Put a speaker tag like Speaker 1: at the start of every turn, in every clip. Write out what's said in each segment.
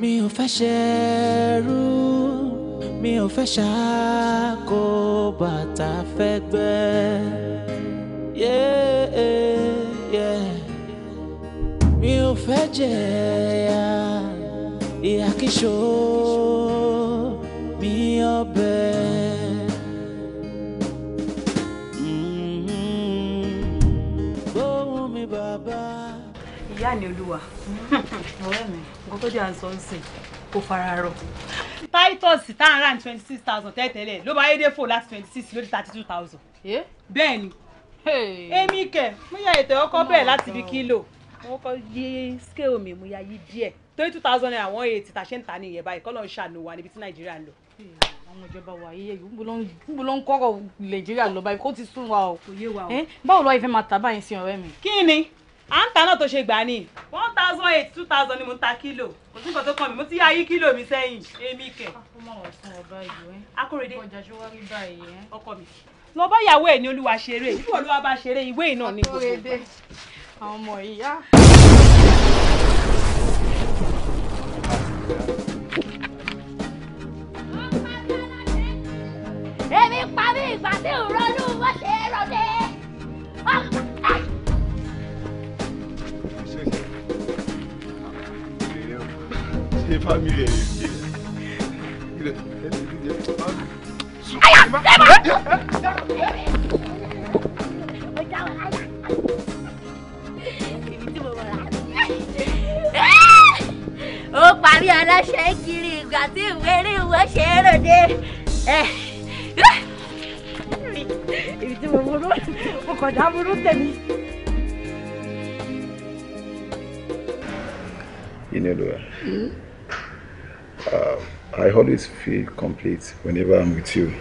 Speaker 1: mi ò fẹ́ ṣẹrú mi ò fẹ́ ṣàkó bàtà fẹ́ gbẹ́ mi ò fẹ́ jẹ̀yà ìyà kí ṣòro mi ọbẹ̀. Mm-hmm. ìyá ni olúwa ọ̀rẹ́ mi nǹkan tó
Speaker 2: jẹ́ à ń sọ ń sìn kò fara titus tá à ń ní twenty six thousand tẹ́tẹ́lẹ̀ ló bá yédè fò láti twenty six lórí thirty two thousand. bẹ́ẹ̀ ni èmi kẹ̀ mo yà ètò ọkọ bẹ̀rẹ̀ láti ibi kílò mo kọ́ yé scale mi mo yà yí díẹ̀ torí two thousand naira one eighty ta ṣe ń ta ní ìyẹn báyìí kọ́ ló ń ṣàánú wa níbi tí nàìjíríà ń lọ. àwọn ìjọba wa yíyẹ níbo ló ń kọ́rọ̀ nàìjíríà lọ báyìí kó ti sún wa o. kò yé wa ife máa tà báyìí sí ọ̀rẹ́ mi. kí ni à ń ta náà tó ṣe gbà ni one thousand eight two thousand ni mo ń ta kílò kò sí nǹkan tó kàn mí mo ti yá yí kílò mi sẹ́yìn èmi kẹ̀. Ah, akóredé ọkọ mi lọ bá ìyàwó ẹ ní olúwa ṣeré ìfọ̀ olúwa bá ṣeré ìwé yìí náà ní gbogbo ìgbà. àwọn ọmọ ìyá. èmi pa ìgbà tí ò rọlú bó ṣe rọlé.
Speaker 3: jẹ fámìlì ẹ̀
Speaker 4: Aya, ẹ bá! Èmi
Speaker 2: Ó parí aláṣẹ kiri ìgbà tí ìwé rí ìwé ṣe é ròde. Èmi tí mo mọ̀ rú, mo kàn dá burú tèmi.
Speaker 3: Yìí ni olùwà uh, I always feel complete whenever I'm with you.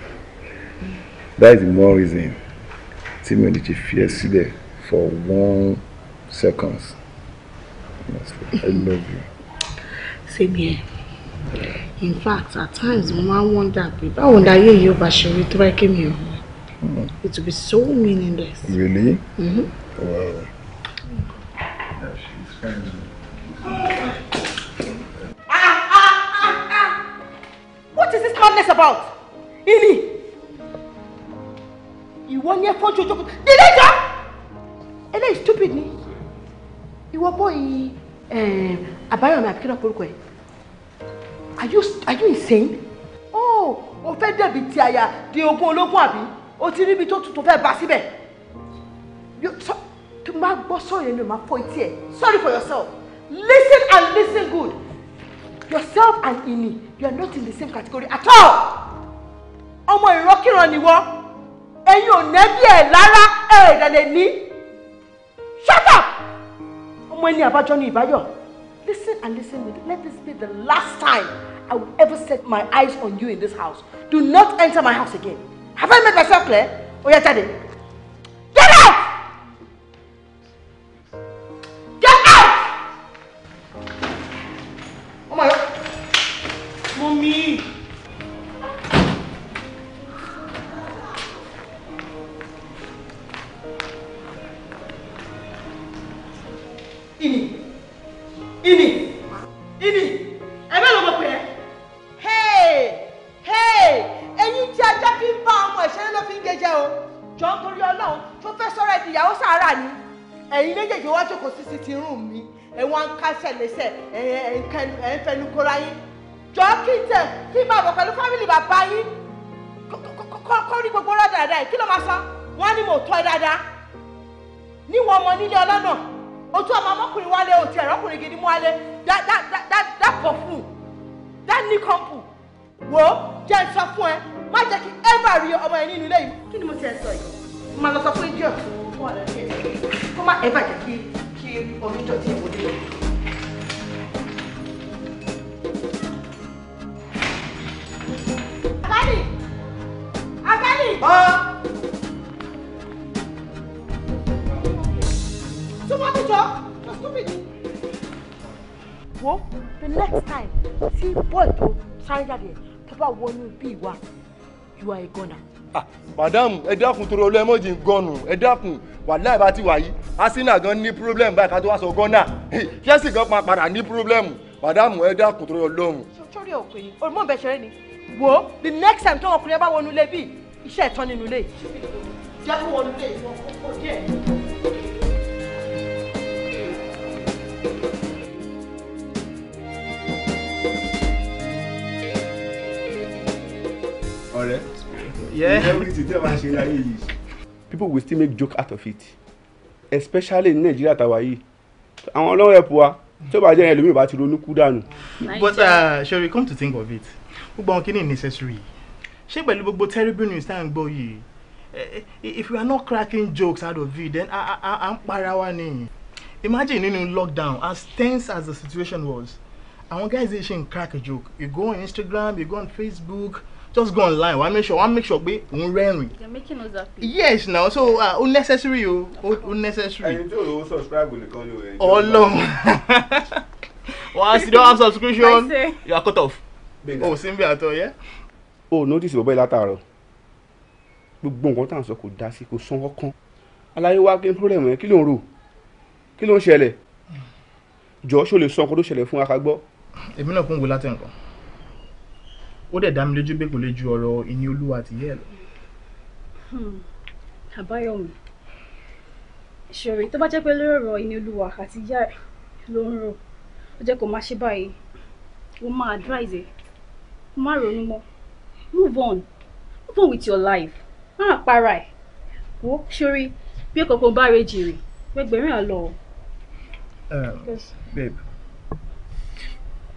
Speaker 3: That is the more reason tí mi ò lè ti fi ẹ for one seconds. I love you.
Speaker 2: Same here. In fact, at times Mama máa ń wonder pé báwo ni ayé yìí ó bá ṣe rí tó hmm. It will be so meaningless. Really? Mm-hmm.
Speaker 4: Wow. Yeah, she's kind of
Speaker 2: madness about? Ini! Ìwọ ni ẹ fọ́jú ojókòó. Dídé jọ! Eléyìí stupid ni. Ìwọ bọ́ọ̀yì eh, Àbáyọ̀mí àbíkínà porúkọ ẹ̀. Are you are you insane? Oh, o fẹ́ dẹ̀bi ti àyà di ogún ológun àbí? O ti ríbi tó tutù fẹ́ bá síbẹ̀. Tó máa gbọ́ sọ̀rọ̀ yẹn ni o máa fọ́ etí ẹ̀. Sorry for yourself. Listen and listen good yourself and Ini you are not in the same category at all ọmọ ìrankíran ni wọ́n ẹ̀yin ò nẹ́bí ẹ̀ lára ẹ̀ ìdàlẹ̀ ní shut up ọmọ ẹni àbájọ ni ìbáyọ̀ listen and listen with let this be the last time I will ever set my eyes on you in this house do not enter my house again have I made myself clear? Ó yá jáde. you are a
Speaker 5: gunner. ah madam ẹ dákun torí olú ẹ mọ̀ jí gọ́nù ẹ dákun wàhálà ìbá ti wà yìí arsenal gan ní problem báyìí ká tó wá sọ gọ́nà chelsea gan pa padà ní problem madam ẹ dákun torí ọlọ́run.
Speaker 2: sọ́rí ọkùnrin olùmọ̀ bẹ̀ ṣeré ni wo the next time tó ọkùnrin bá wọnú ilé bíi iṣẹ́ ìtọ́ nínú ilé. jẹ́ kó wọnú ilé ìwọ̀n kó kó díẹ̀.
Speaker 3: ọ̀rẹ́
Speaker 5: people will still make joke out of it
Speaker 3: especially ní nàìjíríà tàwa yìí àwọn ọlọ́wọ́ ẹ̀pọ̀ wa tí ó bá jẹ́ ẹlòmíràn bá ti ronú kú dànù.
Speaker 6: but uh,
Speaker 3: shall we come to think of it gbogbo àwọn kìíní necessary
Speaker 6: ṣé pẹ̀lú gbogbo terrible news tá à ń gbọ́ yìí eh, eh, if we are not cracking jokes out of it then à ń para wa ni imagine nínú lockdown as tense as the situation was àwọn guys dey ṣe n crack a joke you go on Instagram you go on Facebook just go online wa make sure wa make sure pé òun rẹ́rìn.
Speaker 7: making us happy.
Speaker 6: yes na so uh, unnecessary o unnecessary.
Speaker 3: ẹni tí o lówó subscribe nìkan ló rẹ. ọlọ́run once you don't have subscription you are cut off. o sì ń bẹ àtọ yẹ. o notice bọ́bá yìí látàárọ̀ gbogbo nǹkan tá à ń sọ kò dá sí kò sán ọkàn aláyé wá kí n problem yẹn kí ló ń rò kí ló ń ṣẹlẹ̀ jọ̀ọ́ ṣó lè sọ nǹkan tó ṣẹlẹ̀ fún wa ká gbọ́.
Speaker 6: èmi náà kún wo látẹ̀ nǹkan ó dẹ̀ dá mi lójú pé kò lè ju ọ̀rọ̀ ìní olúwa àti ìyá
Speaker 4: lọ.
Speaker 8: Hmm, àbáyọ̀mí ṣòrí
Speaker 2: tó bá jẹ́ pé lórí ìní olúwa àti ìyá ẹ̀ ló ń rò ó jẹ́ kó má ṣe báyìí ó máa advise ẹ̀ kó má ronú mọ́ move on move on with your life má para ẹ̀ wò ṣòrí bí kankan bá rẹ̀ jèrè gbẹgbẹ̀rún àlọ́.
Speaker 4: Um, babe.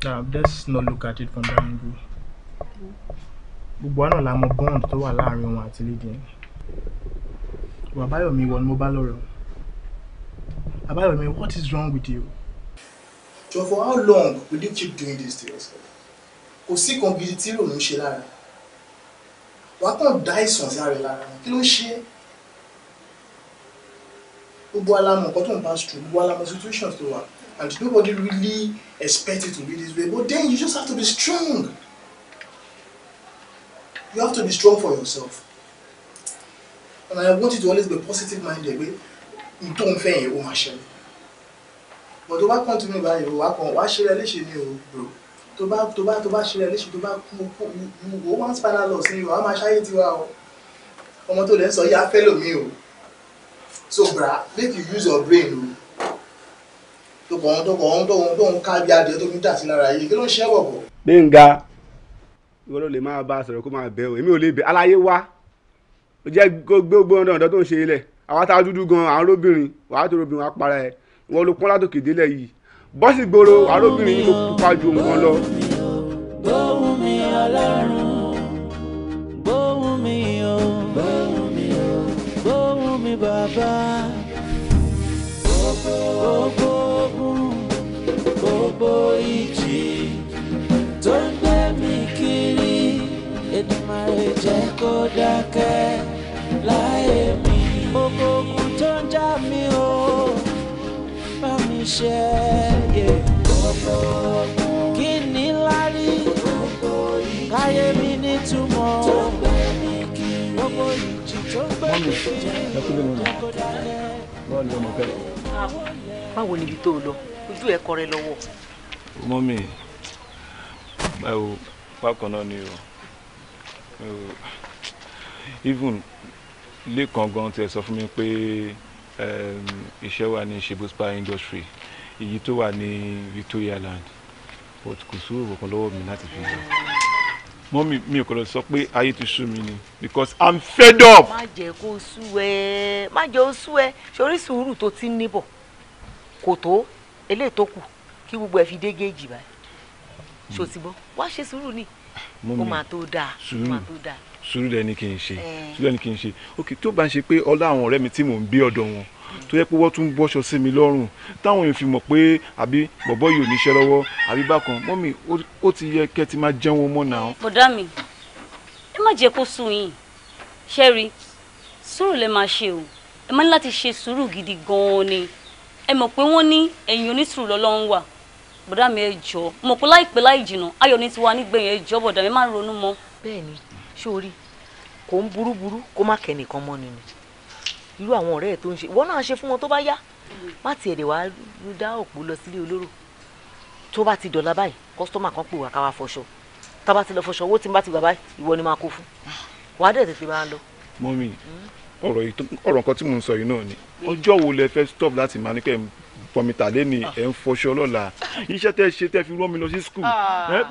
Speaker 6: Now, let's not look at it from that angle gbogbo wa la mọ bond tó wà láàrin òun àti lady yẹn Àbáyọ̀mí ìwọ mo bá lọ́rọ̀ Àbáyọ̀mí what is wrong with you. John for how long will you keep doing this to yourself? kò sí kan gidi tí ròmù ń ṣe lára wàá kàn dá ìsàn sí ara lára kí ló ń ṣe é gbogbo alamọ nǹkan tó ń pass through gbogbo alamọ situations tó wà and nobody really expect it to be this way but then you just have to be strong you have to be strong for yourself and I want you to always be positive minded You don't fear your own machine. ṣẹlẹ̀ but tó bá continue báyìí o wá kàn wá ṣe rẹ léṣe ni o bro To bá to bá to bá ṣe rẹ léṣe tó bá kú kú o wá ń spinal loss ni o a máa ṣáyé tiwa o ọmọ tó lè ń sọ yá fẹ́ lómi so bra make you use your brain o tó kọ̀ don't tó kọ̀ ọ́n tó ń ká bí adìẹ tó ń dà sí lára yìí kí
Speaker 3: ló ìwọ ló lè máa bá a sọ̀rọ̀ kó máa bẹ̀ ọ́ èmi ò lè bẹ̀ aláyé wá ó jẹ́ gbogbo ọ̀dọ̀ ọ̀dọ̀ tó ń ṣe ilẹ̀ àwa tá a dúdú gan àwọn lóbìnrin wàá tó lóbìnrin wàá para ẹ̀ ìwọ ló pọ́n látòkè délẹ̀ yìí bọ́sì gbòòrò àwọn yìí ló pupa ju òun
Speaker 1: lọ. gbóhùn mi ọlọ́run gbóhùn mi o gbóhùn mi bàbá. dákẹ́ láyé mi. Gbogbo ogun tó ń já mi o, bá mi ṣe yẹ. Kí ni lárí? Káyé mi nítumọ̀. Gbogbo ìjì
Speaker 3: tó
Speaker 2: Báwo ni ibi tó lọ? Ojú ẹ̀ kọrẹ lọ́wọ́.
Speaker 3: Mọ́mì, báwo bákan náà ni o even lẹ́ẹ̀kan gan tẹ sọ fún mi pé ehm, iṣẹ́ wà ní Shebo spa industry èyí tó wà ní Victoria Land but kò sí òwò kan lọ́wọ́ mi láti fi gbà mọ́mí mi kò lọ sọ pé ayé ti sú mi ni
Speaker 2: because i'm fed up. má jẹ́ kó sú ẹ má jẹ́ ó sú ẹ sórí sùúrù tó ti ń níbọ̀ kò tó eléyìí tó kù kí gbogbo ẹ fi dé géèjì báyìí ṣòtìbọ́ wá ṣe sùúrù ni ó máa tó dáa ó máa tó dáa
Speaker 3: sùúrù lẹni kì í ṣe eh. sùúrù lẹni kì í ṣe ok tó bá ń ṣe pé ọlá àwọn ọ̀rẹ́ mi tí mò ń gbé ọ̀dọ̀ wọn tó yẹ pé wọ́n tún bọ́ṣọ sí mi lọ́rùn táwọn èèyàn fi mọ̀ pé àbí bọ̀bọ́ yìí ò níṣẹ́ lọ́wọ́ àbí bákan mọ́mì ó ti yẹ kẹ́ ti máa jẹun ọmọ náà.
Speaker 7: bọ̀dá mi ẹ má jẹ́ kó sùn yín ṣẹ́rí sùúrù lẹ máa ṣe o ẹ máa ní láti ṣe sùúrù gidi gan-an ni ẹ mọ̀ pé wọ́n ní ẹ̀yìn onísùúrù lọ́lọ́run wà bọ̀dá mi ẹ jọ̀ọ́ mọ̀ pé láìpẹ́ láì jìnnà ayọ̀ ní tiwa nígbẹ̀yìn ẹ jọ̀ọ́ bọ̀dá mi má ronú mọ́. bẹ́ẹ̀ni sórí
Speaker 2: kò ń burúburú kó má kẹ́nìkan mọ́ ni ni irú àwọn ọ̀rẹ́ ẹ̀ tó ń ṣe ìwọ náà ṣe fún wọn tó bá yá má tiẹ̀ dẹ̀ wá dá òpó lọ sílé olóró tó bá ti dọ̀la báyìí kọ́sítọ́mà kan pè wá ká wá fọṣọ tá a bá ti lọ fọṣọ owó tí bá ti gbà báyìí ìwọ ni máa kó fún wàá dẹ̀ tètè máa lọ.
Speaker 3: mọ́mí hmm? ọ̀rọ̀ nǹkan tí mò ń sọ yìí náà ni ọjọ́ wo lẹ fẹ́ stop láti máa ní kẹ́ pọnmi tàlẹ́ ni ah. ẹ̀ ń fọṣọ lọ́la iṣẹ́ tẹ́ ṣe tẹ́ fi rán mi lọ sí
Speaker 2: skul. Ah.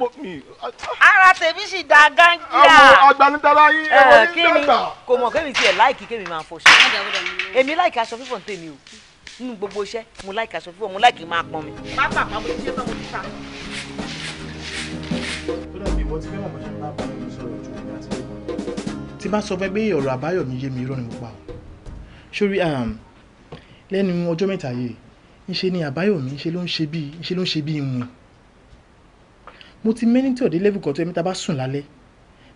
Speaker 2: ara tèmi sì da gánjà. àwọn agbanitara yín ẹ̀rọ eh, ní dàgbà. kò mọ̀ kémi tiẹ̀ láìkí kémi máa fọṣọ. èmi láìkí aṣọ fífọ̀ ní tèmi o nínú gbogbo iṣẹ́ mo láìkí aṣọ fífọ̀ mo láìkí máa pọn mi. pápá àpamọ́ ti ṣe tán mo ti ta.
Speaker 6: tí bá sọ fẹ́ pé ọ̀rọ̀ àbáyọ̀ mi yé mi irọ́ ni mo pa o sórí um, lẹ́nu ọjọ́ mẹ́ta yìí ńṣe ni àbáyọ̀mí ńṣe ló ń ṣe bíi ńṣe ló ń ṣe bíi wọn. mo ti mẹ́ni tí ọ̀dẹ́ level kan tó yẹ mi ta bá sùn lálẹ́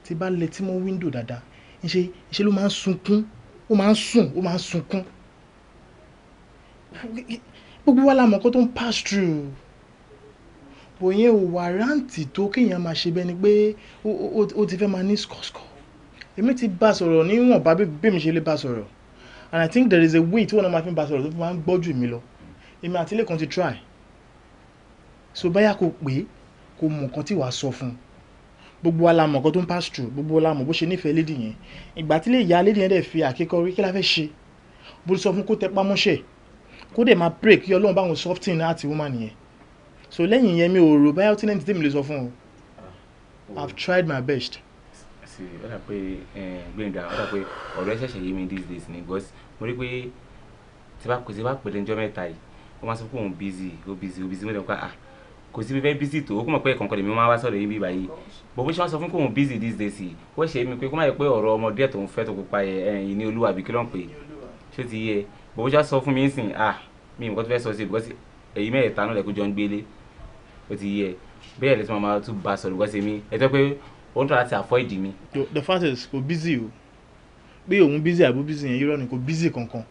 Speaker 6: tí bá lẹ tí mo wíńdò dáadáa ńṣe ńṣe ló máa ń sunkún ó máa ń sùn ó máa ń sunkún. gbogbo wa la mọ̀ kó tó ń pass through bòyẹn ò wàrántì tó kéèyàn máa ṣe bẹ́ni pé ó ti fẹ́ máa ní skọ́skọ́ èmi ti bá sọ̀rọ̀ níwọ̀nba bí mi ṣe lè bá sọ̀rọ̀ and I think there is a way tí wọ́n náà máa fi bá sọ̀rọ̀ tó fi máa ń gbọ́jú mi lọ èmi àti lẹ́kàn ti try so báyà kò pé kò mọ̀ nǹkan tí wàá sọ fún gbogbo wa la tó ń pass through gbogbo wa bó ṣe nífẹ̀ẹ́ lady yẹn ìgbà tí lè ya yẹn dẹ̀ fi àkékọ̀rí kí la fẹ́ ṣe bó sọ fún kó tẹpá mọ́ṣẹ́ kó dẹ̀ máa break kí ọlọ́run báwọn softening àti woman yẹn so lẹ́yìn yẹn mi ò rò báyà tí lẹ́yìn tí tèmi lè sọ fún o
Speaker 9: ah, I've oh. tried my best. ṣe ọ dà pé gbẹ̀ngà ọ dà pé ọ̀rọ̀ ṣẹ̀ṣẹ̀ yé mi these days ni because mo rí pé tí bá pèsè bá mẹ́ta yìí ó máa sọ pé òun bízì ó bízì ó bízì mo dẹ̀ kọ́ à ah, kò sí fífẹ́ bízì tó ó kún mọ̀ pé ẹ̀kọ́nkọ́ lèmi máa wá sọ̀rọ̀ yín bí báyìí bó bó ṣe wá sọ fún kóun bízì these days yìí ó ṣe mí pé kó má yẹ pé ọ̀rọ̀ ọmọdé ẹ̀ tó ń fẹ́ tó pupa ẹ̀yìn ní olúwa àbí kí ló ń pè ṣé ti yẹ bó bó ṣe wá sọ fún mi ń sìn à mi nǹkan tó fẹ́ sọ sí i because èyí mẹ́ẹ̀ta náà lẹ́kọ̀ọ́ jọ ń gbélé ó ti yẹ bẹ́ẹ̀ lẹ́sìn máa tún bá sọ̀rọ̀ because èmi ẹ tọ́ pé ó ń tọ́ láti avoid mi.
Speaker 6: the fact is kò busy o pé òun busy àbú busy yẹn irọ́ ni kò busy kankan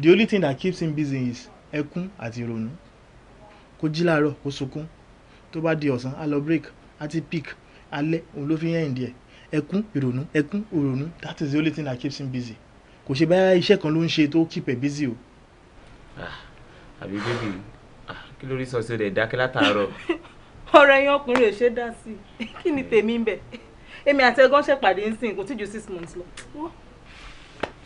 Speaker 6: the only thing that keeps him busy is ẹkún àti ìrònú kó jí láàárọ̀ kó sunkún tó bá di ọ̀sán á lọ break á ti pick alẹ́ òun ló fi ń end ẹ̀ ẹkún ìrònú ẹkún ìrònú that is the only thing that keeps him busy kò ṣe báyà iṣẹ́ kan ló ń ṣe tó keep ẹ̀ busy o.
Speaker 9: Ah, àbí bébì ah, kí lórí sọ̀sẹ̀ rẹ̀ dákẹ́ látàárọ̀.
Speaker 2: ọ̀rọ̀ ẹ̀yin ọkùnrin ò ṣe dá sí i kí ni eh. tèmi ń bẹ̀ èmi àti ẹ̀gbọ́n ṣèpàdé ń sìn kò tíjú six months lọ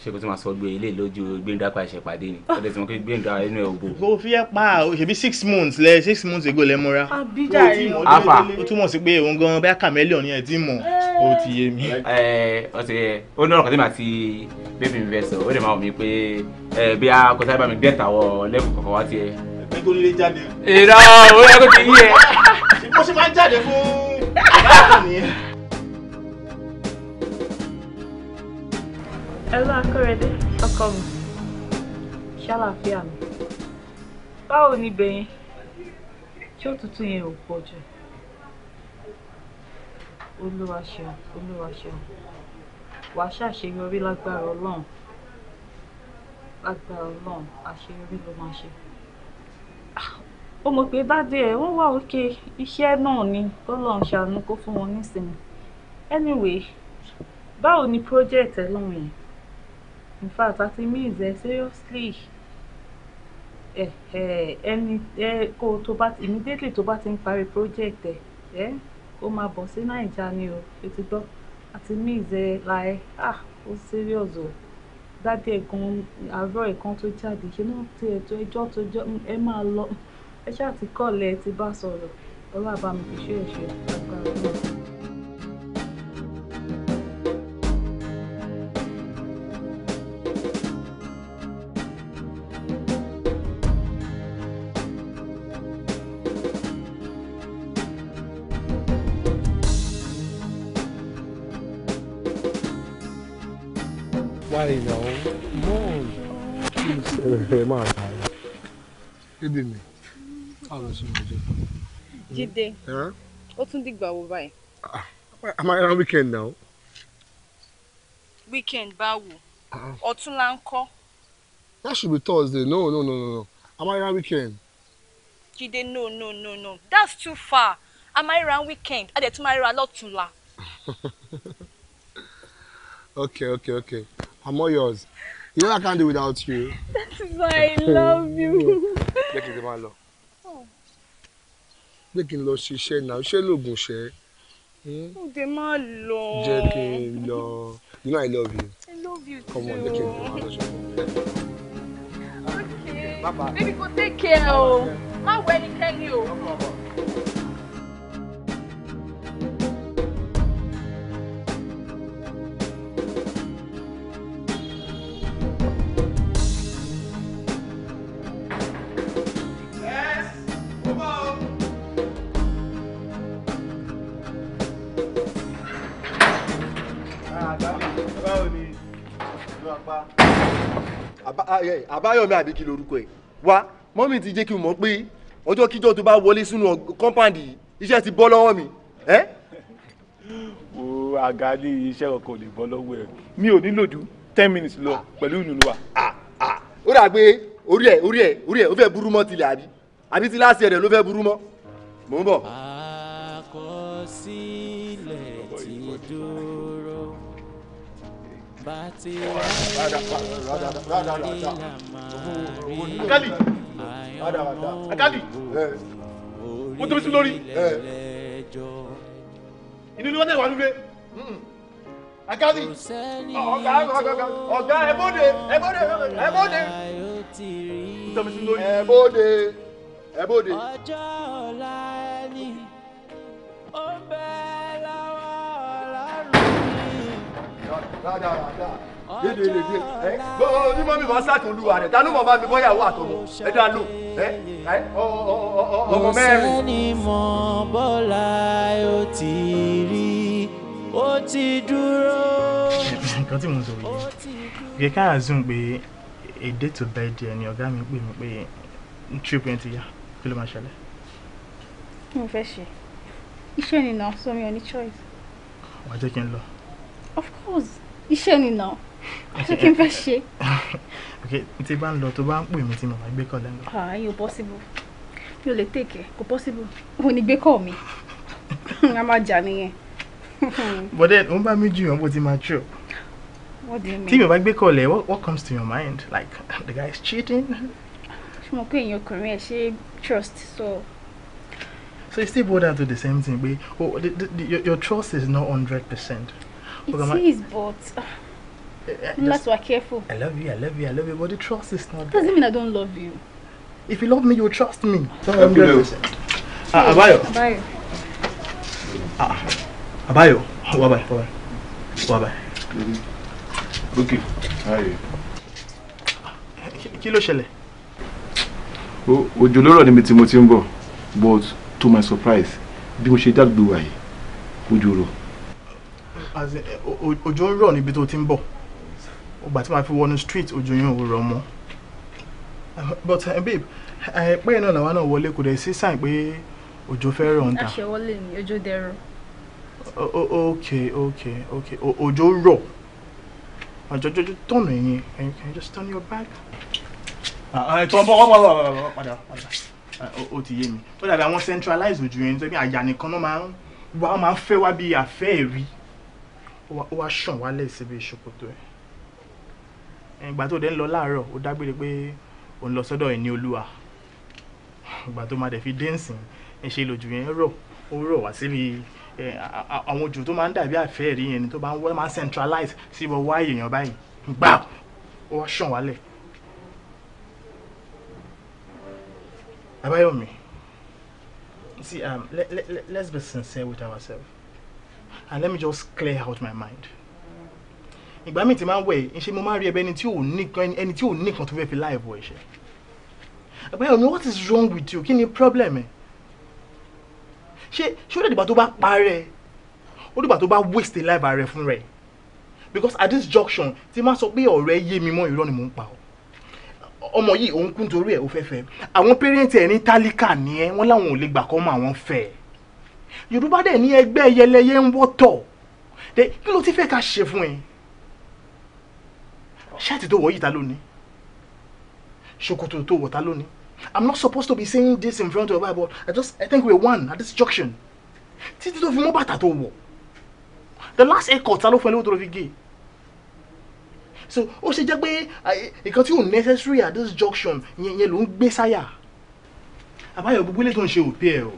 Speaker 9: ṣé kò tún máa sọ gbé ilé lójú gbẹ̀ngà pa ẹ̀ṣẹ̀ pàdé ni ọ̀dẹ̀ tí mo kí gbẹ̀ngà inú ẹ̀ òbò.
Speaker 6: o fi ẹ pa o ṣèbí six months lẹ six months ago lẹ mọra.
Speaker 1: àbíjà rí o afa
Speaker 6: o túmọ̀ sí pé òun gan bẹ́ẹ̀ chameleon ni ẹ ti mọ̀ o eh. ti
Speaker 9: yé mi. ẹ ọ ti yẹ ó ní ọ̀rọ̀ kan tí màá ti bébì mi fẹ́ sọ ó lè máa wọ̀ mí pé ẹ bí a kò sáré bá mi gẹ́ta wọ lẹ́kùn kọ̀ọ̀kan wá tiẹ̀. ẹgbẹ́ tó nílé jáde. ìrọ̀ òun yẹ kó ti yí ẹ.
Speaker 1: bó ṣe máa ń
Speaker 2: jáde Hello, Akọ́rẹdé, ọkọ mi. Ṣàlàáfíà mi. Báwo ni bẹ̀yìn? Ṣé òtútù yẹn ò pọ̀ jù? Olúwa ṣeun, Olúwa ṣeun. Wàá ṣàṣeyọrí lágbára Ọlọ́run.
Speaker 7: Lágbára Ọlọ́run, àṣeyọrí ló máa ṣe.
Speaker 2: Ah, ó mọ̀ pé dádì ẹ̀ wọ́n wà òkè iṣẹ́ náà ni kọ́lọ́run ṣàánú kó fún wọn nísìnyí. Anyway, báwo ni project ẹ lọ́rùn yẹn? in fact àti means ẹ eh, seriously Eh, ẹ eh, eh, kó tó to ti immediately to bá ti ń project eh? ẹ kó máa bọ̀ sí naija ni o ṣe ti gbọ́ àti means ẹ la ah ó serious o dádì ẹ gan àárọ̀ ẹ kan tó jáde ṣe náà ti ẹ tó ẹjọ́ tó jọ ẹ máa lọ ẹ ṣáà ti kọ́ ọ̀lẹ́ ti bá sọ̀rọ̀ ọlọ́ àbámi fi ṣe
Speaker 4: é ṣe agbára
Speaker 10: pé máa ta ẹ. bíbí mi báwo ló ṣe ń jẹ.
Speaker 2: jíde ó tún dìgbà wo báyìí. Ah,
Speaker 11: a máa ra weekend now?
Speaker 2: weekend báwo ah. ọ̀tún la ń kọ́.
Speaker 11: that should be thursday no no no no Am I ra weekend.
Speaker 2: jíde no no no no that's too far Am I ra weekend a dẹ̀ tún máa ra la.
Speaker 11: okay okay okay i'm all yours. You know I can't do without you.
Speaker 4: That's why
Speaker 11: I love you. Make kí n ti máa lọ. Jẹ́ kí n lọ ṣiṣẹ́ náà, ṣé lóògùn ṣẹ́? Hmm?
Speaker 2: Ó dé máa lọ. Jẹ́ kí
Speaker 11: You know I love you.
Speaker 12: I love you too. Come on, make kí n
Speaker 11: ti Okay.
Speaker 12: Bye bye. Baby, go take care o. Oh. Má wẹ ẹnikẹ́ni o. Oh.
Speaker 5: àbáyọ̀mí àbí kí lorúkọ ẹ̀ wá mọ́mí ti jẹ́ kí n mọ̀ pé ọjọ́ kíjọ́ tó bá wọlé sínú kọ́ńpáǹdì yìí iṣẹ́ ti bọ́ lọ́wọ́ mi.
Speaker 3: wo àga ní iṣẹ́ ọkọ̀ lè bọ́ lọ́wọ́ ẹ̀
Speaker 5: mi ò nílò ju ten minutes lọ pẹ̀lú ìnùnú wa. ó dà pé orí ẹ̀ orí ẹ̀ orí ẹ̀ ó fẹ́ burú mọ́ tilẹ̀ àbí àbí ti láti ẹ̀rẹ̀ ló fẹ́ burú mọ́ mò ń bọ̀. Ah.
Speaker 1: bàtí akali
Speaker 11: akali
Speaker 4: mo tóbi sí lórí
Speaker 1: inú ni wọn tẹ̀lé wà lóore akali ọ̀gá ọ̀gá ẹ̀bọ́dé ẹ̀bọ́dé ẹ̀bọ́dé mo tóbi
Speaker 5: sí lórí ẹ̀bọ́dé ẹ̀bọ́dé. dáadáa lédè lédè ẹ gbọ́dọ̀ ní mọ́mí bá sàkóńdúwà rẹ̀ tánú mọ̀ bá mi bọ́yàwó àtọmọ
Speaker 1: ẹ dá lò ẹ
Speaker 5: ọmọ mẹ́rin. kò
Speaker 1: sẹ́ni mọ̀ bọ́lá ó ti rí ó ti dúró. nǹkan
Speaker 6: tí mo sọ yìí yẹ ká àzùn pé èdè tó bá ẹdí ni ọ̀gá mi pè mí pé tírípù ti yá kí ló máa ṣẹlẹ̀.
Speaker 2: mo fẹ́ ṣe iṣẹ́ nìyàn sómi ọ ní choice. wàá jẹ́ kí n lọ. of course iṣẹ́ ni nà ṣé kí n fẹ́ ṣe.
Speaker 6: ok tí bá ń lọ tó bá ń pè mí tí màmá gbé kọ́ lẹ́nu.
Speaker 2: Ah, ayò possible mi ò lè tèkẹ́ kò possible òun ni gbé kọ́ mi a máa jà nìyẹn.
Speaker 6: bọ́dẹ̀ ó ń bá mi jiyàn bó ti máa jù.
Speaker 2: what do you mean. tí mi ò bá
Speaker 6: gbé kọ́ lẹ̀ what comes to your mind like the guy is cheating.
Speaker 2: ṣé mo pé èèyàn ọkùnrin ẹ̀ ṣe trust so.
Speaker 6: so you still boil down to the same thing pé oh, the, the, the, your, your trust is not hundred percent.
Speaker 2: It Ogama, is, but uh, just, that's why careful.
Speaker 6: I love you, I love you, I love you, but the trust is not. Doesn't mean
Speaker 2: I don't love you.
Speaker 6: If you love me, you trust me. One hundred percent. Ah, Abayo.
Speaker 2: Abayo.
Speaker 3: Ah,
Speaker 6: Abayo. Oh, bye bye. Bye bye. Bye bye.
Speaker 3: Mm-hmm. Buki, ayo. Kí ló ṣẹlẹ̀? Òjò ló rọ̀ níbi tí but to my surprise, bí mo ṣe dàgbé wáyé,
Speaker 6: òjò eh, ń rọ̀ níbi tó ti ń bọ̀ ọgbà tí màá fi wọnú street òjò yẹn ò rọ̀ mọ́ but uh, babe àìpẹ́ eh, náà làwa náà wọlé kò dẹ̀ sí sign pé òjò fẹ́ rọ̀ ń ta. àṣẹ
Speaker 2: wọlé ni òjò dẹrọ.
Speaker 6: ok ok ok òjò rọ̀ àjọjọjọ tọ̀nà ẹ̀yìn can you just turn your back. Ah, tọ́ bọ́ wọ́n bọ́ padà padà ó ti yé mi ó dàbí àwọn centralized òjò yẹn nítorí àyà nìkan náà máa ń wá máa ń fẹ́ wá bí àfẹ́ ẹ̀rí ó wá ṣàn wálẹ̀ síbi ìṣòkòtò ẹ̀ ìgbà tó dẹ̀ ń lọ láàárọ̀ ó dágbére pé òun lọ sọ́dọ̀ ẹ̀ ní olúwa ìgbà tó máa dẹ̀ fi dé ǹsìn ẹ̀ ṣe lòjù yẹn rọ̀ ó rọ̀ wá síbi àwọn ojú tó máa ń dàbí àfẹ́ rí yẹn ni tó máa ń centralize sí ọwọ́ àyèèyàn báyìí gbà ó wá ṣàn wálẹ̀ Abayomi, see, um, let, let, let's be sincere with ourselves and let me just clear out my mind. ìgbà míì tí máa ń wẹ̀ ṣé mo máa rí ẹbẹ ẹni tí ò ní ẹni tí tó fẹ́ fi láì bọ̀ ẹ̀ ṣe. àbáyọ̀ what is wrong with you kí ni problem ẹ̀ ṣé ṣé ó dẹ̀ dìgbà tó bá parẹ́ ó dìgbà tó bá waste life rẹ̀ fún rẹ̀ because at this junction tí máa sọ pé ọ̀rẹ́ yé mi mọ́ irọ́ ni mò ń pa ọ́ ọmọ yìí òun kún torí ẹ̀ ò fẹ́ fẹ́ àwọn pẹ́rẹ́ǹtì ẹ̀ ní tálíkà ni ẹ́ wọ́n láwọn ò lè gbà kọ́ mọ́ àwọn fẹ́ ẹ̀ yorùbá dẹ̀ ní ẹgbẹ́ yẹlẹyẹ ń wọ́tọ̀ kí ló ti fẹ́ ká ṣe fún ẹ ṣáàtì tó wọ̀ yìí ta lónìí ṣòkòtò tó wọ̀ ta lónìí i'm not supposed to be saying this in front of her but i just i think we won at this junction títí tó fi mú bàtà tó wọ̀ the last haircut ta ló fẹ́ lówó tó lọ fi gé so ó ṣe jẹ́ pé nǹkan tí ò necessary at this junction yẹn ló ń gbé sáyà àbáyọ gbogbo ilé tó ń ṣe òpin ẹ o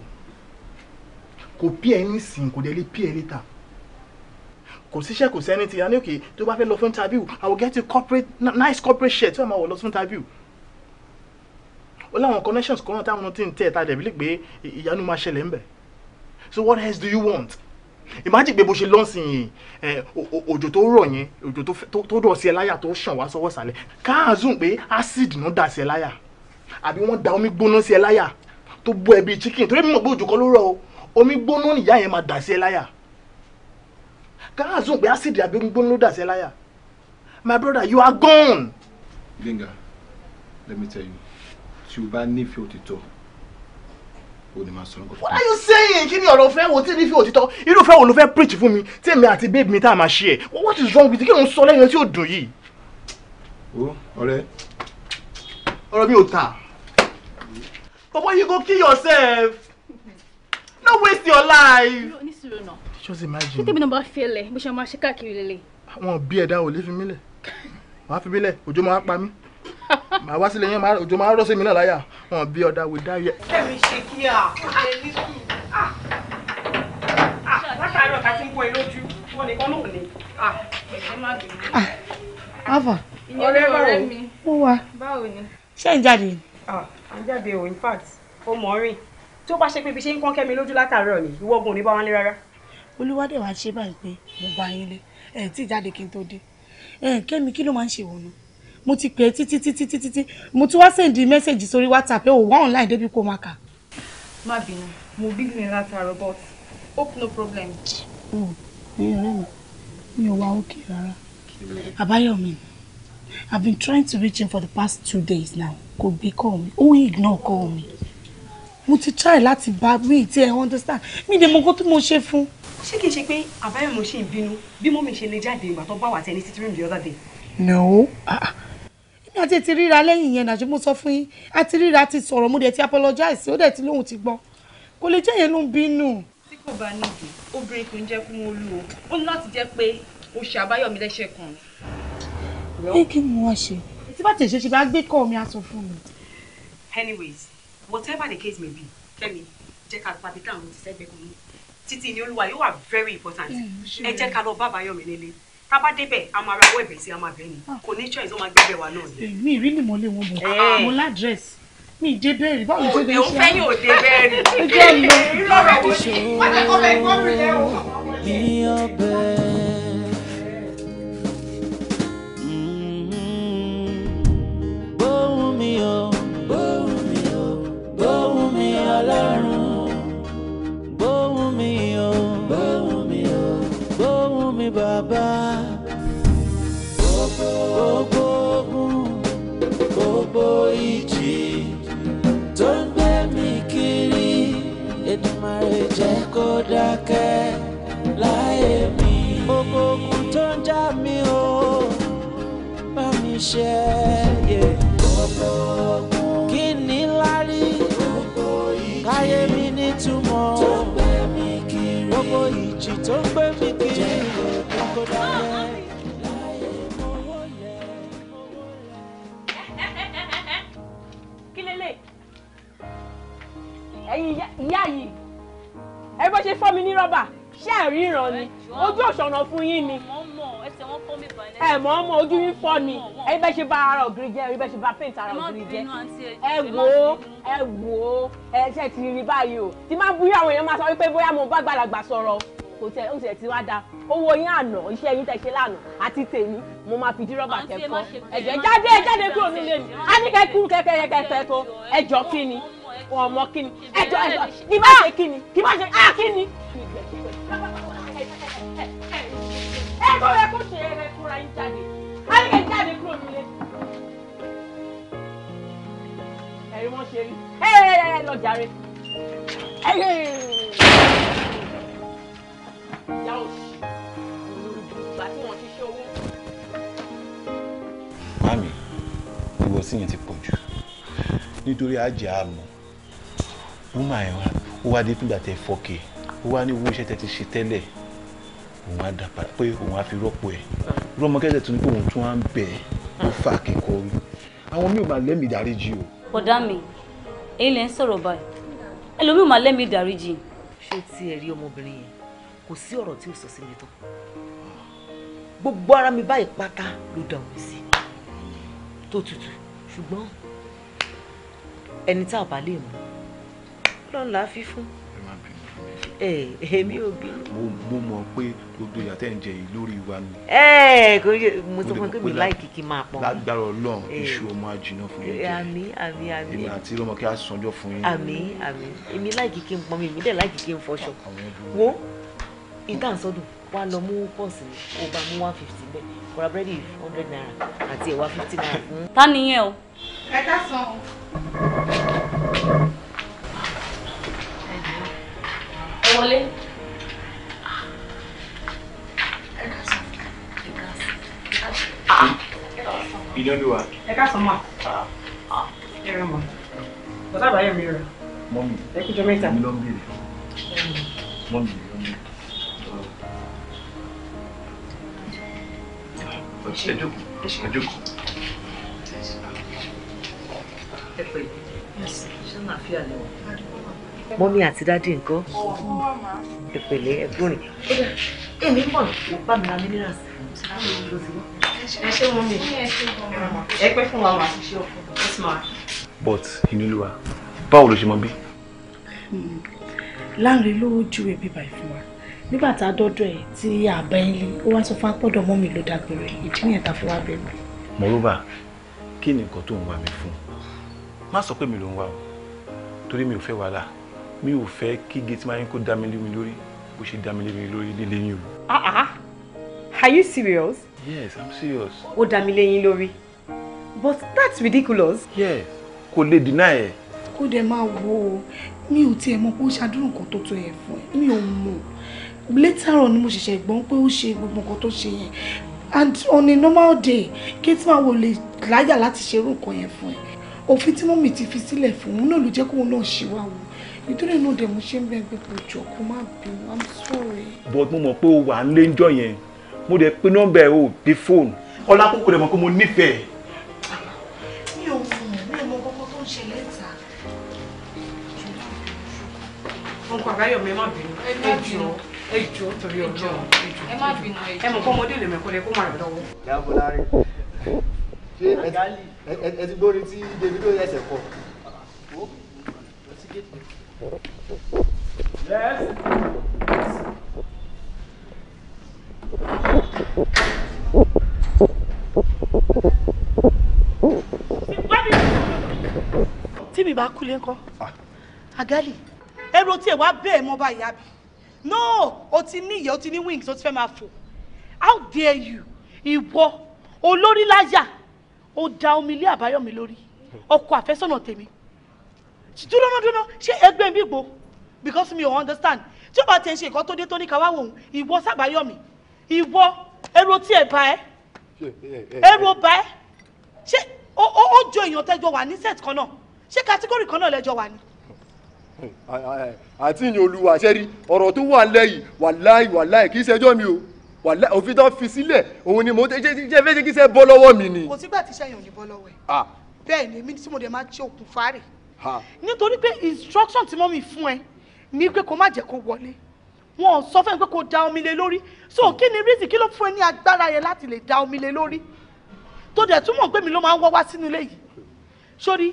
Speaker 6: kò pí ẹ nísìn kò dé lè pí ẹ later kò síṣẹ́ kò sẹ́ni ti àní òkè tó bá fẹ́ lọ fún interview i will get you corporate nice corporate shirt tí wọ́n máa wọ̀ lọ fún interview ó láwọn connections kan náà táwọn ti ń tẹ̀ tá a dẹ̀bi lè pé ìyanu máa ṣẹlẹ̀ ń bẹ̀ so what else do you want imagine pé bó ṣe lọ́n sìn yìí òjò tó rọ̀ yẹn òjò tó dọ̀ sí ẹ láyà tó ṣàn wá sọ́wọ́ sàlẹ̀ káàzùn pé acid náà dà sí ẹ láyà àbí wọ́n da omi gbóná sí ẹ láyà tó bú ẹ bíi chicken torí mímọ̀ pé òjò kan ló rọ̀ o omi gbóná nìyá yẹn máa dà sí ẹ láyà káà zùn pé ásìdì àbí omi gbóná dà sí ẹ láyà
Speaker 3: my brother you are gone. Gbenga let me tell you tí o bá nífẹ̀ẹ́ òtítọ́ o ní máa sọ nǹkan. what are
Speaker 6: you saying kí ni ọ̀rọ̀ fẹ́ wo tí nífẹ̀ẹ́ òtítọ́ irúfẹ́ wo ló fẹ́ preach fún mi tí èmi àti babe mi tá a máa ṣe ẹ̀ what is wrong with you kí ló ń sọ lẹ́yìn tí ó dùn yìí.
Speaker 10: o ọ̀rẹ́.
Speaker 6: ọ̀rọ̀ mi ò ta. bọ̀bọ̀ you go kill yourself
Speaker 2: no waste your life.
Speaker 6: just imagine. títí mi
Speaker 2: náà bá fẹ́lẹ̀ bó ṣe máa ṣe káàkiri lélẹ̀.
Speaker 6: àwọn òbí ẹ̀dá ò lè fi mí lẹ̀ màá fi mí lẹ̀ òjò máa pa mí màá wá sílẹ̀ yẹn òjò máa rọ́ sí mi náà láyà wọn bí ọ̀dà wò dá yẹ.
Speaker 2: kẹ́mi ṣe kí a kò lè ní kù látàárọ̀ ká ti ń bọ ẹ lójú wọn nìkan náà ní. Ava. Ọ̀rẹ́ ọ̀rẹ́ mi. Ó wà. Báwo ni? Ṣé ń jáde? À ń jáde o, in fact, ó mọ̀ ọ́ tí ó bá ṣe pé ibi ṣe ń kán kẹ́mi lójú látàárọ̀ ni ìwọ́gun ò ní bá wọn lé rárá. olúwádẹ́ wàá ṣe báyìí pé mo bá yín lé ẹ̀ tí ìjáde kí n tó dé ẹ̀ kẹ́mi kí ló máa ń ṣe wọnú mo ti pè é títí títí títí tí mo tún wá sèǹdì mẹ́sẹ̀gì sórí whatsapp ẹ̀ ò oh, wá online débi kó máa kà. má bínú mo bí mi látàárọ̀ but hope no problem. o ní ọ̀rẹ́ mi mi ò wá òkè rárá àbáyọ̀mí I've been trying to reach him for the past two days now kò gbé call mi ó ń ignore call mi mo ti try láti bá mi tí ẹ understand mi dẹ̀ mọ nǹkan tó mo ṣe fún. ṣé kìí ṣe pé àbáyọ̀ mo ṣe ìbínú bí mọ́mí ṣe lè jáde ìgbà tó bá wà tẹ́ni títí the other day. no ah, ah. èmi àti ti ríra lẹ́yìn yẹn nàṣẹ́ mo sọ fún yín àti ríra ti sọ̀rọ̀ mo dẹ̀ ti apologize ó dẹ̀ ti lóhùn ti gbọ́ kò lè jẹ́ yẹn ló ń bínú. tí kò bá nídìí obìnrin kò ń jẹ́ kó wọn lù ó ó ní láti jẹ́ pé o ṣe àbáyọ̀mí lẹ́sẹ̀ kan. ẹ kí ni mo ṣe tí bá bá gbé kọ́ mi aṣọ fún mi. anyways whatever the case may be Kẹ́mi jẹ́ ká pàdé káwọn ti sẹ́gbẹ́ kan ní títí ní olúwa yóò wà very important mm, ẹ jẹ́ ká lọ bá Báyọ̀mí nílé tá bá débẹ̀ a máa ra sí a máa bẹ̀ ni ah. kò ní choice ó máa gbẹ́bẹ̀ wa náà ni. mi ì rí ni mo lé wọn bọ̀ eh. ah, mo ládrẹ́s mi ì dé bẹ́ẹ̀rì báwo ló dé iṣẹ́ òun fẹ́ yóò dé bẹ́ẹ̀rì. ó jẹ́ ìlú ìlú ọ̀rọ̀ ìṣòro
Speaker 1: ìyọ̀bẹ̀.
Speaker 2: complain tara ògiri jẹ ẹ wo ẹ wo ẹ ṣe ti rí báyìí o tí máa ń búyọ àwọn èèyàn máa sọ wípé bóyá mo bá gbàlagbà sọ̀rọ̀ kò tẹ oṣù tí wàá da owó yín àná iṣẹ́ yín tẹṣe lánàá àti tèmi mo máa fi dírọ́bà kẹ́kọ̀ọ́ ẹ̀jẹ̀ jáde jáde kúrò nílé mi á ní kẹ́kú kẹ́kẹ́kẹ́kẹ́kọ́ ẹjọ́ kí ni ọmọ kí ni ẹjọ́ ẹjọ́ kí má ṣe kí ni kí má ṣe á ah, kí ni. ẹ kó ẹ kó ṣe é ẹ kóra yín jáde. jàre wọ́n ṣe rí ẹ lọ jàre.
Speaker 5: ìyá òsì olùdùgbà tí wọ́n ṣiṣẹ́ owó.
Speaker 9: mami ìwọ sí yẹn ti pọ̀ jù
Speaker 3: nítorí àjẹ́ àmọ́ wúmà ẹ̀ wá ó wá dé that? tẹ fọ́kẹ́ ó wá ní owó iṣẹ́ tẹ ti ṣe tẹ́lẹ̀ òun á dà padà pé òun á fi rọ́pò ẹ̀ rọ́mọkẹ́sẹ̀ tún ní pé òun tún Who ń bẹ̀ ẹ́ ó fà kíkọ́ rí àwọn mi ò máa lẹ́mìí dáríjì o
Speaker 7: bọ̀dá mi èyí lè ń sọ̀rọ̀ báyìí ẹlòmíì máa lẹ́mí ìdáríjì. ṣé tí ẹ rí ọmọbìnrin yẹn kò sí ọ̀rọ̀ tí ò sọ sí mi tán gbogbo ara mi báyìí pátá
Speaker 2: ló da omi sí tó tutù ṣùgbọ́n ẹni tá a bá lè mú lọ́nà láá fi fún ẹ
Speaker 3: èmi ò bí. mo mọ pé gbogbo ìyàtẹ̀ ń jẹ yìí lórí wa ni.
Speaker 2: ẹ kò yẹ
Speaker 3: mo sọ fún pé mi láì kìkì
Speaker 2: máa pọn. lágbára
Speaker 3: Ọlọ́run iṣu ọmọ àjìnà fún yín jẹ
Speaker 2: àmín àmín àmín èmi
Speaker 3: àti ọmọ kí a sanjọ fún yín. àmín
Speaker 2: àmín èmi láì kìkì ń pọn mi èmi dẹ̀ láì kìkì ń fọṣọ wo ìta àsọdùn wa lọ mú pọ́ọ̀sì ni ó bá mú one fifty bẹ́ẹ̀ kọ́ra búrẹ́dì hundred naira àti ẹ̀wà fifty naira.
Speaker 7: ta nìyẹn o. ẹ ká san o. ẹ wọlé.
Speaker 8: ìdánwò. ẹ ká sọ mọ. Ah. ẹ rẹ mọ. bọ́dà àbáyọ mi rẹ. mọ mi. ẹ kújọ mẹ́ta. mi ló ń bèrè. mọ mi ló ń bèrè. ẹ jókòó
Speaker 2: mọ́mí àti dádì nǹkan
Speaker 13: ìpèlè ẹ̀gbọ́n rẹ̀
Speaker 2: èmi mọ̀ kó bá mi ra minerals ẹ ṣe mọ́mí ẹ pẹ́ fún wa màá ṣe ọkọ̀ ẹ sì máa.
Speaker 13: but
Speaker 3: ìnílùwà báwo ló ṣe mọ bí.
Speaker 2: láǹrẹ̀ ló júwe bíbá ìfún wa nígbà tá a dọ́dọ̀ ẹ̀ tí àbá ilé ó wá sọ fún apọ́dọ̀ mọ́mí ló dágbére ìdí nìyẹn
Speaker 10: tá a fi wá bẹ̀rẹ̀.
Speaker 3: moreover kí ni nǹkan tó ń wá mi fún má sọ pé mi ló ń wá o torí mi ò fẹ́ wàhálà mi ò fẹ́ kígbe tí máa ń kó dá mi lé mi lórí bó ṣe dá mi lé mi lórí líle yín o.
Speaker 2: Ah, ah ah are you serious. yes i'm serious. ó dá mi lé yín lórí but that's ridiculous. yes
Speaker 3: kò lè deny
Speaker 1: ẹ.
Speaker 2: kó dẹ̀ máa wo o mi ò tiẹ̀ mọ̀ pé ó ṣàdúrà nǹkan tó tó ẹ̀ fún ẹ mi ò mọ̀ later on ni mo ṣẹ̀ṣẹ̀ gbọ́n pé ó ṣe gbogbo nǹkan tó ṣe yẹn and on a normal day kí tí màá wò lè láyà láti ṣerú nǹkan yẹn fún ẹ òfin tí mọ́mì ti fi sílẹ̀ fún un náà ló jẹ́ kóun náà ṣíwá wò nítorí don't know the machine being people joke. ìjọ kó i'm
Speaker 4: sorry.
Speaker 3: but mo mọ̀ pé o wà ń lé ńjọ́ yẹn mo dẹ̀ pé nọ́mbà ẹ̀ ò bí fóònù ọlá kókó dẹ̀ mọ̀ mo nífẹ̀ẹ́.
Speaker 4: mi ò mọ̀ mi ò mọ̀ kókó tó ń ṣẹlẹ̀
Speaker 2: ta. ọkọ àbáyọ̀mí ẹ má bínú ẹ jọ̀ọ́
Speaker 8: ẹ jọ̀ọ́ torí ọjọ́
Speaker 2: ẹ má bínú ẹ jọ̀ọ́ ẹ mọ̀ kọ́mọdé
Speaker 8: lè mẹ́kọ́ lẹ kó má rẹ̀ lọ́wọ́. ìyáàbọ̀
Speaker 5: láre ṣé ẹ ti gbórí tí Davido yẹsẹ̀ kọ. Yes.
Speaker 2: tí mi bá kúlé ńkọ́ àgálì ẹrù tí ẹ wá bẹ́ẹ̀ mọ́ báyìí àbí no o ti ní ìyẹ́ o ti ní wings o ti fẹ́ máa fò how dare you ìwọ olórí láyà ó da omi lé àbáyọ̀mí lórí ọkọ àfẹ́sọ̀nà tèmi dúnlọ́nàdúnlọ́ ṣé ẹgbẹ́ mi gbó because mi ò understand tí o bá ti ń ṣe nǹkan tó dé tó ní ká wá wòun ìwọ sàgbáyọ̀mí ìwọ ẹrù tí ẹ bá ẹ ẹrù bá ẹ ṣé ó jọ èèyàn tẹjọ wà ní set kan náà ṣé kàtíkórì kan náà lẹjọ wà ní
Speaker 5: àti ìyìn olùwà sẹ́rí ọ̀rọ̀ tó wà lẹ́yìn wàláì wàláì kì í ṣẹjọ́ mi o wàláì òfin tó fi sílẹ̀ òun ni mo ṣe ṣe fẹ́ ṣe kí ṣe bọ́ lọ́wọ́ mi ni. kò
Speaker 2: sígbà tí sẹ́yìn ò ní bọ́ lọ́wọ́ ẹ̀ ah. bẹ́ẹ̀ ni èmi tí mo dẹ̀ máa ṣe okùnfà rẹ̀ nítorí pé instruction tí mọ́mí fún ẹ ní pé kó má jẹ́ kó wọlé wọn ò sọ fún pé kó da omi lé lórí so kí ni reason kí ló fún ẹ ní agbára yẹn láti lè da omi lé lórí tó dẹ̀ túmọ̀ pé mi ló máa ń wọ́ wá sínú ilé yìí sórí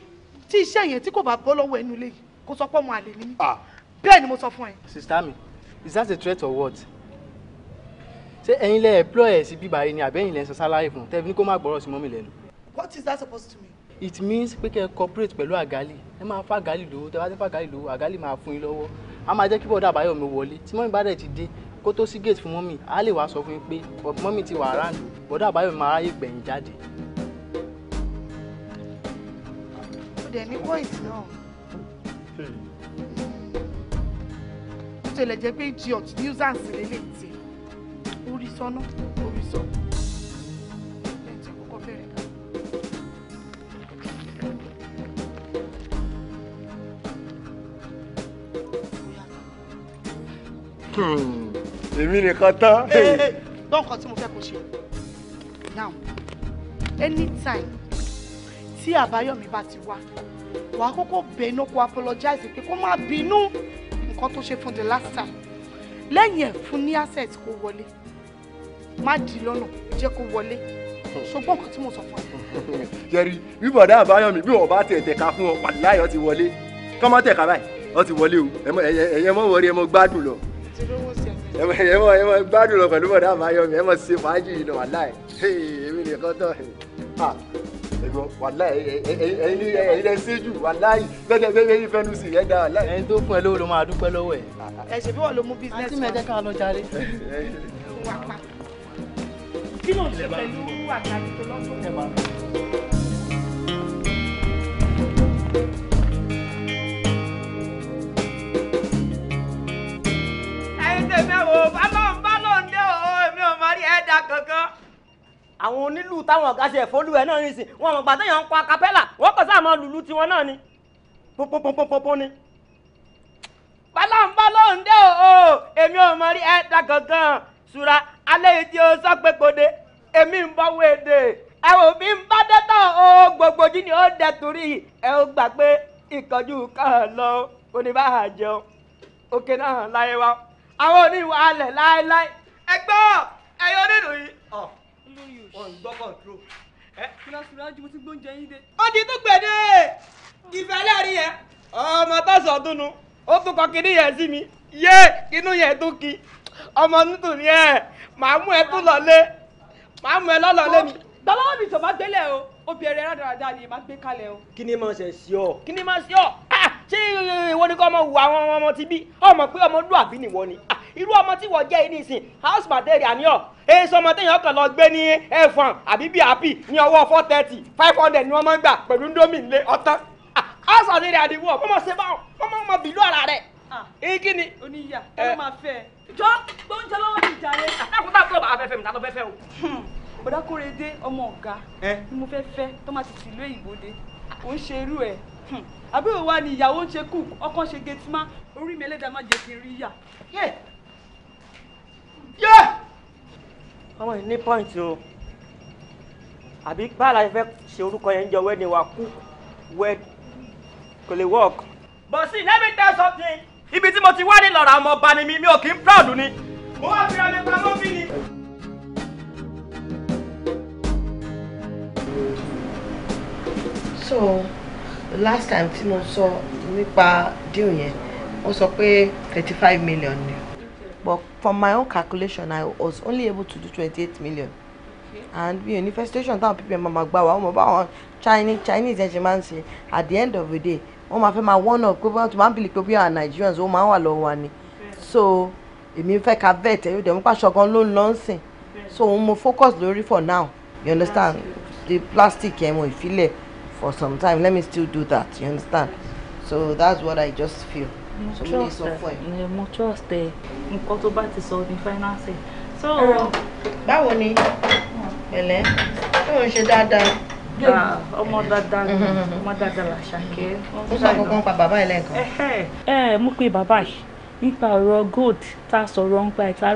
Speaker 2: tí iṣẹ́ yẹn tí kò bá bọ́ lọ́wọ́ ẹnu ilé yìí kó sọ pé ọmọ àlè ni bẹ́ẹ̀ ni mo sọ fún ẹ. sista mi is that
Speaker 12: a threat or what? ṣé ẹ̀yin lẹ employer sí bíbá yìí ni àbẹ́yìn lẹ sọ sálárì fún tẹ́bí ní kó má gbọ́rọ̀ sí mọ́mì lẹ́nu.
Speaker 2: what is that supposed to mean?
Speaker 12: it means pé kẹ́ ẹ cooperate pẹ̀lú àgálì ẹ máa fa àgálì lówó tẹ bá ti fa àgálì lówó àgálì máa fún yín lọ́wọ́ a máa jẹ́ kí bọ́dà àbáyọ̀ mi wọlé tí mọ́mí bá
Speaker 6: dẹ̀ ti dé kó tó sí gate fún mọ́mí a lè wá sọ fún yín pé mọ́mí ti wà ráàlú bọ́dà àbáyọ̀ mi máa ráyè
Speaker 2: gbẹ̀yìn jáde. ó dẹ̀ ní point náà ó tẹ̀lẹ̀ jẹ́ pé idiot nuisance lélẹ̀ tì orí sọ́nà orí sọ́nà.
Speaker 5: Hmm. èmi nìkan tán.
Speaker 2: gbọ́n kan tí mo fẹ́ kó ṣe now anytime tí àbáyọ̀mí bá ti wá wàá kókó bẹ̀ẹ́nú kó apologize pé kó má bínú nǹkan tó ṣe fún the last time lẹ́yìn ẹ̀ fún ní asset kó wọlé má dì lọ́nà jẹ́ kó wọlé ṣùgbọ́n nǹkan tí mo sọ fún
Speaker 5: ẹ. jerry bí bọ̀dá àbáyọ̀mí bí wọ́n bá tẹ̀ tẹ̀ka fún ọ pàdé láyọ̀ ti wọlé kọ́mọ́tẹ̀ka báyìí ọ ti wọlé o ẹ̀yẹ mọ̀ wọrí ẹ mọ̀ gbádùn lọ ẹ mọ ẹ mọ gbádùn lọ pẹ̀lú bọ̀dá àbáyọmí ẹ mọ ṣe fàájì yìí náà wàláì èmi nìkan tán ẹ ẹgbọn wàláì ẹyin ẹyin ẹ ṣe jù wàláì bẹ́ẹ̀ bẹ́ẹ̀ bẹ́ẹ̀ fẹnu sí ẹ dá wàláì. ẹni tó fún ẹ lówó ló máa dúpẹ́ lọ́wọ́ ẹ.
Speaker 2: ẹ ṣe bí wọn ló mú bísíǹsì. àti mẹjẹ ká lọ jàre. kí ló ń ṣe pẹ̀lú
Speaker 8: àgbàdo tó lọ́sọ̀ọ́
Speaker 1: tèmi wò bálọ̀n bálọ̀n dé o èmi ò mọ rí ẹ̀dá kankan. àwọn
Speaker 2: onílù táwọn ọ̀gá ṣe ẹ̀fọ́ olúwẹ̀ náà nìsín wọn àwọn gbàdé yẹn ń kọ akapẹ́là wọ́n kọ́ sáà máa lùlù tiwọn náà ni
Speaker 11: pọ́npọ́npọ́npọ́n ni.
Speaker 2: bálọ̀n bálọ̀n dé o èmi ò mọ rí ẹ̀dá kankan ṣùra alẹ́ yìí tí o sọ pé kòde èmi ń bọ́ wéde ẹ wò bí ń bá dé tán o gbogbo jí ni ó dẹ̀ torí ẹ ó gbà pé ìkánjú kan lọ oníbàájọ òkè náà láyé wa àwọn oníwà alẹ̀ láéláé ẹgbẹ́ ẹ̀yọ́ nínú yìí ọ̀ ọ̀ ń gbọ́ kọ̀ọ̀tún. kìlọ̀sìlọ́jú mo ti gbóúnjẹ yín dé. ó di tó gbèdé ìfẹ́lẹ́ rí yẹn ọmọ tọ́sọ̀ dúnú ó tún kọ kinní yẹn sí mi yé kinú yẹn tún kí ọmọ nítorí ẹ màá mú ẹ tún lọlé màá mú ẹ lọ́lọ́lé mi. dọ́lọ́wọ́ mi sọ̀bá délẹ̀ o obìnrin rẹ̀ ni màá gbé kalẹ̀ o.
Speaker 8: kí ni máa ṣe sí ọ.
Speaker 2: kí ni máa ṣe ọ ṣé ìwọ ni kọ́ ọmọ wù àwọn ọmọ ti bí ọmọ pé ọmọ lù àbí nìwọ ni ah, irú
Speaker 11: ọmọ tí wọ́n jẹ́ yìí nìsín house material àníyàn èso ọmọ téèyàn kàn lọ gbé ní ẹ̀fọn àbí bíi Happy. ní ọwọ́ four thirty five hundred ni wọ́n máa ń gbà pẹ̀lú ndomi lé ọtán ah, house material àdìwọ̀ wọ́n mọ̀ ṣe báwọn wọ́n mọ̀ mọ̀ bìlú ara rẹ̀ ah, kí ni. oníyà
Speaker 2: eh, ẹ máa fẹ́ jọ gbóúnjẹ lọ́wọ́ mi jàre. àkókò àbúrò bàbá fẹ́ fẹ́ mi ta ló fẹ́ fẹ́ o. Hmm, bọ̀dá Kóredé ọmọ ọ̀gá eh? ni mo fẹ́ fẹ́ tó máa ti tìlú èyìnbó dé kò ń ṣe irú ẹ̀ hmm àbúrò wa ni ìyàwó ń ṣe cook ọkọ ṣe gẹtìmá orí mi ẹlẹ́dàá má jẹ́ kí n rí yà.
Speaker 8: ọmọ yìí ní pọ́ǹtì o àbí báà la fẹ́ ṣe orúkọ yẹn ń jọ wẹ́ni wa cook wed
Speaker 2: kò lè work. but see let me tell something ibi tí mo ti wá ní lọ́ra ọmọ ọba ni mi mi ò kí ń proud ni mo wá fi ọmọ ìpamọ́ bí ni. so last time tí mo sọ nípa deal yẹn ó sọ pé thirty five million ni but from my own calculation I was only able to do twenty eight million and bí manifestation táwọn pípẹ́ máa máa gbà wá ọmọ báwọn Chinese Chinese ẹ̀ ṣe máa ń ṣe at the end of the day wọ́n máa fẹ́ máa one up pé wọ́n ti máa ń bìlì pé we are Nigerians ó máa ń wà lọ́wọ́ wa ni so èmi fẹ́ ka vet ẹ̀ yóò dẹ̀ mú pàṣọ gan ló ń lọ́ ń sìn so mo focus lórí for now you understand the plastic yẹn mo ìfilẹ̀ for some time let me still do that you understand so that's what i just feel so mo lè sọ fún ẹ. mo trust ẹ nǹkan tó bá ti sọ ní finance so. báwo ni ẹlẹ tí ò ń ṣe dáadáa. Ah, ọmọ dáadáa ọmọ dáadáa là ṣàkẹ́. ó sọ kankan pa bàbá ẹ lẹ́ẹ̀kan.
Speaker 7: ẹ ẹ mú pé bàbá yìí nípa ọ̀rọ̀ gold tá so
Speaker 2: mo ti kọ́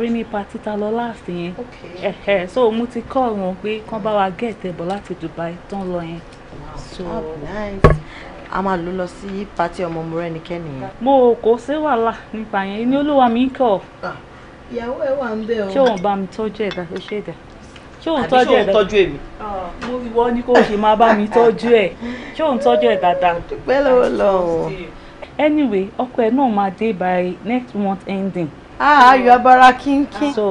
Speaker 2: ọ̀ràn pé kán bá wa gẹ̀ẹ́tẹ̀ bọ̀ láti Dubai tán lọ yẹn so oh, nice a máa lò lọ sí pati ọmọ mo rẹ́nikẹ́ni yẹn. mo kò sí wàhálà nípa yẹn ní olúwa mi kọ. Ah, ìyàwó ẹ wà ń bẹ o. ṣé òun bá mi tọ́jú ẹ̀dá ó ṣe ẹ̀dá ṣé òun tọ́jú ẹ̀ tọ́jú èmi. Ah, mo ìwọ ni kò ṣe máa bá mi tọ́jú ẹ̀ ṣé òun tọ́jú ẹ̀ dáadáa. dúpẹ́ lọ́wọ́ lọ. anyway ọkọ ẹ náà máa dé by next month ending. Ah, ayọ̀ abara kínkín. so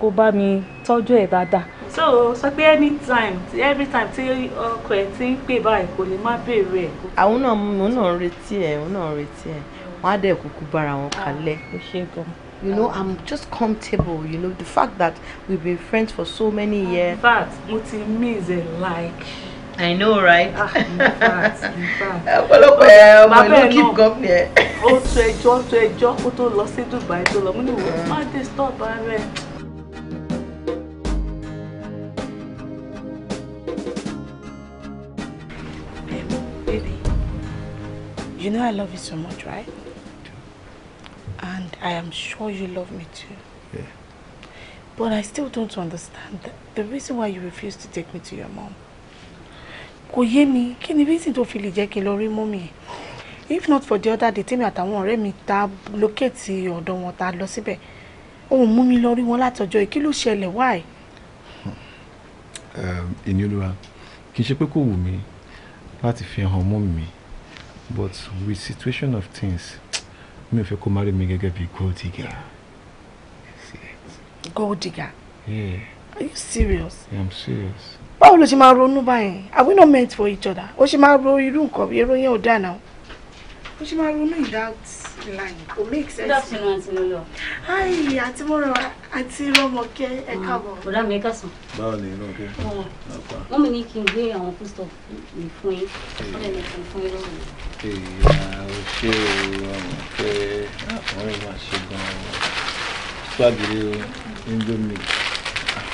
Speaker 2: kó bá mi tọ́jú ẹ̀ dáadáa so sọ pé anytime every time tí ọkọ ẹ ti ń pè báyìí kò lè má béèrè ẹ. àwọn náà òun náà ń retí ẹ òun náà ń retí ẹ wọn á dẹ̀ kúkú bára wọn kalẹ̀. ó ṣe gan. You know, I'm just comfortable. You know, the fact that we've been friends for so many years. In fact, mo ti miss ẹ like. I know, right? Ah, in fact, in fact. Ọ̀pọ̀lọpọ̀ ẹ̀ ọmọ ìlú keep company ẹ̀. Ó tó ẹjọ́ tó ẹjọ́ kó tó lọ sí Dubai tó lọ. Mo ní wọ́n má dé stop ara rẹ̀. You know I love you so much, right? And I am sure you love me too. Yeah. But I still don't understand the, the reason why you refuse to take me to your mom. Koyemi, yé mi, kí ni reason tó fi lè jẹ́ kí n lọ If not for the other day, tèmi àtàwọn ọ̀rẹ́ mi ta lókèétì ọ̀dọ̀ wọn ta lọ síbẹ̀. Òun mú mi lọ rí wọn látọjọ́ yìí, kí ló ṣẹlẹ̀ why?
Speaker 1: Hmm.
Speaker 3: Um, olúwa, kì í ṣe pé kò wù mí láti fi but with situation of things me if you come marry me, you get be gold digger.
Speaker 2: gold digger. Yeah. are you serious.
Speaker 4: Yeah, i'm serious.
Speaker 2: báwo ló ṣe máa ronú báyìí are we not meant for each other ó ṣe máa ro irú nǹkan bí èrò yẹn ò dáa náà ó ṣe máa ronú without line kò make sense. good afternoon àti mo lọ. hi
Speaker 7: àti mo rọ àti rọmọkẹ ẹ káàbọ̀. Mm. bọ̀dá mi ká sùn. báwo ni rọmọkẹ. wọ́n mi ní kí n gbé àwọn foodstuff mi fún yín wọ́n lè mẹ́ta fún yín lọ́wọ́.
Speaker 3: ìyá o ṣe rọmọkẹ àwọn ah, ìwà ṣe gan-an gbàgede indomie ah,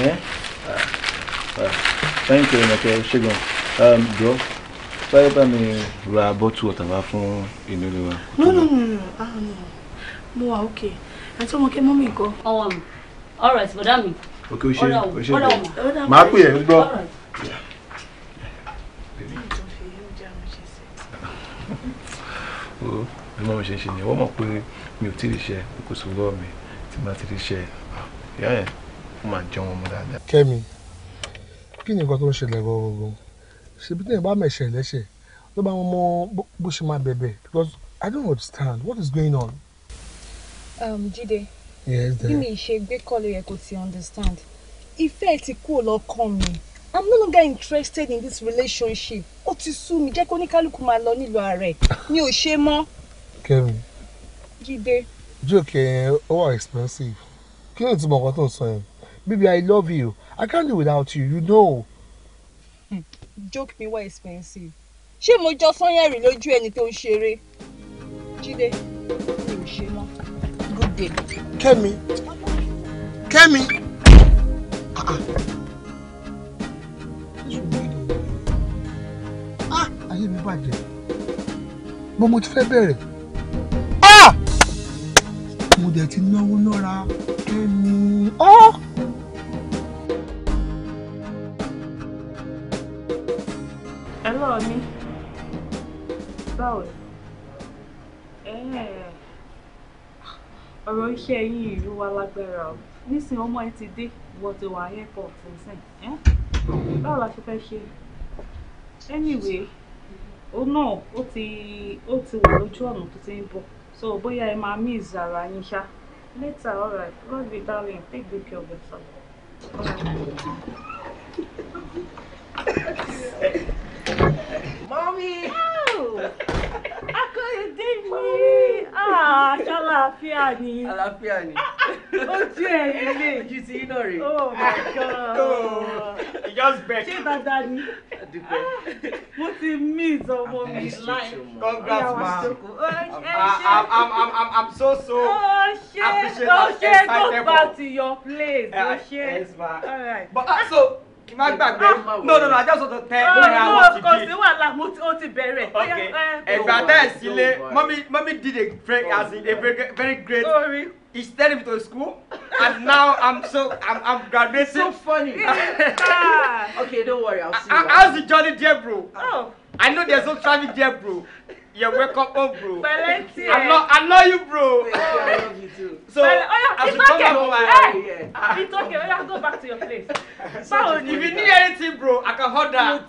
Speaker 3: eh? ah, thank you rọmọkẹ ṣe gan-an um, jọ báyọ̀ bá mi ra bọ́tù ọ̀tà wá fún inú ilé wa.
Speaker 7: no no no no ah no mo wà okay àti ọmọ kẹ́ mọ́ mi gan. ọwọ́ mi all right bọ̀dá mi.
Speaker 3: ok o ṣe o ṣe bẹ́ẹ̀ máa pè é ń gbọ́. bí mo ṣe ṣe ni wọ́n mọ̀ pé mi ò tí ì ṣe kò sọ lọ́wọ́ mi tí mo ti ì ṣe ìyá yẹn
Speaker 11: mo máa jẹun ọmọ dáadáa. kẹ́mi kí ni nǹkan tó ń ṣẹlẹ̀ gbọ́ngbọ́n ṣebí tẹ́yìn bá mẹ̀ṣẹ̀ lẹ́ṣẹ̀ ló bá wọn mọ bó ṣe máa bẹ̀bẹ̀ because I don't understand what is
Speaker 10: going on.
Speaker 2: Um, Jide bí mi ṣe gbé kọ́lé yẹ kò ti understand ìfẹ́ ti kú lọ́kàn mi I'm no longer interested in this relationship ó ti sú mi jẹ́ kó ní kálukú máa lọ nílò ààrẹ mi ò ṣe mọ́. Kevin Jide.
Speaker 11: Joke. yẹn eh, ó wà expensive kí ló ti mọ̀ nǹkan tó ń sọ yẹn baby I love you I can't live without you you know
Speaker 2: joke mi wá expensive ṣé mo jọ sanyẹ̀rì lójú ẹni tó ń ṣeré jíde mi ò ṣe
Speaker 10: mọ́ good day. kẹ́mi kẹ́mi. Ah,
Speaker 11: ah. Ah, ayé mi bàjẹ́ Mo mo ti fẹ́ bẹ̀rẹ̀ mo dẹ̀ ti náwó lọ́ra kẹ́mi.
Speaker 2: lọ mi báwo ọ̀rọ̀ iṣẹ́ yìí ìlú wa lágbára o nísìnyí ọmọ ẹ ti dé ìwọ ti wà airport báwo la ṣe fẹ́ ṣe anyway ó náà ó ti ó ti wà lójú ọ̀nà so bóyá ẹ máa mí ìzàrà yín ṣá later love take good care
Speaker 1: Mommy! Oh! I Akọ́yẹ̀dé mi! Ah, ṣàlàáfíà ni. Àlàáfíà ni. Oh ẹ̀
Speaker 5: you see you iná
Speaker 8: rè. Oh my God!
Speaker 2: Oh,
Speaker 8: you just bet. Ṣé dada ni? Dúpẹ́.
Speaker 2: it means, miss ọmọ mi Congrats ma. Oh,
Speaker 4: I'm I'm I'm I'm I'm so so. Oh shit, oh shit. go back
Speaker 2: to your place. Oh shit, eh, Yes ma. All right. But uh, so kí má gbàgbé ah, no no no
Speaker 11: àjọsọ̀tọ̀ tẹ ẹ̀rọ àwọn ti di. ọkọ sí
Speaker 2: wàhálà mo ti o ti bẹ̀rẹ̀. ok eh, ẹgbà tẹ ẹ sílé
Speaker 11: mọ́mí did a great as in a very great he sent me to school and now i'm so i'm
Speaker 2: i'm graduating. so funny.
Speaker 1: okay don't worry i'll
Speaker 2: see you. how's the journey there bro. oh. i know there's no traffic there bro you're welcome home, oh, bro. I know, I
Speaker 1: know you, bro. So, well, oh, yeah, as you come back home, hey,
Speaker 2: I... It's okay. Well, go back to your place. so if you need anything, bro, I can order.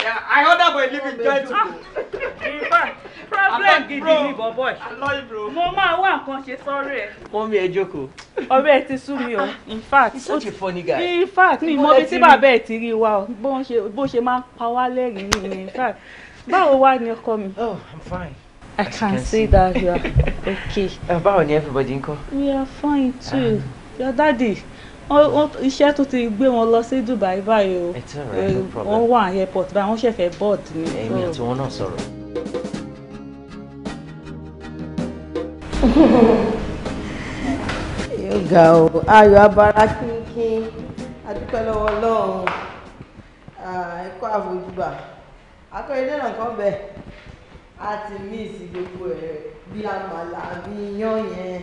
Speaker 2: Yeah, I order for a living joint, bro. In fact, problem gidi ni bọ̀bọ̀ ẹ̀. I love you, bro. Mo máa wá nǹkan ṣe sọ́rọ̀ ẹ̀. Mọ́mí ẹ jókòó. Ọbẹ̀ ẹ ti sú mi o. Ah, in fact,
Speaker 13: he's such a funny guy. In
Speaker 2: fact, mi mọ bí tí bàbá ẹ ti rí wa o. Bó ṣe máa ń pa wá lẹ́rìn-ín ni in fact báwo wá ni ọkọ mi. oh i'm
Speaker 13: fine. I can, can see, see that you are okay. Eh, báwo ni everybody ń kọ́?
Speaker 2: We are fine too. Um, Your daddy, iṣẹ́ tó ti gbé wọn lọ sí Dubai báyìí o. It's alright, no eh, problem. Wọ́n wà airport báyìí, wọ́n ṣẹ̀fẹ̀ board ni. Eh, èmi àti
Speaker 13: wọn náà sọ̀rọ̀.
Speaker 2: Yoga o, ayọ̀ abara kínkín, adúpẹ́ lọ́wọ́ Ọlọ́run, ah, ẹ̀kọ́ àfojúbà. akọ̀yẹ̀dẹ́nà kan bẹ̀ á ti míìsì gbogbo ẹ̀ bí àmàlà bí iyán yẹn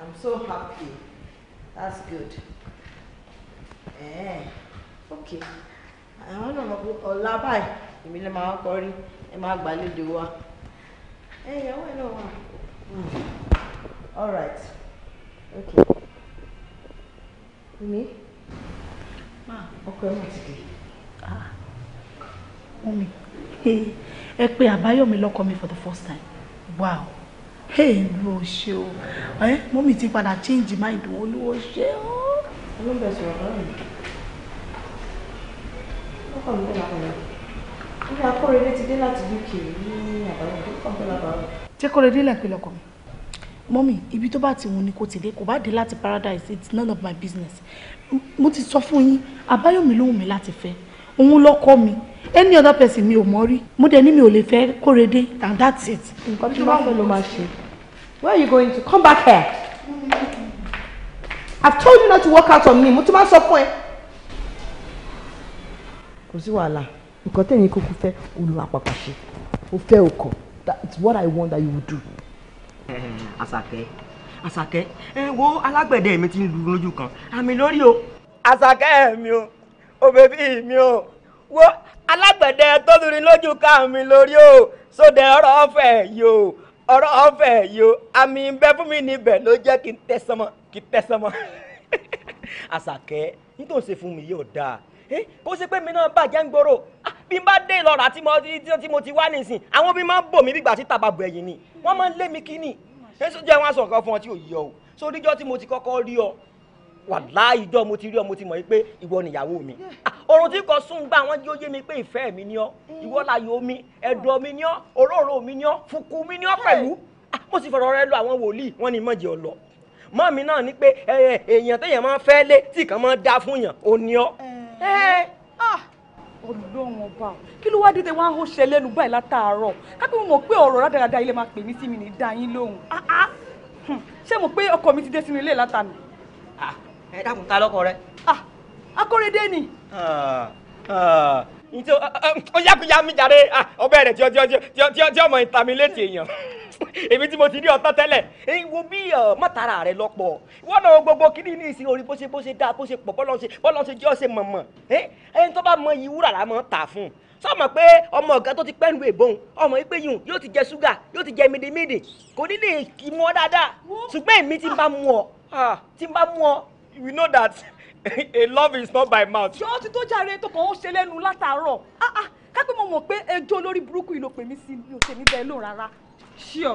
Speaker 2: i'm so happy that's good eh, ok àwọn náà mọ̀ báyìí èmi lè máa rí ẹ máa gbàlejò wa ẹ náà wà ok mi ọkọ ẹ mọ́mí ẹ pé àbáyọ̀mí lọ́kọ mi for the first time wow olúwo ṣe o ẹ mọ́mí ti padà change mind wọn olúwo ṣe o.
Speaker 8: olóńgbẹ sọ̀rọ̀ lọ́rùn mi lọ́kọ̀ mi lọ́la kọ̀ọ̀lá nígbà akọ́rẹ́dé ti dé láti uk ní àbáyọ̀mí lọ́kọ̀ mi lọ́la kọ̀ọ̀lá.
Speaker 2: jẹ́ kọ́rẹ́dé lẹ́ẹ̀pẹ́ lọ́kọ̀ mi mọ́mí ibi tó bá ti wù ni kò ti dé kò bá dé láti paradise it's none of my business mo ti sọ fún yín àbáyọ̀mí ló wù mí láti fẹ́ òun lọ́kọ mi any other person mi ò mọ̀ rí mo dẹ̀ ní mi ò lè fẹ́ kórede and that's it. nǹkan tí wọ́n fẹ́ ló máa ṣe where are you going to come back here i've told you not to walk out on me mo tún máa sọ fún ẹ. kò sí wàhálà nǹkan tẹ̀yìn kúkú fẹ́ olùwàpàpà ṣe o fẹ́ o kọ̀ that's what i want that you will do. Asake. Asake. ẹ wo alágbẹ̀dẹ mi ti ń lu lójú kan àmì lórí o Asake mi o o bèbí mi o wo alágbẹ̀dẹ tó lórí lójú ká mi lórí o sóde ọ̀rọ̀ ọ̀fẹ́ yìí o ọ̀rọ̀ ọ̀fẹ́ yìí o àmì bẹ fún mi níbẹ̀ ló jẹ́ kí n tẹsánmọ kí n tẹsánmọ àṣàkẹ́ nítorí ṣe fún mi yóò dáa eh, kó ṣe pé mi náà bàjẹ́ ń gbòòrò ah, bí n bá dé ìlọ́ra tí mo tí mo ti wá nísìn àwọn obìnrin máa ń bò mí bí ìgbà tí tàbá bò ẹ̀yìn ni wọ́n máa ń lé mi
Speaker 8: kí ni ẹ eh, jẹ́ wọn aṣọ nǹkan fún ọ tí ò yọ o sódíjọ́ tí mo ti kọ́kọ́ rí ọ wàláhì ìjọ mo ti rí ọ mo ti mọ̀ pé ìwọ nìyàwó mi oorun ah, tí kò sùn gbà wọ́n jí ó yé mi pé ìfẹ́ mi
Speaker 2: ni ọ́ ìwọ láyò mi ẹ̀dọ̀ mi ni ọ́ òróró mi ni ọ́ fùkù mi ni ọ́ pẹ̀lú ah,
Speaker 8: mo sì fọ̀rọ̀ rẹ lọ àwọn wòlíì wọ́n ní mọ̀jẹ̀ ọ̀lọ́ mọ́ mi náà ni pé èèyàn téèyàn máa fẹ́ lé tí kan máa dá fún yàn ò ní ọ́.
Speaker 1: Ah! ọlọ́run ọba
Speaker 2: kí ló wá dé tẹ wá ń hó ṣe lẹ́nu báyìí látàárọ̀ kápẹ́ mo mọ̀ pé ọ̀rọ̀ rádaràda ilé máa pè mí sí mi ní dá yín lóhùn hmm. ṣé mo pé ọkọ mi ti dé sínú ilé látàná ẹ dákun ta lọ́kọ rẹ. akóredé ni. ǹjẹ́ ó yá kúyà mi jàre ọbẹ̀ rẹ̀ tí ọmọ ìtàmì létí èèyàn èmi tí mo ti rí ọtán tẹ́lẹ̀ wo bí mọ́tara rẹ lọ́pọ̀ wọ́n náà gbogbo kiri ní ìsìn orí bó ṣe bó ṣe dáa bó ṣe pọ̀ bọ́lọ́ ṣe bọ́lọ́ ṣe jẹ́ ọ̀ṣe mọ̀mọ̀ ẹni tó bá mọ iye wúrà la máa tà fún un sọmọ pé ọmọ ọ̀gá tó ti pẹ́ nu èbó ọmọ yìí pé yùn yóò ti jẹ ṣúgà yóò ti jẹ mèdèmèdè kò ní lè kí mọ́ dáadáa ṣùgbọ́n èmi ti bá mú ọ ti bá mú ọ we know that a love is not by mouth. ṣé o ti tó jàre tó kàn ó ṣe lẹ́nu látàárọ̀ ah, ah, kápẹ́ mo mọ̀ pé ẹjọ́ olórí burúkú yìí ló pè mí sí mi ò tèmi bẹ́ẹ̀ lò rárá ṣíọ.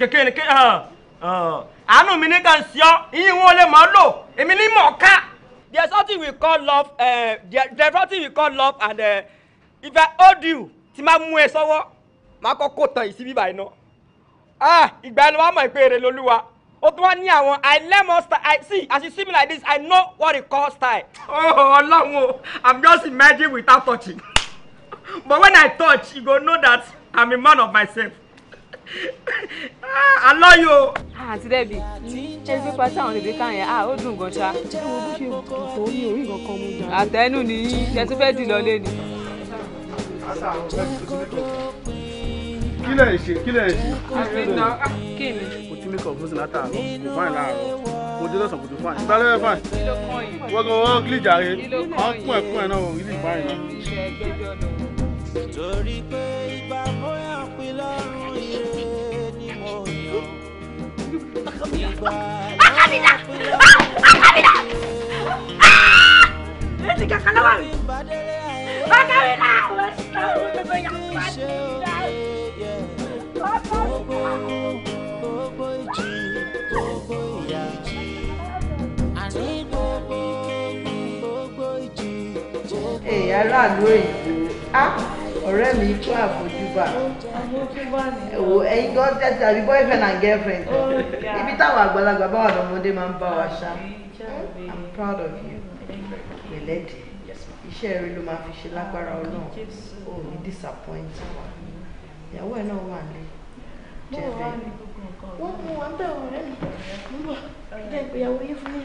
Speaker 2: kékeré ké
Speaker 1: àánú
Speaker 2: mi ní ká ń ṣe ọ ìyín wọn lè máa lò èmi ní mọ̀ ká. there is nothing we call love uh, there, there is nothing we call love and uh, if I hold you ti máa mú ẹ sọ́wọ́ máa kọ́ kó tàn yìí sí bíbá iná. Ah, ìgbà ẹni wàá mọ̀ ìpè rẹ̀ lolúwa ó tún wá ní àwọn i lemon style i see as you see me like this i know what it call style. oh ọlọ́run o i'm just imagine without touching
Speaker 11: but when i touch you go know that i'm a man of myself.
Speaker 2: I love you. Àǹtí Dẹ́bi, ṣé gbé pátá àwọn Rèbékà yẹn? Ah, ó dùn gan ṣá. Ṣé wo bó ṣe kò ní orí kankan mu jà? Àtẹnu nìyí, ṣe tún fẹ́ dì lọ lé ni.
Speaker 1: Àṣà àwọn ọ̀rẹ́ mi tó
Speaker 2: kí lẹ̀ ń ṣe kí lẹ̀ ń ṣe.
Speaker 3: kí ni kò tí make up mọ́sí látàárọ̀ kò fáìn láàárọ̀ kò dé lọ́sàn kò tó fáìn. ìgbà lẹ́yìn fáìn wọ́n gan wọ́n gílì jàre wọ́n kún ẹ̀ kún ẹ̀ náà wọ́n gílì fáìn náà.
Speaker 1: torí pé ìgbà bóyá pín lọ́rùn ire ni mo yàn. ìgbà lọ́rùn pín lọ́rùn ire ni mo yàn gbogbo gbogbo ìjì gbogbo ìyà àní gbogbo gbogbo ìjì gbogbo. èyí aráàlú
Speaker 2: èyí ọ̀rẹ́ mi kó àfojúbà ẹ̀wò ẹ̀yin gan tẹ́tẹ́ àbí boyfriend and girlfriend oh, ibi táwọn àgbàlagbà báwọn ọmọdé máa ń bá wa ṣá I'm proud of you pẹ̀lẹ́dì iṣẹ́ rẹ ló máa fi ṣe lágbára ọlọ́run ò ní oh, disappoint wa ìyàwó ẹ̀ náà wà ní Ini wọn mú wa bẹ ọ̀rẹ́ mi ń bọ ìjà ìgbéyàwó come.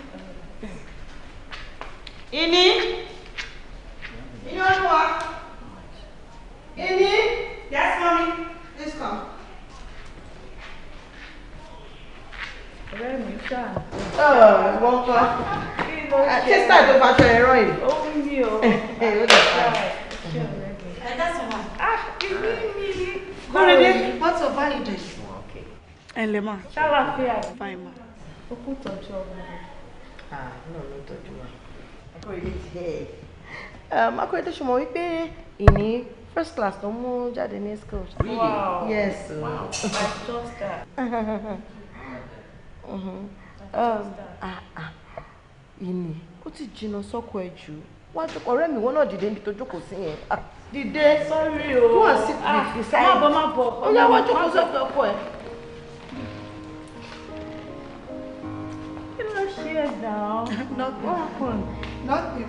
Speaker 2: ọ̀rẹ́ mi ṣáà. wọ́n kọ́ sísá tó bá tẹ ẹ̀rọ
Speaker 4: yìí. Eh, eh, ah, ah ìní mi. kúrẹ́dẹ́.
Speaker 2: what's your value ẹ lè mà. ṣàlàfíà fine ma. ó kú tọ́jú ọmọ rẹ̀. Ah, náà ló tọ́jú wa. akọ ilé ti ẹ. Um, akọ́yẹ́dẹ́ ṣe mọ̀ wípé ìní first class tó mú jáde ní school. really yes. wow i trust that. Mm-hmm. Um, ah, ah. ìní ó ti jìnnà sọ́kọ ẹ̀ jù wọ́n ti kọ̀ ọ̀rẹ́ mi wọ́n náà dìde níbi tó jókòó sí yẹn. dìde sọ́rí o. kí wọ́n sì fi sáyẹn. má bọ̀ má bọ̀. ó yẹ wọ́n jókòó sọ́kọ ẹ̀.
Speaker 1: serious here
Speaker 2: now. Nothing. What happened? Nothing.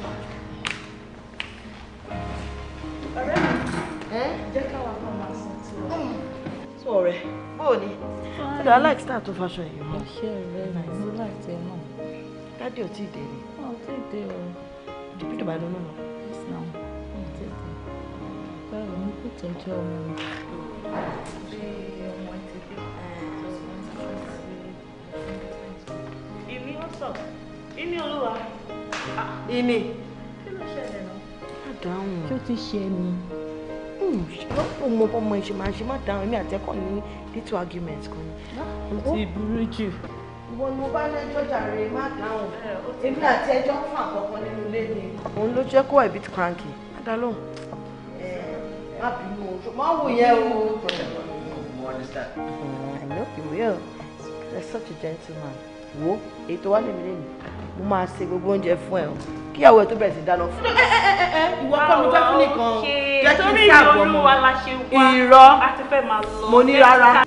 Speaker 2: Ọ̀rẹ́ mi, jẹ́ káwa náà máa sùn tí wọ́n. Sọ ọ̀rẹ́, bóò ni? Ọ̀dà Alex náà tó faṣọ yìí mọ́. Iṣẹ́ rẹ̀ mo láì tẹ náà. Dádì ò tí Yes, now. Ọ̀ tí ì dé.
Speaker 13: Báwo ni kò tọ́jú ọmọ mi?
Speaker 2: ìní olúwa. ìní. kí ló ṣẹlẹ̀ náà. má dáhùn kí ó ti ṣe ni lọ́pọ̀ hmm, mo bọ́mọ ìṣe máa ṣe má dáhùn èmi àtẹ́kọ̀ọ́ ní little argument kan ni. ó ti burú jù. ìwọ ni mo bá lẹ́jọ́ jàre má dáhùn èmi àti ẹjọ́ fún àkọ́kọ́ nínú ilé mi. òun ló jẹ́ kó wà bit cranky má dá lóhùn. ẹ má bínú o ṣùgbọ́n wò yẹ o. I know you will. You're such a gentleman wo èyí tó wá lè mí lẹ́nu mo máa ṣe gbogbo oúnjẹ fún ẹ o kíyàwó ẹ tó bẹ̀rẹ̀ sí dáná fún ẹ ẹ ẹ ẹ ìwọ kọ́ ló fẹ́ fún nìkan ah, jẹ́ kí n sáàbọ̀ mọ́ irọ́ mo ní rárá.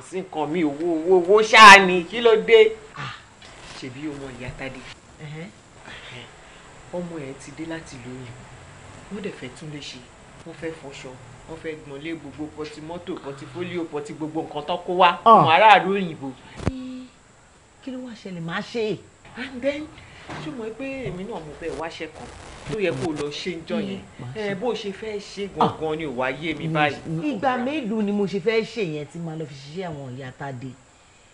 Speaker 2: kò sí nǹkan mi owó owó owó ṣáà ni kí ló dé
Speaker 8: ṣebí ọmọ ìyá Tádé ọmọ ẹ ti dé láti ìlú òyìnbó wọ́n dẹ̀ fẹ́ tún lè ṣe wọ́n fẹ́ fọṣọ wọ́n fẹ́ gbọ̀n gbogbo pọtí mọ́tò pọtí fólíò pọtí gbogbo nǹkan tó kó wá àwọn ah. aráàlú òyìnbó.
Speaker 2: kí ló wá ṣẹlẹ̀ máa ṣe. and then ṣùgbọ́n pé èmi náà mo bẹ̀ wáṣẹ́ kan tó yẹ kó lọ ṣe ń jọ hmm, yẹn ẹ bó ṣe fẹ́ ṣe ah! gangan ni ò wá yé mi báyìí. ìgbà mélòó ni mo ṣe fẹ́ ṣe yẹn tí màá lọ fi ṣiṣẹ́ àwọn ìyá Tádé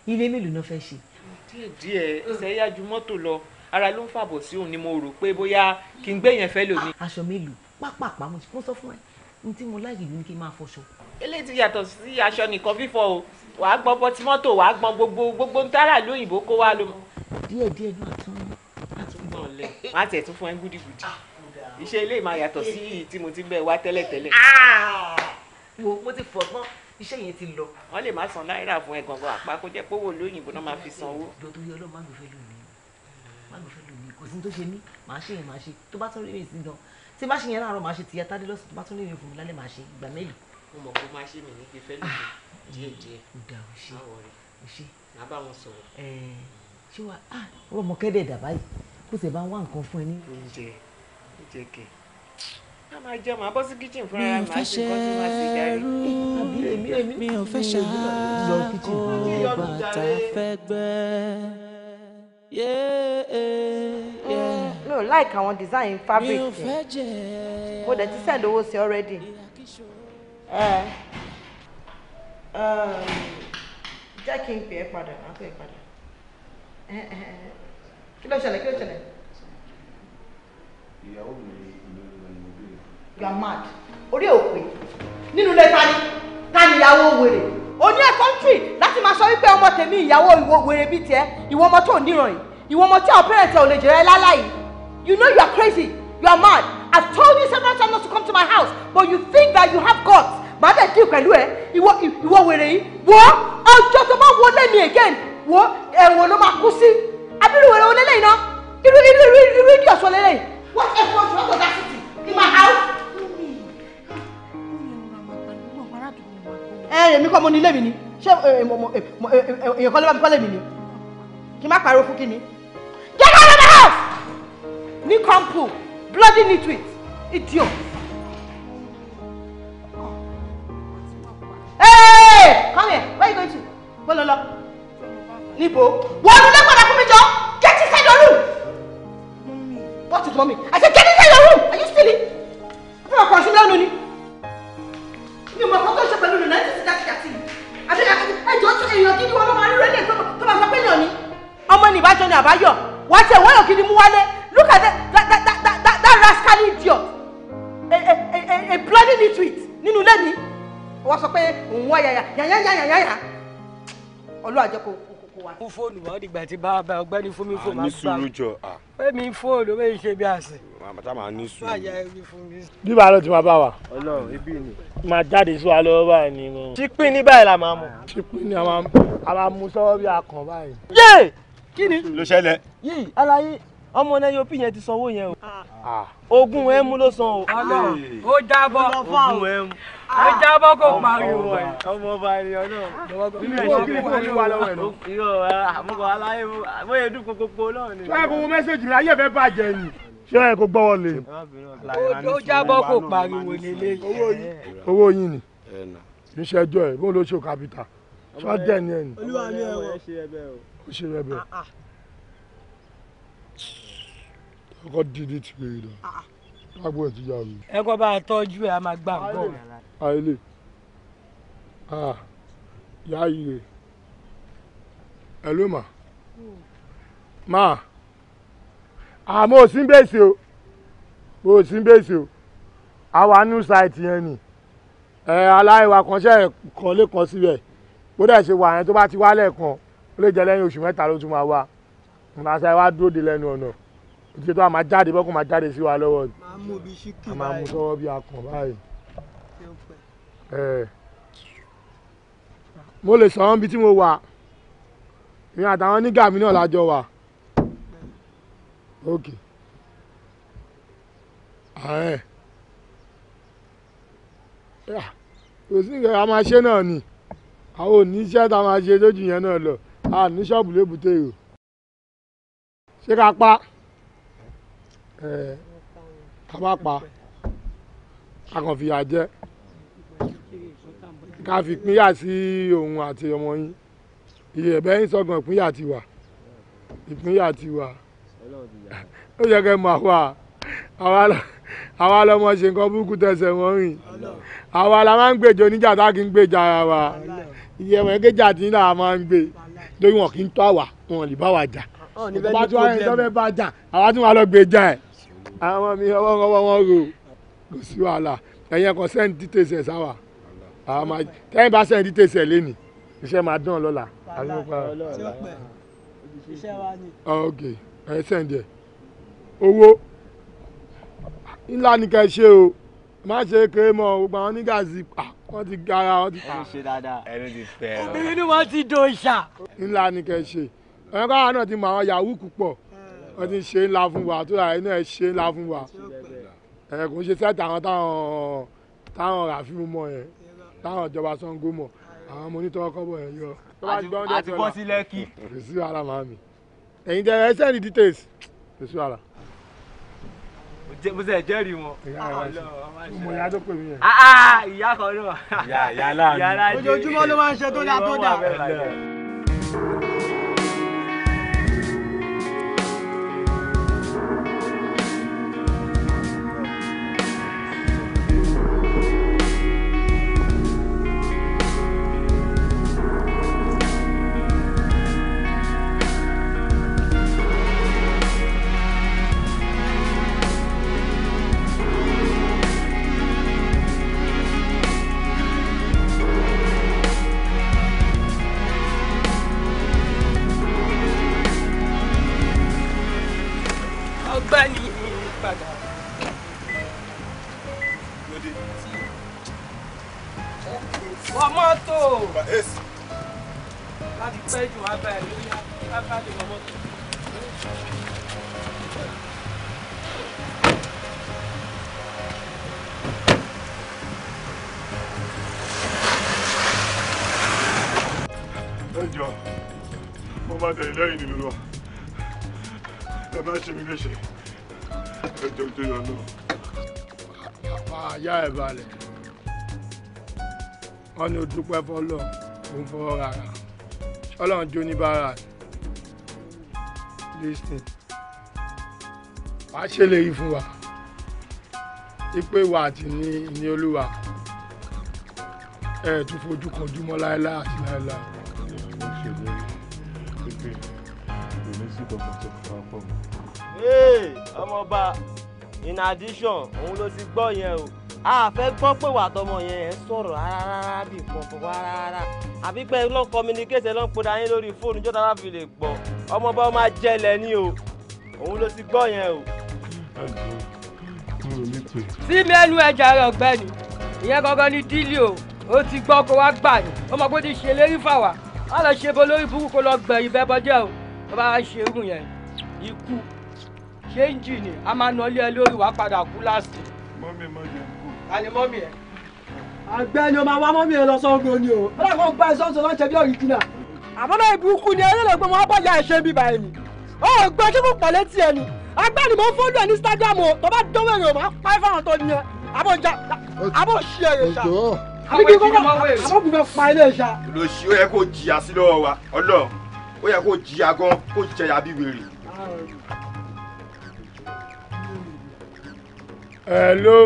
Speaker 2: ilé mélòó náà fẹ́ ṣe. díẹ̀ díẹ̀ ṣẹ́yà ju mọ́tò lọ ara ló ń fàbọ̀ sí òun ni mo rò pé bóyá kí n gbé yẹn fẹ́ lómi. aṣọ mélòó pápápá mo ti kó sọ fún ẹ n tí mo láàyè ní kí n máa fọṣọ. eléyìí ti yàtọ̀ sí aṣọ nìkan fífọ o wàá gbọ́n bọ́tí mọ́tò wàá gbọ́n gbogbo gbogbo ń tára lóyìnbó kó wá lọ. díẹ̀ díẹ̀ náà tún wá tún bọ̀ lẹ̀. wọ́n á tẹ̀ tún fún ẹ gúdígúdí iṣẹ́ ilé máa yàtọ̀ sí èyí tí mo ti bẹ̀ wá tẹ́lẹ̀tẹ́lẹ̀. Ah! wo mo ti fọgbọ́n iṣẹ́ yẹn ti lọ. wọ́n lè má san náírà fún ẹ gangan àpá kó jẹ́ pówó lóyìnbó náà máa fi san owó. ìjọ tó yẹ ọlọ́run má ló fẹ́ lò mí má ló fẹ́ lò mí kò sí tó ṣe mí màá ṣe yẹn màá ṣe tó bá tún rí mi sí gan tí bá ṣe yẹn láàárọ̀ màá ṣe tìyà tádé lọ́sùn tó bá tún rí mi fún mi lálẹ́ ṣé wàá ah ọmọ kẹ́dẹ̀ẹ̀dà báyìí kó sì bá wá nǹkan fún ẹ ní.
Speaker 13: oúnjẹ jẹ̀kẹ̀
Speaker 2: a máa jẹun àbọ̀ sí kíchìn fún ara màá ṣe kọ́ sí màá sì jáde. mi ò fẹ́ ṣàkó bàtà fẹ́ gbẹ́. Mm, mi ò like àwọn design fabric
Speaker 1: yẹn
Speaker 2: mo dẹ̀ ti send owó sí already. Um, jẹ́ kí n pè é padà máa pè é padà kí ló ṣẹlẹ̀ kí ló ṣẹlẹ̀
Speaker 3: ìyàwó mi ìlú ìlú
Speaker 8: ìlú. you are mad
Speaker 2: orí òpè nínú ilé tani tani ìyàwó wèrè o ní ẹ kọ́ńtì láti máa sọ wípé ọmọ tèmi ìyàwó ìwọ wèrè bíi tiẹ̀ ìwọ ọmọ tó níran yìí ìwọ ọmọ tí àwọn parents ẹ ò lè jẹrẹ láláyìí you know you are crazy you are mad I told you several times not to come to my house but you think that you have guts màá dẹ̀ dín pẹ̀lú ẹ ìwọ ìwọ wèrè yìí wọ ọjọ́ tó bá wọlé mi again wọ ẹ̀wọ̀n ló máa kú sí abirùwèrè olélẹ́yìn náà irú irú irú irú ìdí ọ̀sán olélẹ́yìn What effort, what audacity? In my house? Ẹ eh, èmi kọ́ mo ní ilé mi ni, ṣé èèyàn kan ló bá mi kọ́lé mi ni? Kí n má pariwo fún Get out of my house! Ní kọ́ńpù, bloody nitwit, idiot. Hey! Come here, where are you going to? Bọ́lọ́lọ́. Níbo? Wọ́n lulẹ̀ padà fún mi jọ, get inside the room. What is mommy? I said, get into your room. Are you stealing? Wọ́n kàn sí lẹ́nu ni. Mi ò mọ̀ kó tó ṣe pẹ̀lú nùnà ẹ̀sìn síta I Àbí ẹjọ́ tún èèyàn gidi wọn ló máa rí Come on, máa sọ pé èèyàn ni. Ọmọ ni ìbájọ ni àbáyọ̀. Wọ́n ti ẹ̀wọ́n òkìdí mú wálé. Look at that, that, that, that, that, that rascal idiot. A, a, a, a bloody nitwit nínú ilé mi. Wọ́n sọ pé òun wá yàyà yàyà yàyà yàyà. Olú àjẹkọ̀ọ́
Speaker 11: kó wa. fún fóònù wa ó dìgbà tí bá bá ọgbẹ́ni fún mi fóònù máa gbà. a ní sùúrù jọ a. pé mi fóònù bẹ́ẹ̀ ṣe bí àṣẹ. màmá tá màá ní sùúrù. báyà
Speaker 10: ibi fún mi. bí bàá ló ti máa bá wa. Ọlọ́run ibi ni. máa jáde sí wa lọ́wọ́ báyìí ni mo. ní báyìí la máa mú. chipin ni a máa mú sọ́wọ́ bí akàn báyìí. yé kí ni.
Speaker 2: ló ṣẹlẹ̀.
Speaker 1: yìí
Speaker 10: aláyé ọmọ náà yóò pín yẹn ti sanwó yẹn o. Ah. ogún ẹmu
Speaker 2: ló san o. Ah.
Speaker 1: ó dábọ̀ ogún ẹmu
Speaker 9: ẹ jábọ́ kó pariwo ẹ̀. ọmọ ọba ènìyàn náà nínú ìṣe kí ni kò ní wà lọ́wọ́ ẹ̀ lọ. irọ́ àmúkọ aláyé bóyá edu gbogbo náà ni. tó ẹ mẹ́sẹ̀gì
Speaker 10: mi ayé fẹ́ bàjẹ́ ni. ṣé ẹ kò gbọ́wọ́ lè. ó jábọ́ kó pariwo ní ilé yìí. owó yín ni kì ẹjọ́ ẹ̀ bó ló ṣe kàpítà ṣọ́ dẹ̀ ni ẹ̀ ni. olúwa ni ẹ wọ.
Speaker 5: ó ṣe rẹ bẹ́ẹ̀ ah, ah.
Speaker 10: ọkọ dídí ti rè é lọ ah, àìlè yà á yìí ẹ̀lú mà mà àmọ́ òsín bèsè o òsín bèsè o àwa new site yẹn ni ẹ aláìwá kan ṣe ẹ̀kan lẹ́kan síbẹ̀ bó dẹ̀ ṣe wà yẹn tó bá ti wá lẹ́ẹ̀kan ó lè jẹ́ lẹ́yìn oṣù mẹ́ta ló tún máa wá ìmọ̀láṣà wa dúró de lẹ́nu ọ̀nà òtítọ́ àmà jáde bọ́kùn máa jáde sí wa lọ́wọ́ ni a máa mú sọ́wọ́ bí akàn báyìí. Eh. mo lè sọ ọ́n bí tí mo wà èmi àtàwọn nígà mi náà lájọ wà ok ààrẹ kò sí nǹkan a máa ṣe náà ni àwọn oníṣẹ́ tá a máa ṣe lójú yẹn náà lọ a ní ṣọ́ọ̀bù lébùté o ṣé ká pa eh, ká má pa a kàn fìyà jẹ ká fi pínyà sí òun àti ọmọ yín ìyẹ̀bẹ́ yín sọ̀gàn ìpínyà ti wà ìpínyà ti wà ó yẹ kẹ́ mọ̀ àwa àwa lọmọ ṣe nǹkan burúkú tẹsẹ̀ wọ́n rìn àwa la máa ń gbèjọ níjà tá a kì í gbèjà ara wa ìyẹ̀wò ẹ̀gẹ́jà tí náà máa ń gbé lórí wọn kì í tó àwà wọn lè bá wa jà bá tí wọn tó bá jà àwa tí wọn lọ gbèjà ẹ̀ àwọn mi ọwọ́ wọn ro kò sí wàhálà ẹ̀yẹ kọ́sẹ́ǹtì tẹ̀sẹ̀ sáwà tẹ́yìn bá sẹ́yìn dídé sẹ̀ lé ní iṣẹ́ máa dán lọ́la. iṣẹ́ wa ni. ok ẹ sẹ́yìn díẹ̀ owó ńlá ni ká ṣe o má ṣe kéré mọ́ gbogbo àwọn onígàzì wọ́n ti gara wọ́n ti. ẹni ṣe dáadáa ẹni ti fẹ́ ọ. obìnrin ni wọ́n ti do ìṣà. ńlá ni ká ṣe ẹ̀rọ káwọn náà ti mọ àwọn yahoo púpọ̀ hmm. wọ́n ti ṣe ńlá fún wa tó yà ẹ̀ náà ṣe ńlá fún wa ẹ̀ kò ń ṣe sẹ́ẹ̀tì àwọn táwọn táwọn ràfíìmù mọ́ yẹn táwọn ìjọba Ṣàngó mọ̀ àwọn ọmọ onítọ́wọ́ kọ́bọ̀ yẹn yọ. àti bọ́ sí lẹ́kì. kò sí ara màmí ẹ̀yin jẹ́ ẹ sẹ́ni details kò sí ara
Speaker 9: mo sẹ jẹ́rìí wọn. mo yà tó pè mí yẹn. Ah, ah, ìyá kan náà. ìyá ìyá láàánú. ojoojúmọ́
Speaker 1: ló máa ń ṣe tó dáa tó dáa.
Speaker 10: dúpẹ́ fọlọ́ mo fọwọ́ rárá ọlọ́run jó bára listing wàá ṣèlérí fún wa ipe wa àti ní ní olúwa ẹ tún fojú kan jùmọ̀ láéláé àti láéláé. mo ṣèlérí
Speaker 1: in addition òun ló ti gbọ́ yẹn o a fẹ́ gbọ́ pé wà tọmọ yẹn sọ̀rọ̀ rárá bí kọ̀ọ̀kan wá rárá àbí pé lọ́n communicate lọ́n pe dání lórí fóònù jọ́ta bá fi lè gbọ́ ọmọ bá máa
Speaker 11: jẹlẹ̀ ni o òun ló ti gbọ́ yẹn o.
Speaker 2: sí mẹ́nu ẹja rẹ̀ ọ̀gbẹ́ni ìyẹn gangan ni dílì o ó ti gbọ́ kó wá gbà ní ó mọ̀ ti ṣe lérí fàwà á lọ ṣe bo lórí burúkú lọ gbẹ̀yìn bẹ́ẹ̀ bọ́jẹ́ o tó bá ṣe irú yẹn ikú ṣéǹjì ni a máa nà ọ́ ẹ lórí wàá padà kú láti.
Speaker 1: mọ́mí mọ́jọ́ àní mọ́mì
Speaker 5: o máa wá mọ́mì ẹ lọ sọ́ngbó ni o ọlọ́kọ̀ ń gba ìsọ́nsọ lọ́jọ́ bí ọ̀rìjìnà. àbọ̀dọ̀ ìbùkún ni ẹlẹ́lẹ̀ pé wọ́n bọ̀yà ẹ̀ṣẹ́ bíbá ẹ̀ ni
Speaker 2: ó gbé kí fún pọ̀ létí ẹ ni agbẹ́ni mo fọ́lù ẹ̀ ní Instagram o tó bá dọ́wọ́ èrè máa pa ẹ̀
Speaker 11: fáwọn tó ní ẹ àbọ̀ ìjà àbọ̀ ṣá àbíkí kọ́kọ́ àbọ̀ kùn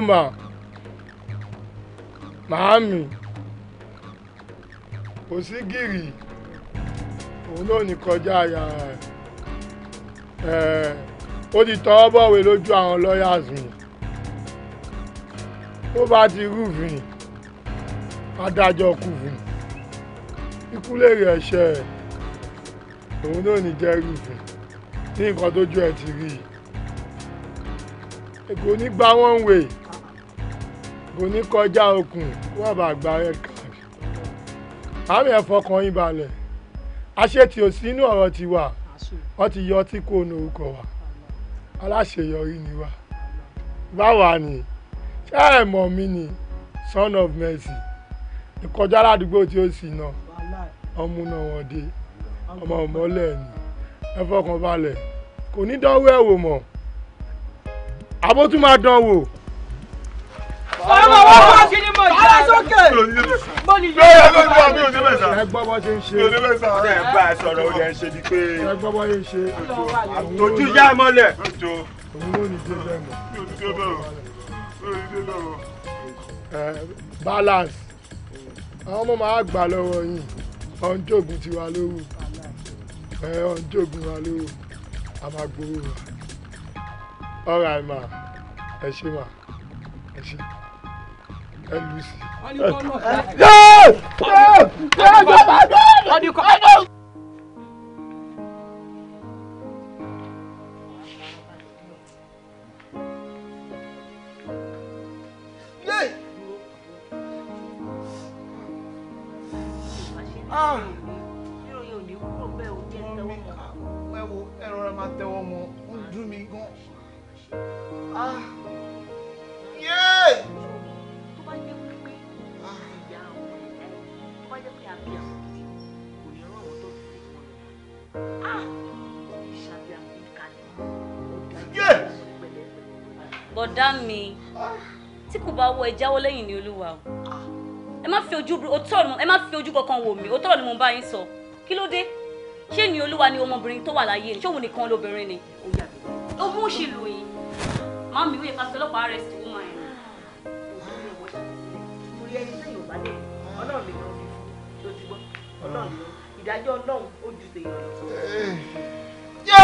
Speaker 10: fẹ́ màámi kò sí gírì òun náà ní kọjá àyà ẹ̀ ó ti tọwọ́ bọ̀wé lójú àwọn lawyers mi tó bá ti rúfin adájọ́ kúfin ikú lèrè ẹ̀ṣẹ̀ òun náà ní jẹ́ rúfin ní nǹkan tójú ẹ̀ ti rí i èkó ní gbá wọ́n wèé kò ní kọjá okùn kó àbá gba ẹ̀ka àmì ẹ̀fọkàn yín balẹ̀ aṣètì ò sínú ọ̀rọ̀ tiwa wọ́n ti yọ ọtí kó nu orúkọ wa aláṣeyọrí ni wa báwa ni ṣé ẹ mọ̀ ni son of mercy ìkọjá ládùúgbò tí ó sì ná ọmú náà wọ́n dé ọmọ ọmọlẹ̀ ni ẹ fọkàn kò ní dánwó ẹ̀ wò mọ́ àbótú
Speaker 1: ọmọ wọn bá kí ni mo jẹ sókè mo ní yẹ ẹ lọ
Speaker 10: sí mi ò ní ẹ gbọ́ bó ṣe ń ṣe ẹ bá ẹ sọ̀rọ̀ ó lẹ ń ṣe di pé ẹ gbọ́ bó ṣe ń ṣe tòjú yá ẹ mọ́lẹ̀ òun ló ní dé bẹ́ẹ̀ mọ́ balance àwọn ọmọ máa gbà lọ́wọ́ yìí ọ̀njọ́gùn ti wà lówó ọ̀njọ́gùn wà lówó a máa gbowó wa all right ẹ ṣé ma ẹ ṣé
Speaker 2: ẹ
Speaker 3: rọra máa tẹwọ́ mọ́ ó
Speaker 7: bọ̀dá mi tí kò bá wọ ìjáwọ́ lẹ́yìn ní olúwa o ẹ má fi ojú òótọ́ ni ẹ má fi ojú kankan wò mí òótọ́ ni mo bá yín sọ kí ló dé ṣé ni olúwa ni ọmọbìnrin tó wà láyé ni ṣóun nìkan lóbìnrin ni ó mú òṣì lù yín má mi wíyẹ pàṣẹ ọlọ́pàá rẹ sí wúmọ ẹ̀ ọlọ́run
Speaker 2: ìdájọ́ ọlọ́run ó ju tèèyàn lọ.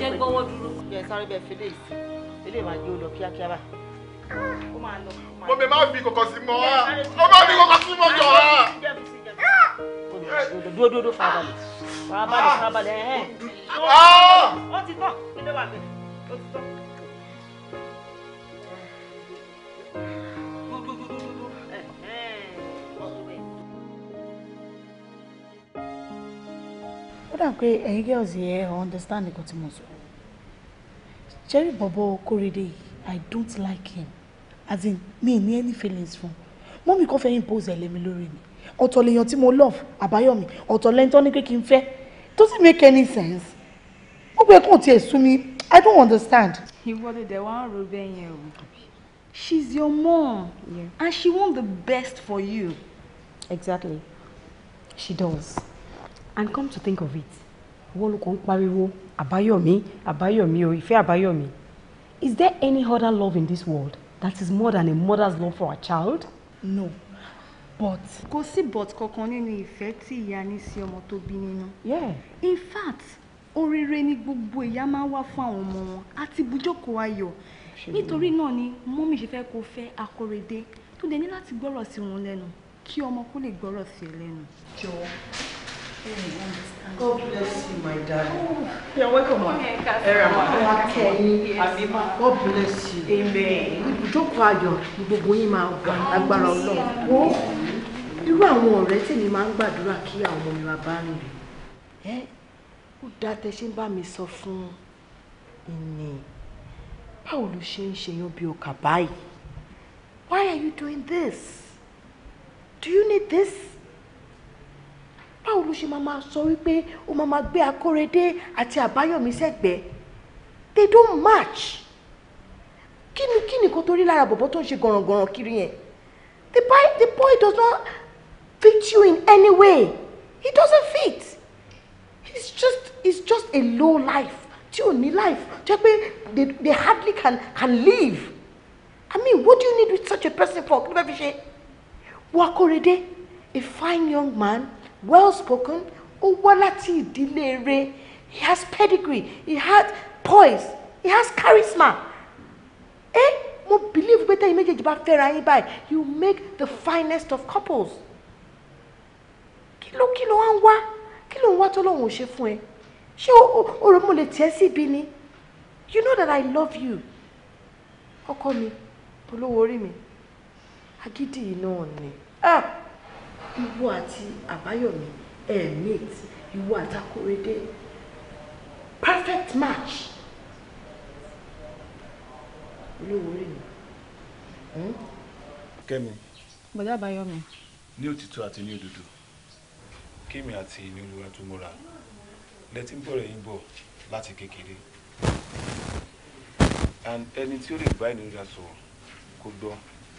Speaker 2: jẹ́ gbọ́wọ́ dúró. yẹ sáré bẹ́ẹ̀ fẹ́lẹ́ ìsìn ilé ìwà jẹ́ ó lọ kíákíá bá.
Speaker 11: ó máa lọ. mo bẹ máa fi kòkò sí mọ́ ọ́ ó máa fi kòkò sí mọ́ jọ ọ́. dúró dúró farabalẹ̀
Speaker 2: farabalẹ̀ ah! farabalẹ̀ ẹ̀ ẹ̀. Ah! ó ti tán ilé wa bẹ̀rẹ̀ ó ti tán. ó dà pé ẹ̀yin girls yẹ ọ̀ understand nǹkan tí mo sọ ṣẹ́rí bọ̀bọ̀ kórèdè yìí i don't like him as in me, me, any feelings fún mọ́mí kan fẹ́ him pose a lórí mi ọ̀tọ̀ lèèyàn tí mo love àbáyọ̀mí ọ̀tọ̀ lẹ́ńtọ́ ní pé kí n fẹ́ doesn't make any sense gbogbo ẹ̀ kàn tiẹ̀ sú mi i don't understand. ìwọ ló dẹ̀ wá ń ro she's your mom yeah. and she wants the best for you. exactly she does and come to think of it wọ́n ló kàn ń pariwo Abayomi, Abayomi, or Ife Abayomi, is there any other love in this world that is more than a mother's love for her child? No, but. Kò sí but kankan nínú ìfẹ́ tí ìyá ní sí ọmọ tó bí nínú. Yeah. In fact, oríire ni gbogbo ìyá máa ń wá fún àwọn ọmọ wọn àti ibùjókòó ayọ̀. Nítorí náà ni mọ́mí ṣe fẹ́ kó fẹ́ akóredé tó dé ní láti gbọ́rọ̀ sí wọn lẹ́nu kí ọmọ kó lè gbọ́rọ̀ sí ẹ
Speaker 8: lẹ́nu. Jọ̀ọ́ God bless you, my darling. Oh, you're welcome,
Speaker 2: ma.
Speaker 13: Ẹ̀rọ
Speaker 8: God bless you. Amen.
Speaker 2: Ìjókòó ayọ̀ ni gbogbo yín máa gbà lágbára Ọlọ́run. Wo irú àwọn ọ̀rẹ́ tèmi máa ń gbàdúrà kí àwọn ọmọ mi máa bá you rè. Ẹ́ ó dá tẹ ṣe ń bá mi sọ fún ìní. Báwo ló ṣe ń ṣèyàn bí ọkà Why are you doing this? Do you need this? báwo ló ṣe máa sọ wípé ó máa gbé akóredé àti àbáyọ̀mí sẹ́gbẹ̀ẹ́ they don't match kí ni kí ni kò tó rí lára bọ̀bọ̀ tó ń ṣe gọ̀rọ̀gọ̀rọ̀ kiri yẹn the boy the boy does not fit you in any way he doesn't fit he's just he's just a low life tí ò ní life jẹ́ pé they they hardly can can live i mean what do you need with such a person for kí ló fẹ́ fi ṣe wọ́n akóredé a fine young man well spoken ó wá láti ìdílé rere he has pedigree he has poise he has charisma eh mo believe pé tẹ́yìn méjèèjì bá fẹ́ra yín báyìí you make the finest of couples kí ló kí ló wá ń wá kí ló ń wá tó lóun ò ṣe fún ẹ ṣé o o rò mo lè tiẹ́ sí ibi ni you know that I love you ọkọ mi olówó orí mi agídí náà ni. Ah ìwọ àti àbáyọ̀mí ẹ̀ mate ìwọ perfect match olówó rè mí. Hmm? kẹ́mi. bọ̀dá àbáyọ̀mí.
Speaker 3: ní òtítọ́ àti ní òdodo kémi àti ní olúwa tó mọ́ra lẹ́tí ń bọ̀rẹ̀ yín bọ̀ láti kékeré and ẹni tí ó lè bá ìnira sọ̀rọ̀ kó gbọ́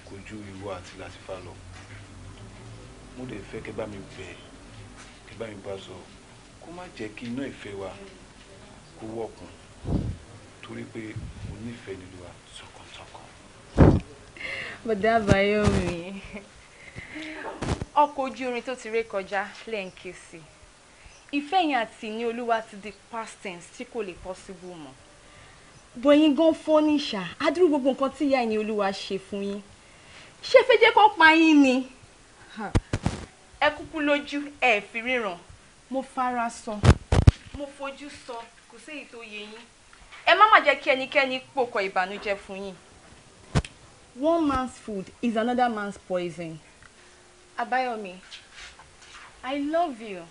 Speaker 3: kó ju ìwọ àti láti fà lọ mo dẹ̀ fẹ́ kẹ́ bá mi bẹ̀ kẹ́ bá mi bá sọ kó má jẹ́ kí iná ìfẹ́ wa kó wọ̀kùn
Speaker 2: torí pé mo nífẹ̀ẹ́ nílùú wa sọ̀kànsọ̀kàn. bọ̀dá àbáyọ mi ọkọ̀ ojú orin tó ti ré kọjá lẹ́ǹkẹ́ sí ìfẹ́ yẹn àti ní olúwa ti di past tense tí kò lè possible mọ́ bọ̀yìn gan fọ́níṣà adúrú gbogbo nǹkan tí ìyá ìní olúwa ṣe fún yín ṣé fẹ́ jẹ́ kó pa yín ni. Huh ẹ kúkú lójú ẹ fi ríran mo fara sọ mo fojú sọ kò séyìí tó yẹ yín ẹ má má jẹ́ kí ẹnikẹ́ni pòkọ ìbànújẹ́ fún yín. one man's food is another man's poison. Abayomi, I love you.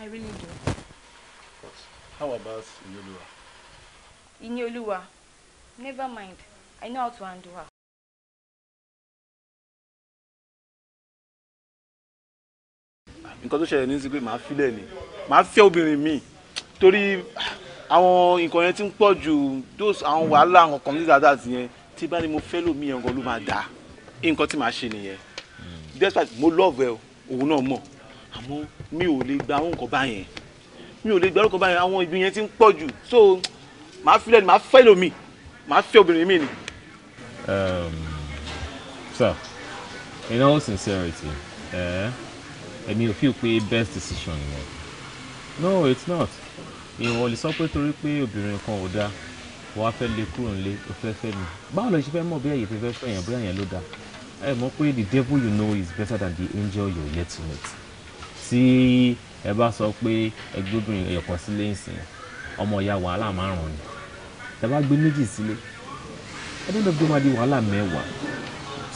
Speaker 2: I really do.
Speaker 4: But how about Inyoluwa?
Speaker 7: Inyoluwa? Never mind. I know how to handle her.
Speaker 4: nǹkan tó ṣẹlẹ̀ ní sí pé màá filẹ̀ ni màá fẹ́ obìnrin
Speaker 3: mi torí àwọn nǹkan yẹn ti ń pọ̀ jù those àwọn wàhálà àwọn community like that yẹn tí bá ní mo fẹ́ lómi yẹn nǹkan ló máa dà nǹkan tí màá ṣe nìyẹn despite mo love ẹ òun náà mọ̀ àmọ́ mi ò lè gba àwọn nǹkan báyẹn mi ò lè gba àwọn nǹkan báyẹn àwọn ibi so màá filẹ̀ obìnrin mi ni.
Speaker 14: Um, sir in all sincerity. Eh? I mean, you feel pé best decision yẹn no it's not ìwọ lè sọ pé torí pé obìnrin kan ò dáa wọ́n á fẹ́ lé kúrò nílé ó fẹ́ fẹ́ mi báwo ló ṣe fẹ́ mọ̀ bí ẹ̀yìn fẹ́ fẹ́ yẹn bóyá yẹn ló dáa ẹ mọ̀ pé the devil you know is better than the angel you yet to meet tí ẹ bá sọ pé ẹgbẹ́ obìnrin ẹ̀yọ̀ kan sílé ìsìn ọmọ ìyá wàhálà márùn-ún ni tẹ bá gbé méjì sílé ẹ dẹ́nu gbé máa di wàhálà mẹ́wàá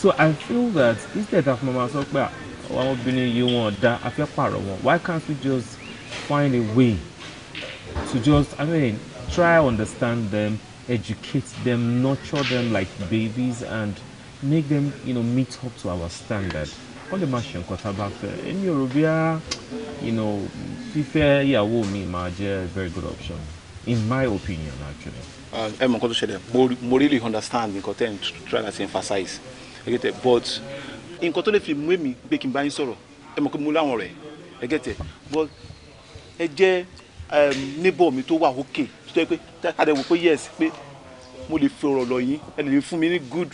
Speaker 14: so I feel that instead of mama sọ pé ah, àwọn obìnrin yìí wọn ọ̀dà afẹ́pàrọ̀ wọn why can't we just find a way to just i mean try understand them educate them nurture them like babies and make them you know meet up to our standard wọ́n lè máa ṣe nǹkan tá a bá fẹ́ èmi ò rò bí a fífẹ́ ìyàwó mi máa jẹ́ very good option in my opinion actually. ẹ mọ̀ nǹkan tó ṣẹlẹ̀
Speaker 3: mo really understand nǹkan tẹ́ ń try to emphasize but nǹkan tó lè fi mú èmi pé kí n bá yín sọ̀rọ̀ ẹ mọ̀ pé mo láwọn rẹ̀ ẹ gẹ̀tẹ̀ but ẹ jẹ́ um, níbọ̀ mi tó wà òkè tó jẹ́ pé tàdé wò pé yes pé mo lè fi ọ̀rọ̀ lọ yín ẹ lè fún mi ní good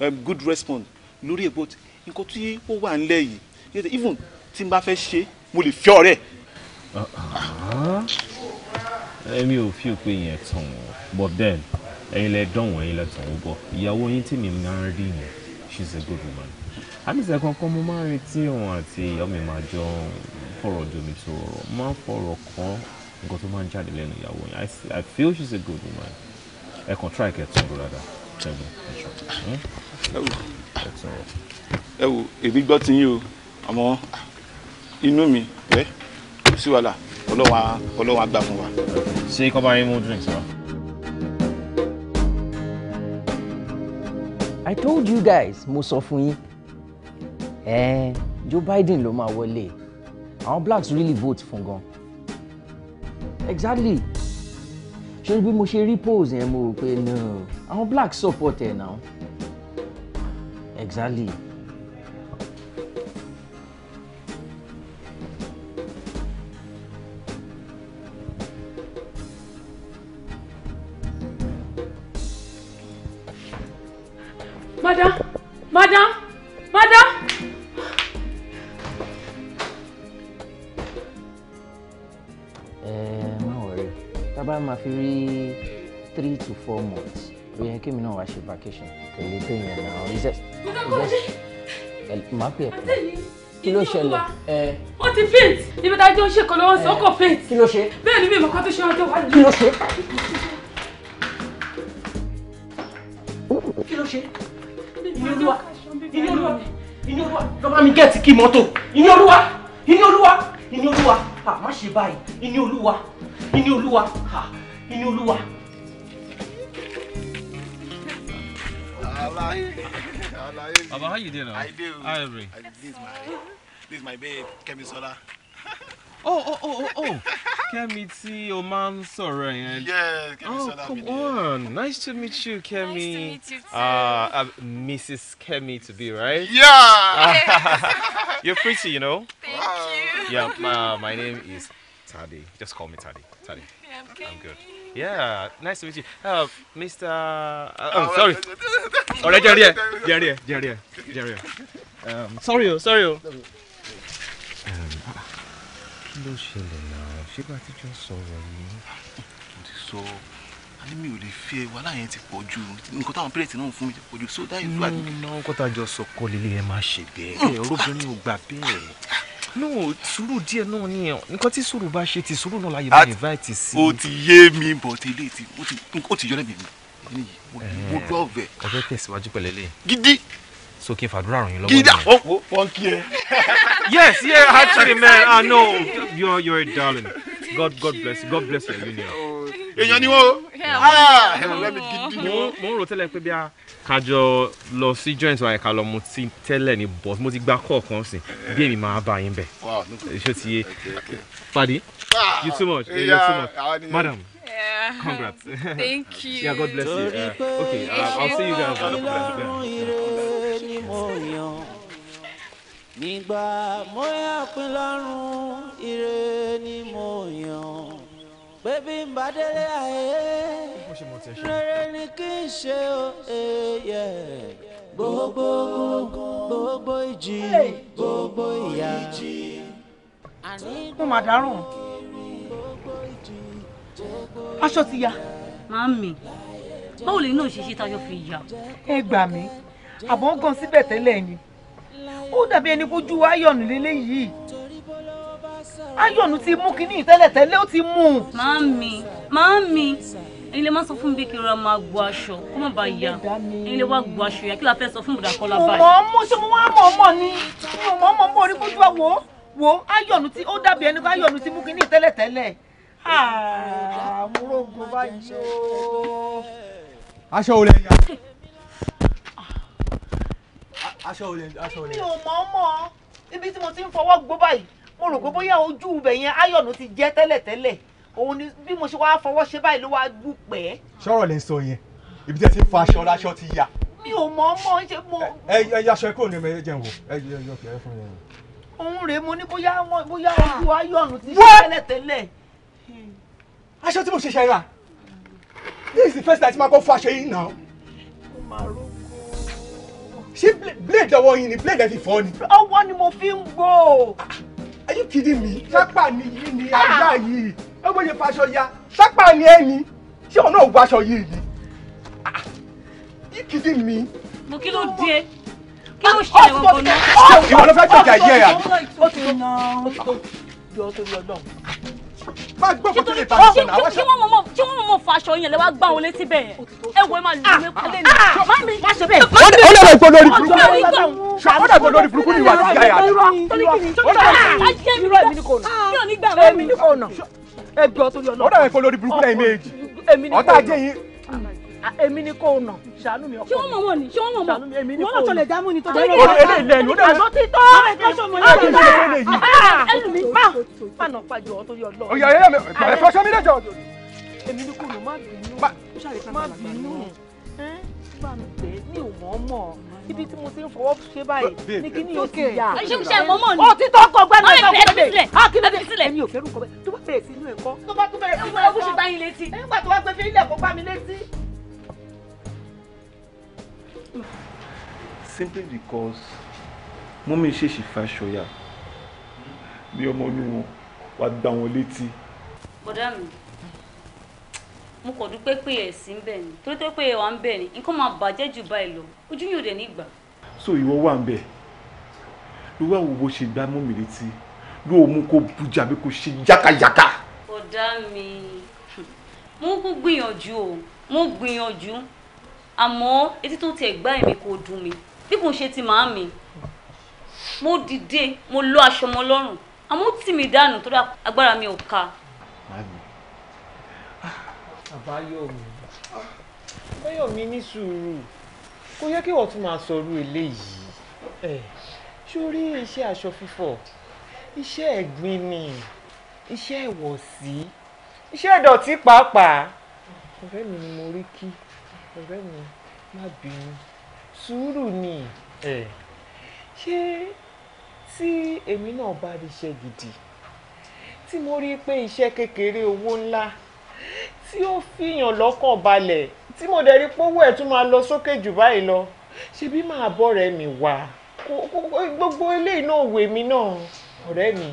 Speaker 3: um, good response lórí ẹ̀ but nǹkan tí ó wà ńlẹ̀ yìí even tí n bá fẹ́ ṣe mo lè fi ọ̀rẹ́
Speaker 14: uh-huh. èmi ò fi òpin yẹn tàn wọ́n but then ẹ̀yin lẹ dán wọ́n ẹ̀yin lẹ tàn wọ́n bọ̀ ìyàwó yín tí mi máa ń rí yẹn she's a good woman àbísẹ̀ kankan mo máa ń retí òun àti ìyá mi máa jọ fọ̀rọ̀ jomi tó ọ̀rọ̀ máa ń fọ̀rọ̀ kan nǹkan tó máa ń jáde lẹ́nu ìyàwó yẹn I feel she's a good woman ẹ kàn try kẹtùn ọ̀rọ̀ dáadáa ṣẹ́gun ẹ ṣọ hmm? ẹ wo èmi gbọ́
Speaker 3: ti yín o àmọ́ inú mi ẹ sí wàhálà ọlọ́wà
Speaker 14: ọlọ́wà gbà fún wa. ṣé kọ́ bá yín mú drinks wa.
Speaker 13: I told you guys mo sọ fún yín ẹ̀ẹ́n Joe Biden ló máa wọlé àwọn blacks really vote fún gan exactly ṣé bí mo ṣe rí polls yẹn mo rò pé no àwọn blacks support ẹ̀ náà exactly. Three, three to four months ó yẹ kí mi náà wá ṣe vacation kò lè tó yẹn náà ó jẹ má pè é ẹ.
Speaker 2: ó ti faint ibi tá a jọ ń ṣe kan lọ́wọ́ sí
Speaker 13: ọkọ̀ faint. kí ló ṣe.
Speaker 2: bẹ́ẹ̀ ni mi ìmọ̀ká tó ṣe ọjọ́ wájú. kí ló ṣe. kí ló ṣe. ìní olúwa ìní olúwa ìní olúwa lọ́ba mi gẹ̀ẹ́tì kí mọ́tò ìní olúwa ìní olúwa ìní olúwa má ṣe báyìí ìní olúwa
Speaker 8: ìní Ha. inú olúwa.
Speaker 14: Baba, how you doing? I do. How are you?
Speaker 3: This is my, this is my babe, Kemi Sola.
Speaker 1: Oh, oh, oh, oh, oh.
Speaker 14: Kemi T, your man, sorry. Yeah, Kemi Oh, come on. Nice to meet you, Kemi. Nice to meet you too. Ah, uh, uh, Mrs. Kemi to be, right? Yeah. Ah. you're pretty, you know. Thank wow. you. Yeah, Uh, my name is Tadi. Just call me Tadi. Tadi. Yeah, I'm, I'm good. Yeah, nice to meet you. Uh, Mr. Uh, oh, uh, sorry. All uh, oh, right, Jerry. Jerry. Jerry. Jerry. Um, sorry, oh, sorry. Oh. Um, ṣẹlẹ̀ náà? Ṣé bá ti
Speaker 3: sọ̀rọ̀ yìí? Mo ti sọ, a ní mi ò lè fi ẹ wàhálà ti pọ̀ jù. Nǹkan táwọn pírẹ̀tì náà fún mi ti pọ̀ jù. So that mm, Nínú nǹkan tá jọ sọ kọ́ lélẹ̀ máa ṣe bẹ́ẹ̀. Hmm. Ọ̀rọ̀ ò gbà bẹ́ẹ̀
Speaker 14: no sùúrù díẹ̀ náà ni ẹ nǹkan tí sùúrù bá ṣe ti sùúrù náà láyé bá ti. sí. o ti yé mi bọ̀ tí ilé ti o ti yọ lẹ́mìí
Speaker 3: mi mo eh, lọ́ọ̀bẹ̀.
Speaker 14: ẹ fẹ́ tẹ̀síwájú pẹ̀lẹ́ lẹ́yìn. gidi. Soke kí n fàdúrà ràn yín lọ́wọ́. gidi àfọwọ́ wọn ẹ. yes yeah actually man i know you're you're a darling god god bless you god bless your union èèyàn ni wọ́n o lẹ́nu gidi ni wọ́n. mo ń rò tẹ́lẹ̀ pé bí a kájọ lọ sí joint wa ẹ̀ka lọ mo ti tẹ́lẹ̀ ní bọ́s mo ti gba kọ̀ọ̀kan sí bí èmi máa bá yín bẹ̀ ṣé ti yé padi ah, you too much yeah, you too much madam. Congrats. Thank you. Yeah, God bless you. Uh, okay, uh, I'll see you guys.
Speaker 1: Nígbà mo yà pín lọ́rùn ire ni mo yàn pé bí n bá délé ayé rere ni kí n ṣe o èyẹ eh, gbogbo gbogbo ìjì gbogbo ìyà. mo mà dárùn
Speaker 2: aṣọ ti ya. màámi
Speaker 7: báwo lè náà ṣe ṣe táyọ fi yà.
Speaker 2: ẹ gbà mí àbọ̀ ń gan síbẹ̀ tẹ́lẹ̀ ni ó dàbí ẹni
Speaker 7: kó ju ayọ̀nù lélẹ́yìí ayọ̀nù ti mú kínní tẹ́lẹ̀tẹ́lẹ̀ ó ti mú un. màámi màámi ẹ̀yin lè má sọ fún mi kí n ra máa gbọ́ aṣọ kó má bàa yà ẹ̀yin lè wá gbọ́ aṣọ yà kí la fẹ́ sọ fún bùdà kọ́lá báyìí. mo
Speaker 2: mọ̀ ṣe mo wá mọ̀ mọ̀ ni mi ò mọ̀ mọ̀ mọ̀ orí bójú wa wò wò ayọ̀nù tí ó dàbí ẹni pé ayọ̀nù ti mú kínní tẹ́lẹ̀tẹ́lẹ̀
Speaker 8: ah, aṣọ ò lè ah, aṣọ ò aṣọ ò mi ò mọ̀ mọ̀
Speaker 2: ibi tí mo ti ń fọwọ́ gbó báyìí mo rò pé bóyá ojú ibẹ̀ yẹn ayọ̀nù ti jẹ́ tẹ́lẹ̀tẹ́lẹ̀ òun ni bí mo ṣe wá fọwọ́ ṣe báyìí ló wá gbú pẹ́.
Speaker 6: sọ̀rọ̀ lè sọ yẹn ibi tẹ́ ti fa aṣọ aṣọ ti ya.
Speaker 2: mi ò mọ̀ mọ̀ ṣe mo.
Speaker 6: ẹ ẹ yaṣọ kúrò ní ẹ jẹun wò ẹ yọ yọ kẹrẹ fún yẹn.
Speaker 2: òun rèé mo ní bóyá bóyá ah! ojú ayọ̀nù ti ṣe tẹ́lẹ̀tẹ́lẹ̀.
Speaker 6: aṣọ tí mo ṣe ṣe ra this is the first time tí ma kọ́ fọ aṣọ yìí náà. mo máa rò ṣé blade lọ́wọ́ yín ni blade ẹ fi fọ́ ni.
Speaker 1: ọwọ́
Speaker 5: ni mo fi ń gbó. Ah! are you kidding me. Ah. sápà ni yìí ni ajá ah. yìí ẹ wọ́n yẹ faṣọ ya sápà ni ẹ ni ṣé òun náà wọ aṣọ yìí ni are ah, you kidding me.
Speaker 7: mo kí ló dé kí ló ṣe ẹ̀rọ gbọ́n náà. ìwọ ló
Speaker 6: fẹ́
Speaker 2: tọ̀jà yìí ẹ̀ ó ti tó ó ti
Speaker 7: tó jọ
Speaker 2: sórí ọlọ́run máa gbọ́
Speaker 5: kó tó lè bá aṣọ náà. kí wọ́n
Speaker 7: mọ̀ kí wọ́n mọ̀ fàṣọ yẹn lè wá gbá wọn létí bẹ́ẹ̀ ẹ wo ẹ máa lù mí kúlẹ̀ ní. ó lè gbọ́ lórí burúkú ó lè
Speaker 5: gbọ́ lórí burúkú ní ìwà àti ìyá rẹ̀. ó dàbẹ̀ kó lórí burúkú náà méjì ọ̀tá ajé yín
Speaker 2: Ah, èmi ni kò nà ṣàánú mi ọkọ mi. ṣé wọ́n mọ̀ wọ́n ni ṣé wọ́n mọ̀ wọ́n. ṣàánú mi èmi ni kò nà. wọ́n lọ sọlẹ̀ jámú ni tọ́jú. ọ̀rọ̀ èlé ilẹ̀ ló dẹ̀. àjọ títọ́ ẹnu mi má má nà pàjọ ọ̀tọ̀ yọ lọ. ọ̀yà ẹ̀yà mi
Speaker 10: ẹ̀ fọṣọ mi lẹ́jọ́.
Speaker 2: èmi ni kò nà má bínú má bínú bá mi pè é mi ò mọ̀ ọ́ mọ̀ ibi tí mo ti ń fọwọ́ ṣe báyìí ni kí ni yóò ti yà. ṣé ṣe mọ́ mọ́ ni. ó ti
Speaker 7: tọ́kọ gbẹ́nu ẹ̀ka kó bẹ̀rẹ̀
Speaker 2: á kí lẹ́dẹ̀ sílẹ̀ mi ò fẹ́ràn kọ́ bẹ́ẹ̀ tó bá bẹ̀rẹ̀ sí inú ẹ̀kọ́. tó bá tó bẹ̀rẹ̀ sí inú ẹ̀kọ́. ẹ bá tó bá gbé fi ilẹ̀ kó gbá mi létí.
Speaker 3: simply because mọ́mí ṣèṣì fàṣọyà bí ọmọ inú wọn wàá gbá wọn létí.
Speaker 7: bọ́dà mi mo kàn dúpẹ́ pé ẹ̀ sí ń bẹ̀ ni torí pé ẹ̀ wà ń bẹ̀ ni nǹkan máa bàjẹ́ jù báyìí lọ ojú yóò dẹ̀ ní
Speaker 3: so ìwọ wà ń bẹ̀ ló wá wo bó ṣe gbá mọ́mí létí ló mú kó bujà bí kò ṣe yákàyákà.
Speaker 7: bọ́dà mi mo kú gbìyànjú o mo gbìyànjú àmọ́ etí tó tẹ̀ gbá èmi kò dùn mí bí kò ń ṣe ti màámi mo dìde mo lọ aṣọ ọmọ lọ́rùn àmọ́ tì mí dànù torí agbára mi ò ka.
Speaker 14: àbáyọ̀mí àbáyọ̀mí ní sùúrù kò yẹ kí wọ́n tún máa sọrú eléyìí ẹ̀ sórí iṣẹ́ aṣọ fífọ̀ iṣẹ́ ẹ̀gbin ni iṣẹ́ ìwọ̀sí
Speaker 12: iṣẹ́ ìdọ̀tí pàápàá
Speaker 8: ọ̀rẹ́ mi ni mo rí kí ọ̀rẹ́ mi má bínú sùúrù ni ṣé tí èmi náà bá rí iṣẹ́ gidi tí mo rí i pé iṣẹ́ kékeré
Speaker 6: owó ńlá tí ó fìyàn lọ́kàn balẹ̀ tí mo dẹ̀ rí pówó ẹ̀ tún máa lọ sókè jù báyìí lọ ṣebí máa bọ́ ọ̀rẹ́ mi wá
Speaker 2: gbogbo eléyìí
Speaker 14: náà wè mí náà ọ̀rẹ́ mi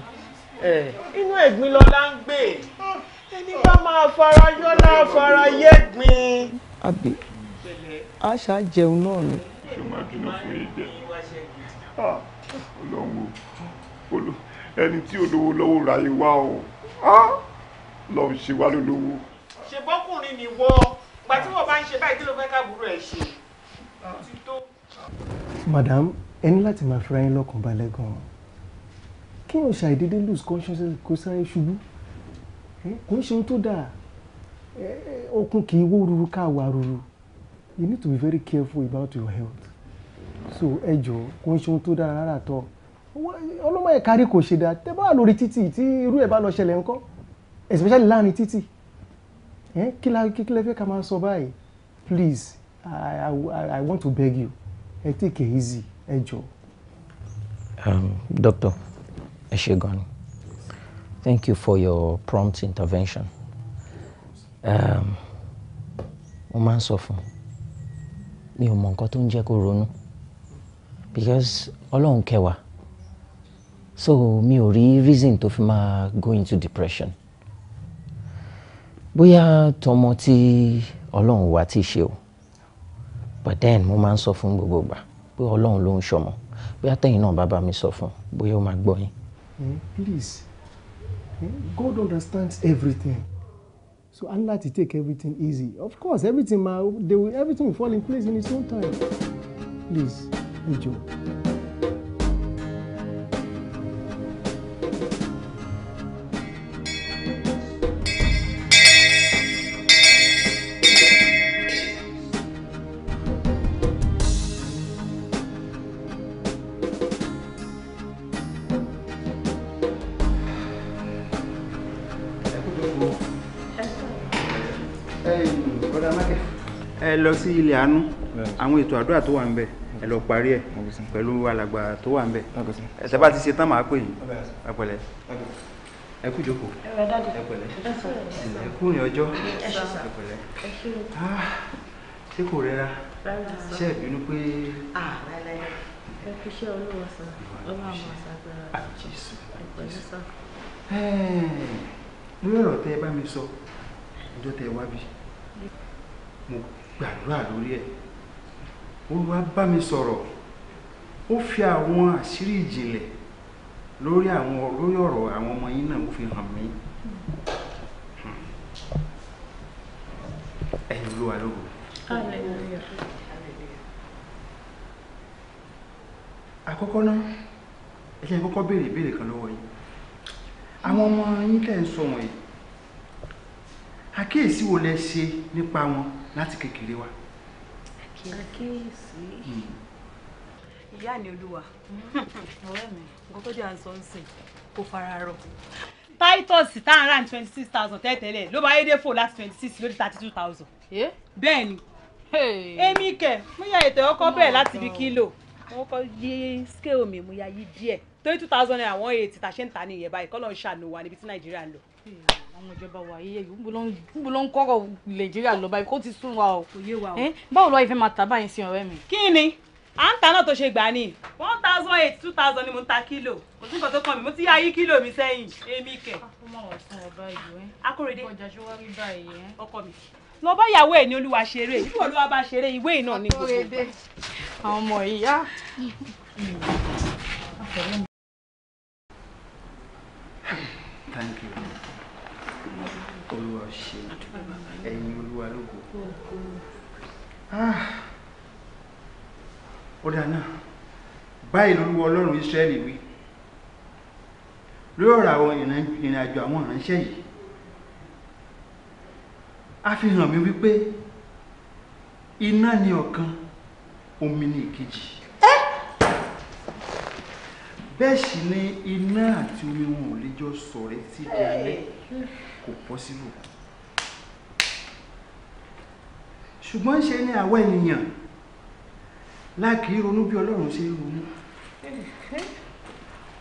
Speaker 14: inú ẹ̀gbin lọ́lá ń gbé ẹni bá máa fara yọ́lá fara yẹ́gbin.
Speaker 12: àbí àṣà jẹun náà ni
Speaker 10: ṣe máa bínú fún yín jẹ ọlọ́run ẹni tí olówó lọ́wọ́ ráyé wá o lọ́n ṣe wá lólówó.
Speaker 2: ṣèbọ́kùnrin ni wọ́ ìgbà tí wọ́n bá ń ṣe báyìí kí ló fẹ́ káàbùrú ẹ̀ ṣe.
Speaker 12: madam ẹ ní láti máa fira yín lọ́kàn balẹ̀ gan-an kí n ṣàìdédé lose consciousness kó sáré ṣubú kò ń ṣe ohun tó dáa okun kì í wó ruru ká wà ruru you need to be very careful about your health so ẹ jọ kò ń ṣe ohun tó dára rárá tọ ọlọ́mọ ẹ̀ kárí kò ṣe dáa tẹ bá lórí títì tí irú ẹ̀ bá lọ ṣẹlẹ̀ ńkọ́ especially láàrin títì ẹ̀ kí la kí lẹ fẹ́ ká máa sọ báyìí please I, I, I want to beg you ẹ take it easy ẹ
Speaker 1: Um,
Speaker 13: doctor ẹ ṣe gan thank you for your prompt intervention. Um, mo máa ń sọ fún un mi ò mọ nǹkan tó ń jẹ́ kó ronú because ọlọ́run kẹwàá so mi ò rí reason tó fi máa go into depression bóyá tọmọ tí ọlọ́run wà tí ṣe o but then mo máa ń sọ fún gbogbo ìgbà pé ọlọ́run ló ń ṣọmọ bóyá tẹ̀yin náà bàbá mi sọ fún bóyá ó máa gbọ́ yín.
Speaker 12: Eh, please eh, God understands everything.
Speaker 6: So Allah to take everything easy. Of course, everything ma they will everything will fall in place
Speaker 3: in its own time.
Speaker 6: Please, enjoy.
Speaker 12: ẹ lọ sí ilé àánú àwọn ètò àdúrà tó wà ń bẹ ẹ lọ parí ẹ pẹ̀lú alàgbà tó wà ń bẹ ẹsẹ̀ bá ti ṣe tán màá pè yín ẹ pẹ̀lẹ́ ẹ kú jókòó ẹ pẹ̀lẹ́ ẹ kú rìn ọjọ́ ẹ pẹ̀lẹ́ ṣé kò rẹra ṣé ẹ bínú pé.
Speaker 2: Ah, ẹ fi ṣe olúwa sàn ọlọ́run àwọn
Speaker 8: àṣàgbára ah, ẹ pẹ̀lú sàn.
Speaker 12: lórí ọ̀rọ̀ tẹ́ ẹ bá mi sọ ọjọ́ tẹ́ ẹ wá bí mo gbàdúrà lórí ẹ̀ olúwa bá mi sọ̀rọ̀ ó fi àwọn àṣírí ìjìnlẹ̀ lórí àwọn lórí ọ̀rọ̀ àwọn ọmọ yín náà ó fi hàn mí ẹ̀yin olúwa lógo. àkọ́kọ́ náà ẹ jẹ́ kọ́kọ́ béèrè ìbéèrè kan lọ́wọ́ yín àwọn ọmọ yín tẹ̀ ń sọ wọ̀nyí àkíyèsí wo lẹ ṣe nípa wọn láti kékeré wa.
Speaker 2: àkíyèsí. Hmm. ìyá ni olúwa ọ̀rẹ́ mi nǹkan tó jẹ́ à ń sọ ń sìn kó fara rọ. titus tá à ń twenty six thousand tẹ́tẹ́lẹ̀ ló bá yédè fò láti twenty six lórí thirty two thousand. Eh? bẹ́ẹ̀ ni èmi kẹ̀ mo yà ètò ọkọ bẹ́ẹ̀ láti ibi kílò mo kọ́ yé scale mi mo yà yí díẹ̀ torí two thousand naira one eighty tàṣẹ́ ń ta ní ìyẹn báyìí kọ́ ló ń ṣàánú wa níbi tí nàìjíríà ń lọ. Hmm ọmọ ìjọba wa yíyẹ yìí níbo ló ń kọ́rọ̀ nàìjíríà lọ báyìí kó ti sún wa o. kò wa o. báwo lọ́ọ́ ìfẹ́ máa tà báyìí sí ọ̀rẹ́ mi. kí ni à náà tó ṣe gbà ni one thousand eight two thousand ni mo ń ta kílò kò sí nǹkan tó kàn mí mo ti yá yí kílò mi sẹ́yìn èmi kẹ̀. Ah, akóredé
Speaker 7: ọjà ṣé wàá rí báyìí ẹ. ọkọ mi
Speaker 2: lọ bá ẹ ní olúwa ṣeré ìlú olúwa bá ṣeré ìwé iná ní gbogbo àwọn ọmọ ìyá
Speaker 12: olúwa ṣe ẹ̀yin olúwa lógo ah. ó dáná báyìí lolúwa ọlọ́run Ísírẹ́lì wí lórí ọ̀rọ̀ àwọn ìrìn àjò àwọn ìránṣẹ́ yìí a fi hàn mí wípé iná ni ọ̀kan omi ni ìkejì bẹ́ẹ̀ sì ni iná àti omi wọn ò lè jọ ṣọ̀rẹ́ títí alẹ́ kò pọ́síbù ṣùgbọ́n ṣe ni àwọn ènìyàn láàkì ronú bí ọlọ́run ṣe ń ronú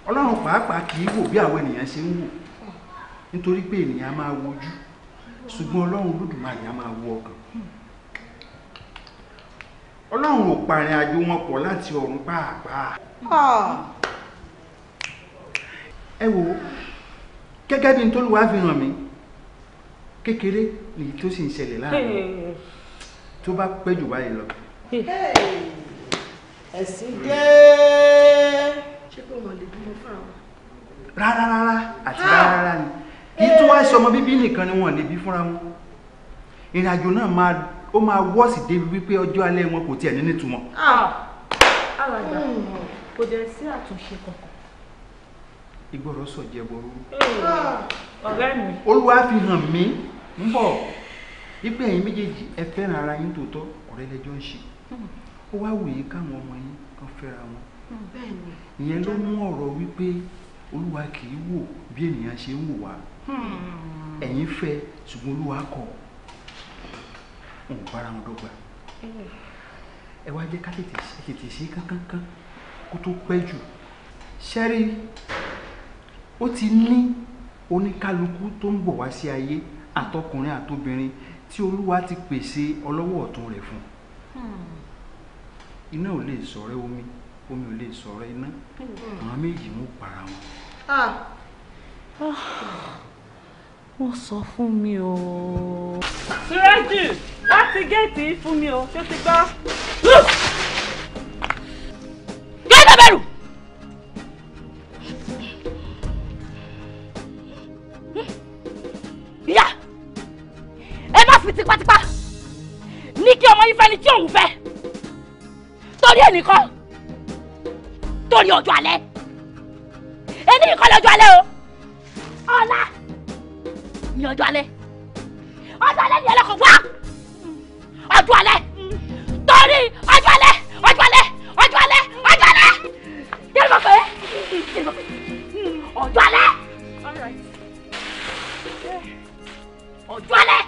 Speaker 12: ọlọ́run pàápàá kì í wò bí àwọn ènìyàn ṣe ń wò nítorí pé ènìyàn a máa wojú ṣùgbọ́n ọlọ́run olódùmarè a máa wo ọkàn ọlọ́run ò parin àjò wọn pọ̀ láti ọ̀run pàápàá ah. ẹ wo gẹ́gẹ́ bí n tó lù wá fi hàn mí kékeré lèyí tó sì ń ṣẹlẹ̀ láàárín tó bá pẹ́ jù báyìí lọ.
Speaker 2: ẹ̀sìn dé. ṣé kò mọ̀ lè
Speaker 4: bímọ fún àwọn.
Speaker 12: rárá rárá àti rárá rárá ni kí tó wá ṣe ọmọ bíbí nìkan ni wọn lè bí fúnra wọn ìrìnàjò náà máa ó máa wọ́ọ̀sì débi wípé ọjọ́ alẹ́ wọn kò tiẹ̀ ní nítumọ̀.
Speaker 2: alàgbà kò dẹ̀ sí àtúnṣe kankan.
Speaker 12: ìgbọràn sọ jẹ bọrú. ọ̀rẹ́ mi. olúwa fi hàn mí. ń bọ̀ wípé ẹ̀yin méjèèjì ẹ fẹ́ràn ara yín tòótọ́ ọ̀rẹ́ lẹ́jọ́ ń ṣe hmm. ó wá wù yín káwọn ọmọ yín kan fẹ́ra wọn
Speaker 4: hmm,
Speaker 12: ìyẹn ló mú ọ̀rọ̀ wípé olúwa kì í wò bí ènìyàn ṣe ń wò wá
Speaker 4: hmm.
Speaker 12: ẹ̀yin fẹ́ ṣùgbọ́n olúwa kọ̀ wọn ò bára wọn dọ́gba eh. ẹ wá jẹ́ ká tètè ṣe kánkán kó tó pẹ́ jù ṣẹ́rí ó ti ní oníkálukú tó ń bọ̀ wá sí ayé àtọkùnrin àtobìnrin tí olúwa ti pèsè ọlọ́wọ́ ọ̀tún rẹ̀ fún hmm. iná ò lè sọ̀rẹ́ omi omi ò lè sọ̀rẹ́ iná hmm. àwọn méjì mú para wọn.
Speaker 4: Ah. Ah. wọ́n sọ fún
Speaker 2: mi o. sùrẹ́jì láti géètì fún mi o ṣé ti gbọ́. gẹ́gẹ́ bẹ̀rù. rí fẹ́ni tí òun fẹ́ torí ẹnìkan torí ọjọ́ alẹ́ ẹni nìkan lọ́jọ́ alẹ́ o ọ̀la ni ọjọ́ alẹ́ ọjọ́ alẹ́ ni ẹlẹ́kọ̀ọ́ wá ọjọ́ alẹ́ torí
Speaker 7: ọjọ́ alẹ́ ọjọ́ alẹ́ ọjọ́ alẹ́ ọjọ́ alẹ́ yẹ́n mọ̀ pé ọjọ́ alẹ́
Speaker 4: ọjọ́ alẹ́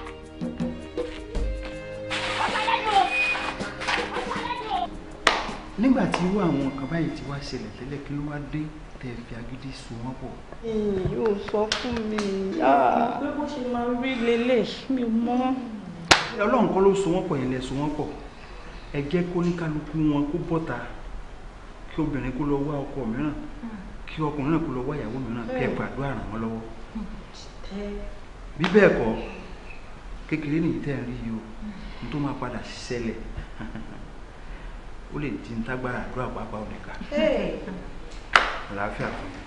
Speaker 12: nígbà tí irú àwọn kan báyìí ti wá ṣẹlẹ̀ tẹ́lẹ̀ kí ló wá dé tẹ́ fi agídí so wọ́n pọ̀.
Speaker 8: yóò sọ fún mi
Speaker 4: pé ah.
Speaker 8: bó ṣe máa
Speaker 2: rí
Speaker 12: lélẹ̀ mi mọ́. ọlọ́run kọ́ ló so wọ́n pọ̀ yẹn lẹ so wọ́n pọ̀ ẹ jẹ́ kó ní wọn kó bọ́ta kí obìnrin kó lọ wá ọkọ mìíràn kí ọkùnrin náà kó lọ wá ìyàwó mìíràn kí ẹ gbàdúrà ràn wọ́n lọ́wọ́ bí bẹ́ẹ̀ kọ́ kékeré nìyí tẹ́ ń rí yìí o n tó máa padà ṣẹlẹ̀ ó lè di ntágbára àdúrà pàápàá ò lè kà àlàáfíà fún mi.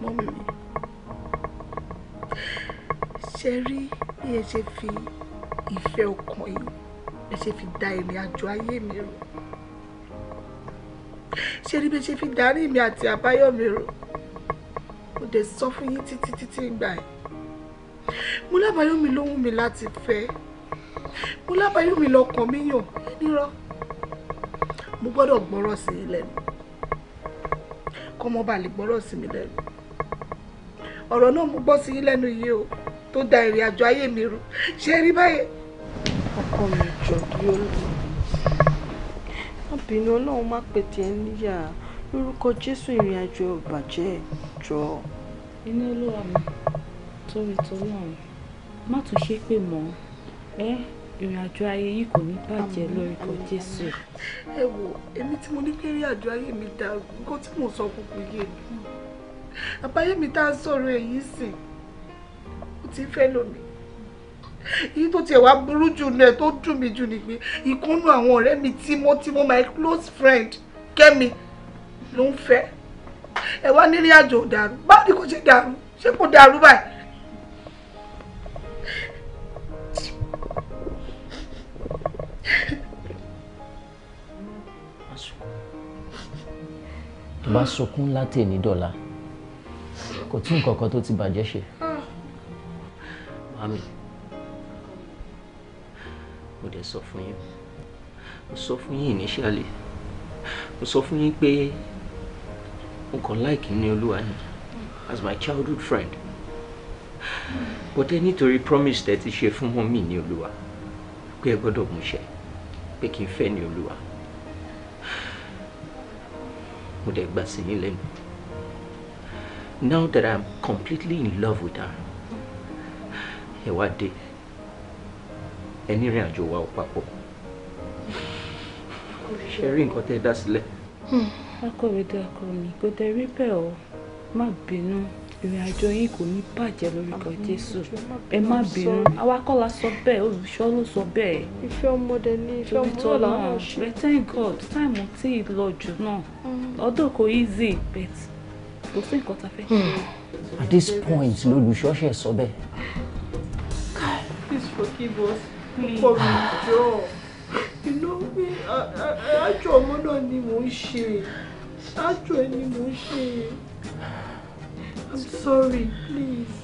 Speaker 4: mọ́mí mi
Speaker 2: ṣe rí bí ẹ ṣe fi ìfẹ́ ọkàn yìí ẹ ṣe fi da ìrìn àjò ayé mi rò ṣe rí bí ẹ ṣe fi darí mi àti àbáyọ mi rò mo dẹ̀ sọ fún yín títí títí gbà ẹ̀ mo lábàáyọ̀mí ló wù mí láti fẹ́ mo lábàáyọ̀mí lọkàn mi yàn nírọ́ mo gbọ́dọ̀ gbọ́rọ̀ sí i lẹ́nu kọ́mọ bá lè gbọ́rọ̀ sí mi lẹ́nu ọ̀rọ̀ náà mo gbọ́ sí i lẹ́nu yìí o tó da ìrìn àjò ayé mi rú ṣe rí báyìí. ọkọ mi jọ bí olùkọ́ obìnrin ọlọ́run má pè tiẹ̀ níyà lórúkọ jésù ìrìn àjò ò jọ.
Speaker 7: inú olúwa mi torí torí ọ̀run má tún ṣe pé mọ́ ẹ́ ìrìn àjò ayé yìí kò ní bàjẹ́ lórúkọ jésù.
Speaker 2: ẹ wo èmi tí mo ní kí ìrìn àjò ayé mi dà nǹkan tí mò sọ kúkú yé mi àbáyé mi tá a sọ̀rọ̀ èyí sìn ó ti fẹ́ lómi èyí tó tiẹ̀ wá burú jù nù ẹ̀ tó dùn mí jù ni pé ìkúnnù àwọn ọ̀rẹ́ mi tímọ́tímọ́ my close friend kẹ́mi ló ń fẹ́ ẹ wá nílé àjò dàrú báwo ni kò ṣe dàrú ṣé kò dàrú báyìí.
Speaker 13: tó bá sunkún láti èní dọ̀la kò tí nǹkan kan tó ti bàjẹ́ ṣe. mami mo dẹ̀ sọ fún yín mo sọ fún yín initially mo sọ fún yín pé mo like láìkí as my childhood friend but ẹ to promise that ti ṣe fún mọ́mì ní olúwa pé ẹ gbọ́dọ̀ mú ṣẹ pé kí n fẹ́ ní olúwa now that I'm completely in love with her ẹ wá dé ẹ ní ìrìn àjò Sharing what papọ̀ does. rí
Speaker 2: akọ̀wédé akọ mi kò tẹ rí bẹ́ẹ̀ o má bínú ìrìn àjò yín kò ní bàjẹ́ lórúkọ jésù ẹ má bínú
Speaker 7: awakọ́lá sọ bẹ́ẹ̀ olùṣọ́ ló sọ bẹ́ẹ̀.
Speaker 2: ìfẹ́ ọmọdé
Speaker 7: ní ìfẹ́ ọmọdé làwọn ṣe. but thank god táìmù tí ì lọ jù náà ọdún mm. kò easy but kò sí nǹkan tá fẹ́ ṣe. Hmm.
Speaker 13: at this point lolùṣọ́ ṣe sọ bẹ́ẹ̀.
Speaker 2: please forgive us. please inú mi àjọ ọmọ náà ni mò ń ṣe àjọ ẹ ni mò ń ṣe I'm sorry please.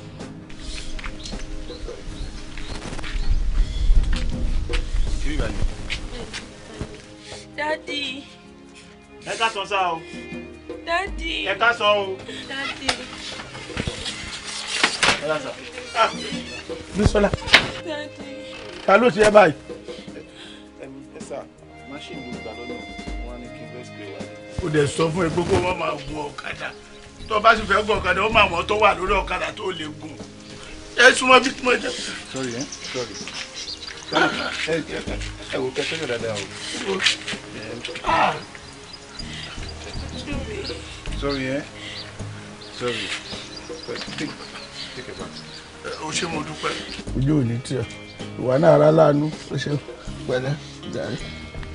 Speaker 2: Daddy. Ẹ ká sọ sá o. Daddy. Ẹ ká sọ o. Daddy.
Speaker 9: Ẹ ká sọ.
Speaker 3: Bísọ́lá. Daddy. Ta ló ṣe ẹ báyìí? ó dẹ̀ sọ fún ẹ kó wọ́n máa gun ọ̀kadà tó o bá sì fẹ́ gun ọ̀kadà ó máa wọ́n tó wà lórí ọ̀kadà tó lè gùn ẹ súnmọ́ bí tí mo jẹ́. sorry eh? ẹ sorry ẹ wò kẹsẹ́ yóò dáadáa o. sorry ẹ eh? sorry o ṣé mo dúpẹ́. ojú ò ní tiẹ̀ ìwà náà rà láàánú ó ṣe pẹ̀lẹ́ jàre.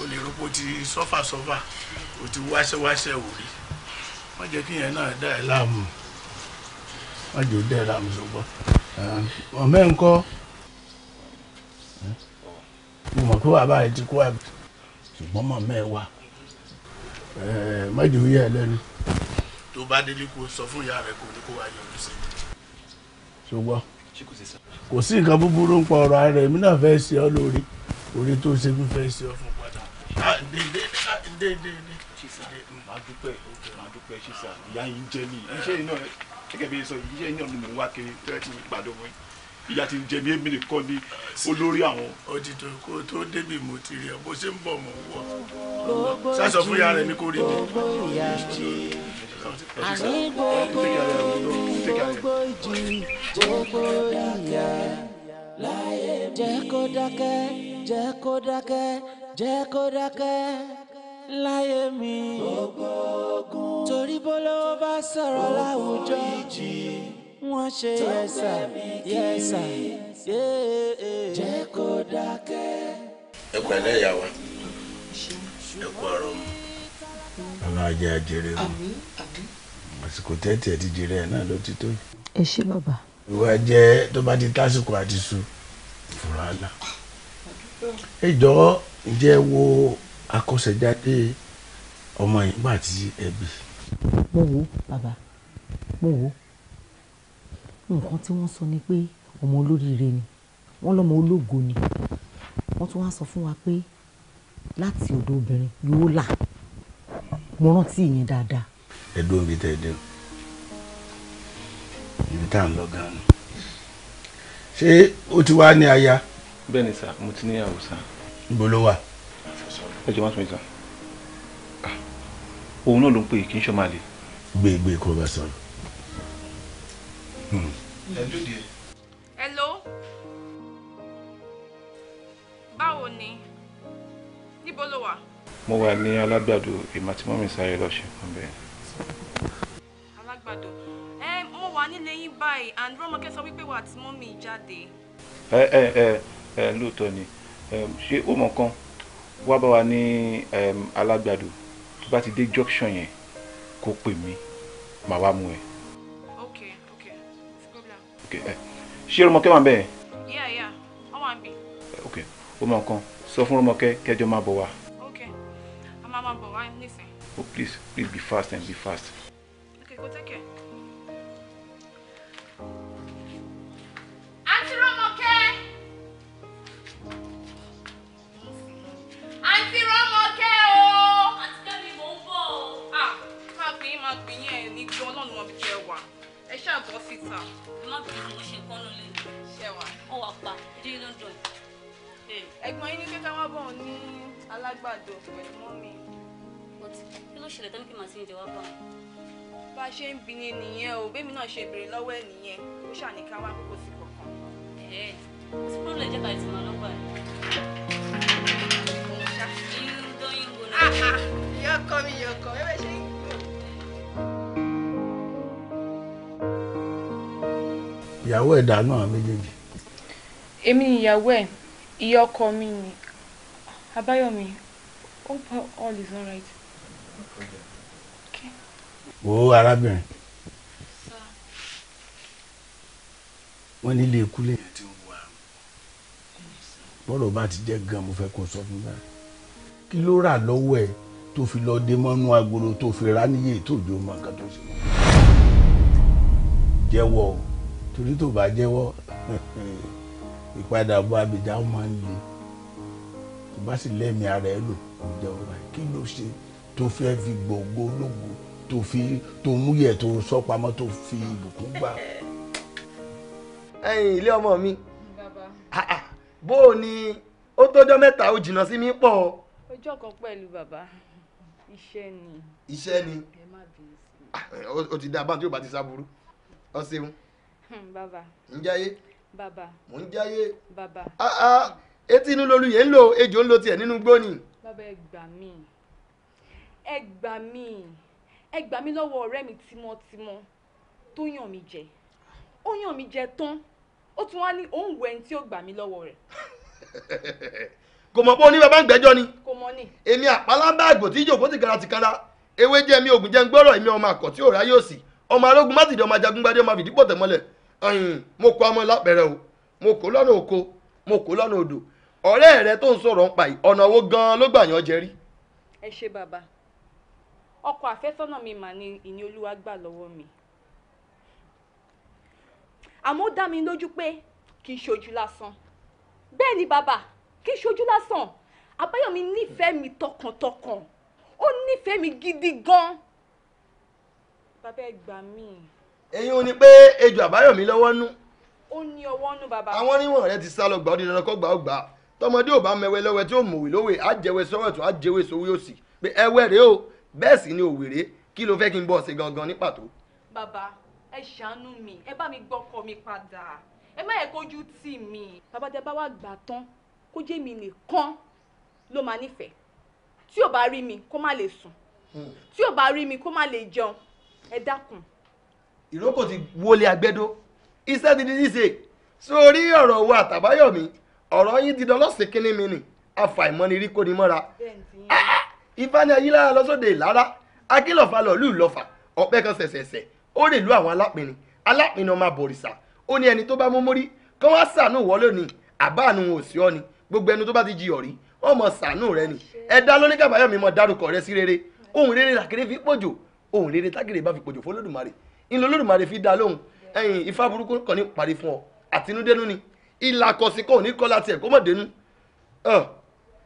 Speaker 3: o lè rò pé o ti sọ́fà sọ́fà o ti wáṣẹ́wáṣẹ́ òrí má jẹ́ kí yẹn náà dá ẹ láàmú má jẹ́ ó dá ẹ láàmú ṣùgbọ́n ọ̀mẹ́ ńkọ́ mo mọ̀ pé bàbá rẹ ti kú àbí ṣùgbọ́n mọ̀ mẹ́ wa má jẹ́ ó yẹ ẹ lẹ́nu. tó bá délé kó sọ fún ìyá rẹ kò ní kó wá yọjú sí i. ṣùgbọ́n kò sí nǹkan búburú ń pa ọ̀rọ̀ ara rẹ̀ èmi náà fẹ́ ṣe ọ́ lórí orí tó ṣe fífẹ́ ṣe ọ́ fún màdúpẹ́ màdúpẹ́ ṣíṣà ìyá yìí ń jẹ́ mi iṣẹ́ yìí náà gẹ́gẹ́ ti ń jẹ mí èmi nìkan ni olórí àwọn. òtítọ́ kó tó débi mo ti rí ọ bó ṣe ń bọ̀ mọ̀ wọ̀ sásọ fún ìyá rẹ ní kó rí mi. àní gbogbo gbogbo
Speaker 1: ìjì gbogbo ìyá láyé jẹ́ kó dákẹ́ jẹ́ kó dákẹ́ jẹ́ kó dákẹ́ láyé mi torí bólówó bá sọ̀rọ̀ láwùjọ wọ́n ṣe yẹ̀sà yẹ̀sà jẹ́ kó dákẹ́.
Speaker 3: ẹ pẹ̀lẹ́ ìyá wa ẹ kú ọ̀rọ̀ mu aláàjẹ àjẹrẹ o àsìkò tẹ́tí ẹ̀ ti jẹrẹ ẹ̀ náà ló ti tó yìí.
Speaker 2: ẹ ṣé
Speaker 13: bàbá.
Speaker 3: ìwà jẹ tó bá ti tásìkò àti su fúra la. ẹ jọ̀ọ́ ǹjẹ́ wo àkọsẹ̀jáde ọmọ yìí gbà tí ẹ bí.
Speaker 13: mo wo bàbá mo wo nǹkan tí wọ́n sọ ni pé ọmọ olóríire ni wọ́n lọ́mọ ológo ni
Speaker 2: wọ́n tún wá sọ fún wa pé láti
Speaker 12: ọ̀dọ̀ obìnrin yóò
Speaker 2: là
Speaker 8: mo rántí ìyẹn dáadáa.
Speaker 3: ẹ̀dùn ibi tẹ́ ẹ dé ibi tá à ń lọ gan ṣé ó ti wá ní aya. bẹ́ẹ̀ ni sà mo ti níyàwó sà níbo ló wà. ẹ jẹ́ wá sọ ìta ah, òun náà ló ń pè kí n ṣọ́ máa lè. gbé gbé kó bá sọ̀rọ̀. Hmm. hello
Speaker 2: báwo ni níbo ló wà.
Speaker 3: mo wà ní alágbàdo ìmọ̀ tí mọ́mí sáré lọ ṣe fún bẹ́ẹ̀.
Speaker 2: alágbàdo mo wà nílé yín báyìí and rọ́mọkẹ́ sọ wípé wà tí mọ́mí jáde.
Speaker 3: ẹ ẹ ẹ lóòótọ́ ni. Eh, eh, eh, Um, ṣé ó mọ̀ kan wá bá wa ní um, alágbàdo tó bá ti dé junction yẹn kó pè mí màá wá mú ẹ. ok ok no problem. ok ẹ ṣé Rọ́mọkẹ́ wà bẹ́ẹ̀. yíyá yíyá ọ wà ń bì. ok ó mọ̀ kan sọ fún Rọ́mọkẹ́ kẹjọ máa bọ̀ wá. ok a máa máa bọ̀ wá nísìnyí. oh please please be fast and be fast.
Speaker 2: ok go take care.
Speaker 7: bí mo ṣe kọ́ ló lé ṣẹ̀wà ó wà pa dé London. ẹ̀gbọ́n yín ní
Speaker 2: pé káwá bọ̀ ní alágbàdo pẹ̀lú mọ́mì.
Speaker 7: kí ló ṣẹlẹ̀ tán kí màá sí ìjọ wá bá wọn. bá a ṣe ń bi ni nìyẹn o bẹ́ẹ̀ mi náà ṣe béèrè lọ́wọ́ ẹ̀ nìyẹn ó ṣàní ká wá kókó sí kọ̀ọ̀kan. ẹ ẹ tí kúrò lè jẹ́ ká ìtìmọ̀ ọlọ́pàá yìí. ìyọkọ mi ìyọkọ bẹ́ẹ̀ bẹ́ẹ̀
Speaker 3: ìyàwó ẹ̀ dànù àwọn méjèèjì.
Speaker 2: èmi ìyàwó ẹ̀ ìyá ọkọ mi ni Abáyọ̀mí hope all is alright.
Speaker 4: Okay.
Speaker 3: wo arábìnrin wọ́n nílé ikú lẹ́yìn tí ń wà bọ́lọ̀ bá ti jẹ́ gan mo fẹ́ kó sọ fún mi kí ló rà lọ́wọ́ ẹ̀ tó fi lọ dé mọ́nú agolo tó fi rà níyè tó jó mọ́ nǹkan tó ṣe jẹ́wọ́ o torí tó bá jẹ́wọ́ ìpadàbọ̀ abidjan máa ń le tó bá sì lẹ́mìí ara ẹ lò kò jẹ́wọ́ báyìí kí ló ṣe tó fẹ́ fi gbòǹgbò lóògùn tó fi tó múyẹ̀ tó sọ pamọ́ tó fi ìbùkún gbà.
Speaker 11: ẹ̀yin ilé ọmọ mi bó o ní ó tọ́jọ́ mẹ́ta ó jìnnà sí mi pọ̀.
Speaker 2: ọjọ́ kan pẹ̀lú bàbá iṣẹ́ ni.
Speaker 11: iṣẹ́ ni o ti dá abáǹtí ò bá ti sá burú ọ ṣeun. Hmm, bàbá. ń jáyé. bàbá. mò ń jáyé. bàbá. aa ah, ah, etí inú lolu yẹn ń lò ejò ń lo tiẹ̀ nínú igbó ni.
Speaker 2: bàbá ẹ gbà mí ẹ gbà mí ẹ gbà mí lọ́wọ́ ọ̀rẹ́ mi tímọ́tímọ́ tó yàn mí jẹ ó yàn mí jẹ tán ó tún wá ní òun wẹ̀ ẹni tí ó gbà mí lọ́wọ́ rẹ̀.
Speaker 11: kò mọ̀ pé oní bàbá ń gbẹ́jọ́ ni. kò mọ̀ ni. èmi àpálábá àgbò tí ìjòkó ti gara ti kara ewé jẹ́ mi ògùn jẹ́ ń gbọ́rọ̀ èmi ọmọ àkọ́ tí òòrá yóò sì ọmọ arógun má ti di ọmọ ajagun gbadé ọmọ fìdí pọ̀tẹ́ mọ́lẹ̀ ẹ̀yìn mo kọ ọmọ lápẹ̀rẹ̀ o mo kó lọ́nà oko mo kó lọ́nà odò ọ̀rẹ́ rẹ tó ń sọ̀rọ̀ ń pa yìí ọ̀nà wo gan-an ló gbà yàn jẹ rí.
Speaker 2: ẹ ṣe bàbá ọkọ àfẹ́sọ́nà mi mà ní ìní olúwa gbà lọ́wọ́ mi àmọ́ ó dá mi lójú pé kì í ṣojú lásán bẹ́ẹ̀ ni bàbá kì í ṣojú lásán àbáyọ̀mí nífẹ̀ẹ́ mi tọkàntọkàn ó nífẹ̀ẹ́ mi gidi gan bàbá ẹ gbà míì
Speaker 11: ẹ̀yin ò ní pé ejò àbáyọ̀mí lọ́wọ́ nú.
Speaker 2: ó ní ọwọ́ nú
Speaker 11: bàbá. àwọn oníwọ̀n rẹ ti sá lọ gbà ó di dandan kọ́ gbà ó gbà á tọmọdé ò bá mẹwẹ lọ́wẹ́ tí ó mọ̀wé lówè á jẹwẹ́ sọ́wọ́ tó á yóò sì pé ẹwẹ́ rèé o bẹ́ẹ̀ sì ni òwèrè kí ló fẹ́ kí n bọ̀ ṣe gangan ní pàtó.
Speaker 2: bàbá ẹ ṣàánú mi ẹ bá mi gbọ́kọ mi padà ẹ má yẹ kójú tì mí. bàbá tẹ bá wà gbà tán kó jẹ́ mi nìkan ló máa nífẹ̀ẹ́ tí ò bá rí mi kó má lè sùn hmm. tí ò bá rí mi kó má lè jẹun ẹ dákun
Speaker 11: ìrókò ti wọlé agbẹ́dó iṣẹ́ ti di ṣíṣe sórí ọ̀rọ̀ owó àtàbáyọ̀mí ọ̀rọ̀ yín ti dọlọ́sìn kínní mi nì àfàìmọ́ni rí kóni mọ́ra ìfani ah, ah, ayílára lọ́sọ̀dẹ̀ ìlara akínlọ̀fà lọ́ọ̀lù ìlọ́fà ọ̀pẹ kan ṣẹ̀ṣẹ̀ṣẹ̀ ó lè lu àwọn alápinni alápinni ọmọ àbòrìṣà ó ní ẹni tó bá mú mórí kán wá ṣàánú wọlé ni àbáànú òsì ọ ni gbogbo ẹnu tó bá ti jí ọ̀rí wọ́n mọ̀ ṣàánú rẹ ni ẹ̀dá lóníkàbáyọ̀mí mọ̀ dárúkọ rẹ sí rere ohun rere làkèrè fi pòjò ohun rere tágìrì bá fi pòjò fọlọ́dùmarè ńlọ Olódùmarè fi dá lóhùn ẹ̀yìn ifá burúkú kàn ní parí fún ọ àtinúdénú ni ìlà kọ̀sí kò ní kọ́ láti ẹ̀kọ́ mọ̀dénú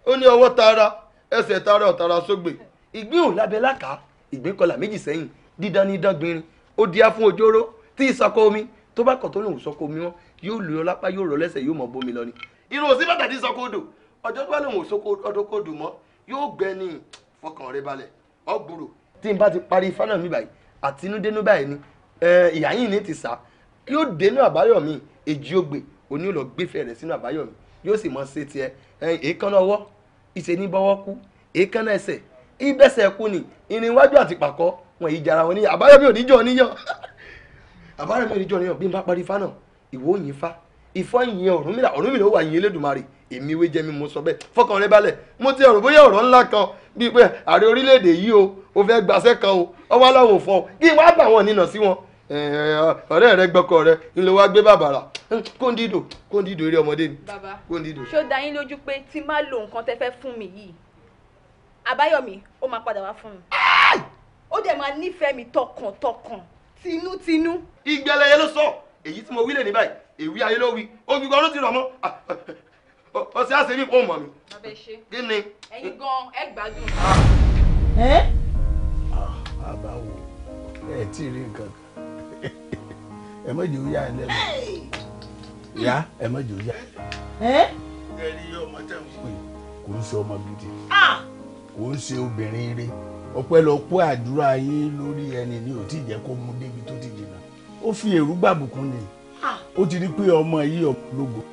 Speaker 11: ó ní ọwọ́ tara ẹsẹ̀ tara ọ̀tara sógbè ìgbín ò lábẹ́ láká ìgbín kọlà méjì sẹ́yìn dídán ní dán gbinrin ó díá fún ojóró tí ìsọkọ omi tó bá kọ̀ tó lòun sọkọ omi wọn yóò lò ó lápá yóò rọ lẹ́sẹ̀ yóò mọ̀ bómi lọ ni irun òsín bàtà sọkọ odò ọjọ́ tó bá lòun òsoko ọdọ́kọ odò mọ́ yóò gbẹ ní fọkàn rẹ balẹ̀ ọgbòrò tí n bá ti parí fánà mi báyìí àtinúdénú báyìí ni ìyá yìí ní ti sá yóò dé ní àbáyọ̀mí èjì ògbè òní òlò gbéfẹ́ rẹ̀ sínú àbáyọ̀mí yóò sì mọ ṣe tiẹ̀ èékánná ọwọ́ ìṣe ní bọ́wọ́ kú èékánná ẹsẹ̀ ìbẹ́sẹ̀ kú ni ìrìnwájú àti pàkọ́ wọn yìí jara wọn ní àbáyọ̀mí oníjọ́ oníyàn àbáyọ̀mí oníjọ́ oníyàn bí n bá parí ifá náà ìwọ òyìn fa ìfọ́ ìyìn Ọ̀rúnmìlà Ọ̀rúnmìlà ó wà yìn Elédùmarè èmi wé jẹ́mi mo sọ bẹ́ẹ̀ fọkàn rẹ balẹ̀ mo ti ọ̀rọ̀ bóyá ọ̀rọ̀ ńlá kan bíi pé ààrẹ orílẹ̀-èdè yìí o ò fẹ́ gbaṣẹ́ kan o ọwọ́ aláwọ̀ fọ́ kí n wá bà wọn nínà sí wọn Eh, ọ̀rẹ́ rẹ gbọ́kọ̀ rẹ ń lọ wá gbé bàbàrà kóńdìdò kóńdìdò eré ọmọdé ni.
Speaker 12: bàbá ṣó dá yín lójú pé
Speaker 2: tí má lo nǹkan tẹ́ fẹ́ fún mi yìí àbáyọ̀mí ó máa padà wá fún mi ó dẹ̀ máa nífẹ̀ẹ́ mi tọkàntọkàn tinútinú.
Speaker 11: ìgbẹ́lẹ̀yẹ ló sọ èyí tí mo wí lè ní báyìí èwí ayé ló wí omi gan ló ti rọ̀ mọ́ ah, ah, ah, ọsẹ àṣẹ mi kò mọ̀ mi. bàbá ẹ ṣe kí ni. ẹ̀yin gan ẹ gbádùn. ẹ.
Speaker 3: àbáwo ẹ tí ì rí nǹkan kan ẹ má jẹ́ òyà ẹlẹ́nu ìyá ẹ má jẹ́ òyà.
Speaker 2: ẹ̀rí ọmọ
Speaker 3: tẹ̀ ń pè kò ń ṣe ọmọ gidi kò ń ṣe obìnrin rere ọpẹ́lọpẹ́ àdúrà yín lórí ẹni ni ò tí jẹ́ kó mú débi tó ti jìnnà ó fi èrú gbàbùkún ni ó ti rí pé ọmọ yìí ọ̀pọ̀lọpọ̀.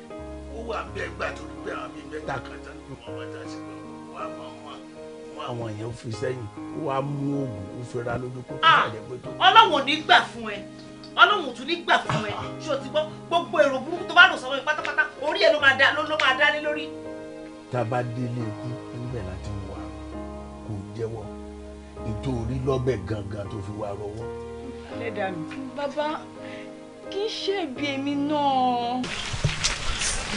Speaker 3: ó wà bẹ́ẹ̀ gbà tó rí pé àwọn bíi mẹ́ta kan tán ní ọmọ ọjà sí pé wọ́n á mọ wọn wọn àwọn èèyàn fi sẹ́yìn ó wá mú oògùn ó fẹ́ra lójú kó tó bàjẹ́ pé tó.
Speaker 2: ọlọ́wọ̀n ní gbà fún ẹ ọlọ́run tún ní gbà fún ẹ ṣé o ti gbọ́ gbogbo èrò burúkú tó bá lò sọ́wọ́ pátápátá orí ẹ ló máa dá ló máa dá lé lórí.
Speaker 3: tá a bá délé ikú níbẹ̀ láti wà kò jẹ́wọ́ nítorí lọ́bẹ̀ gangan tó fi wà rọwọ́.
Speaker 2: ẹlẹ́dàá mi bàbá kì í ṣe ibi èmi náà.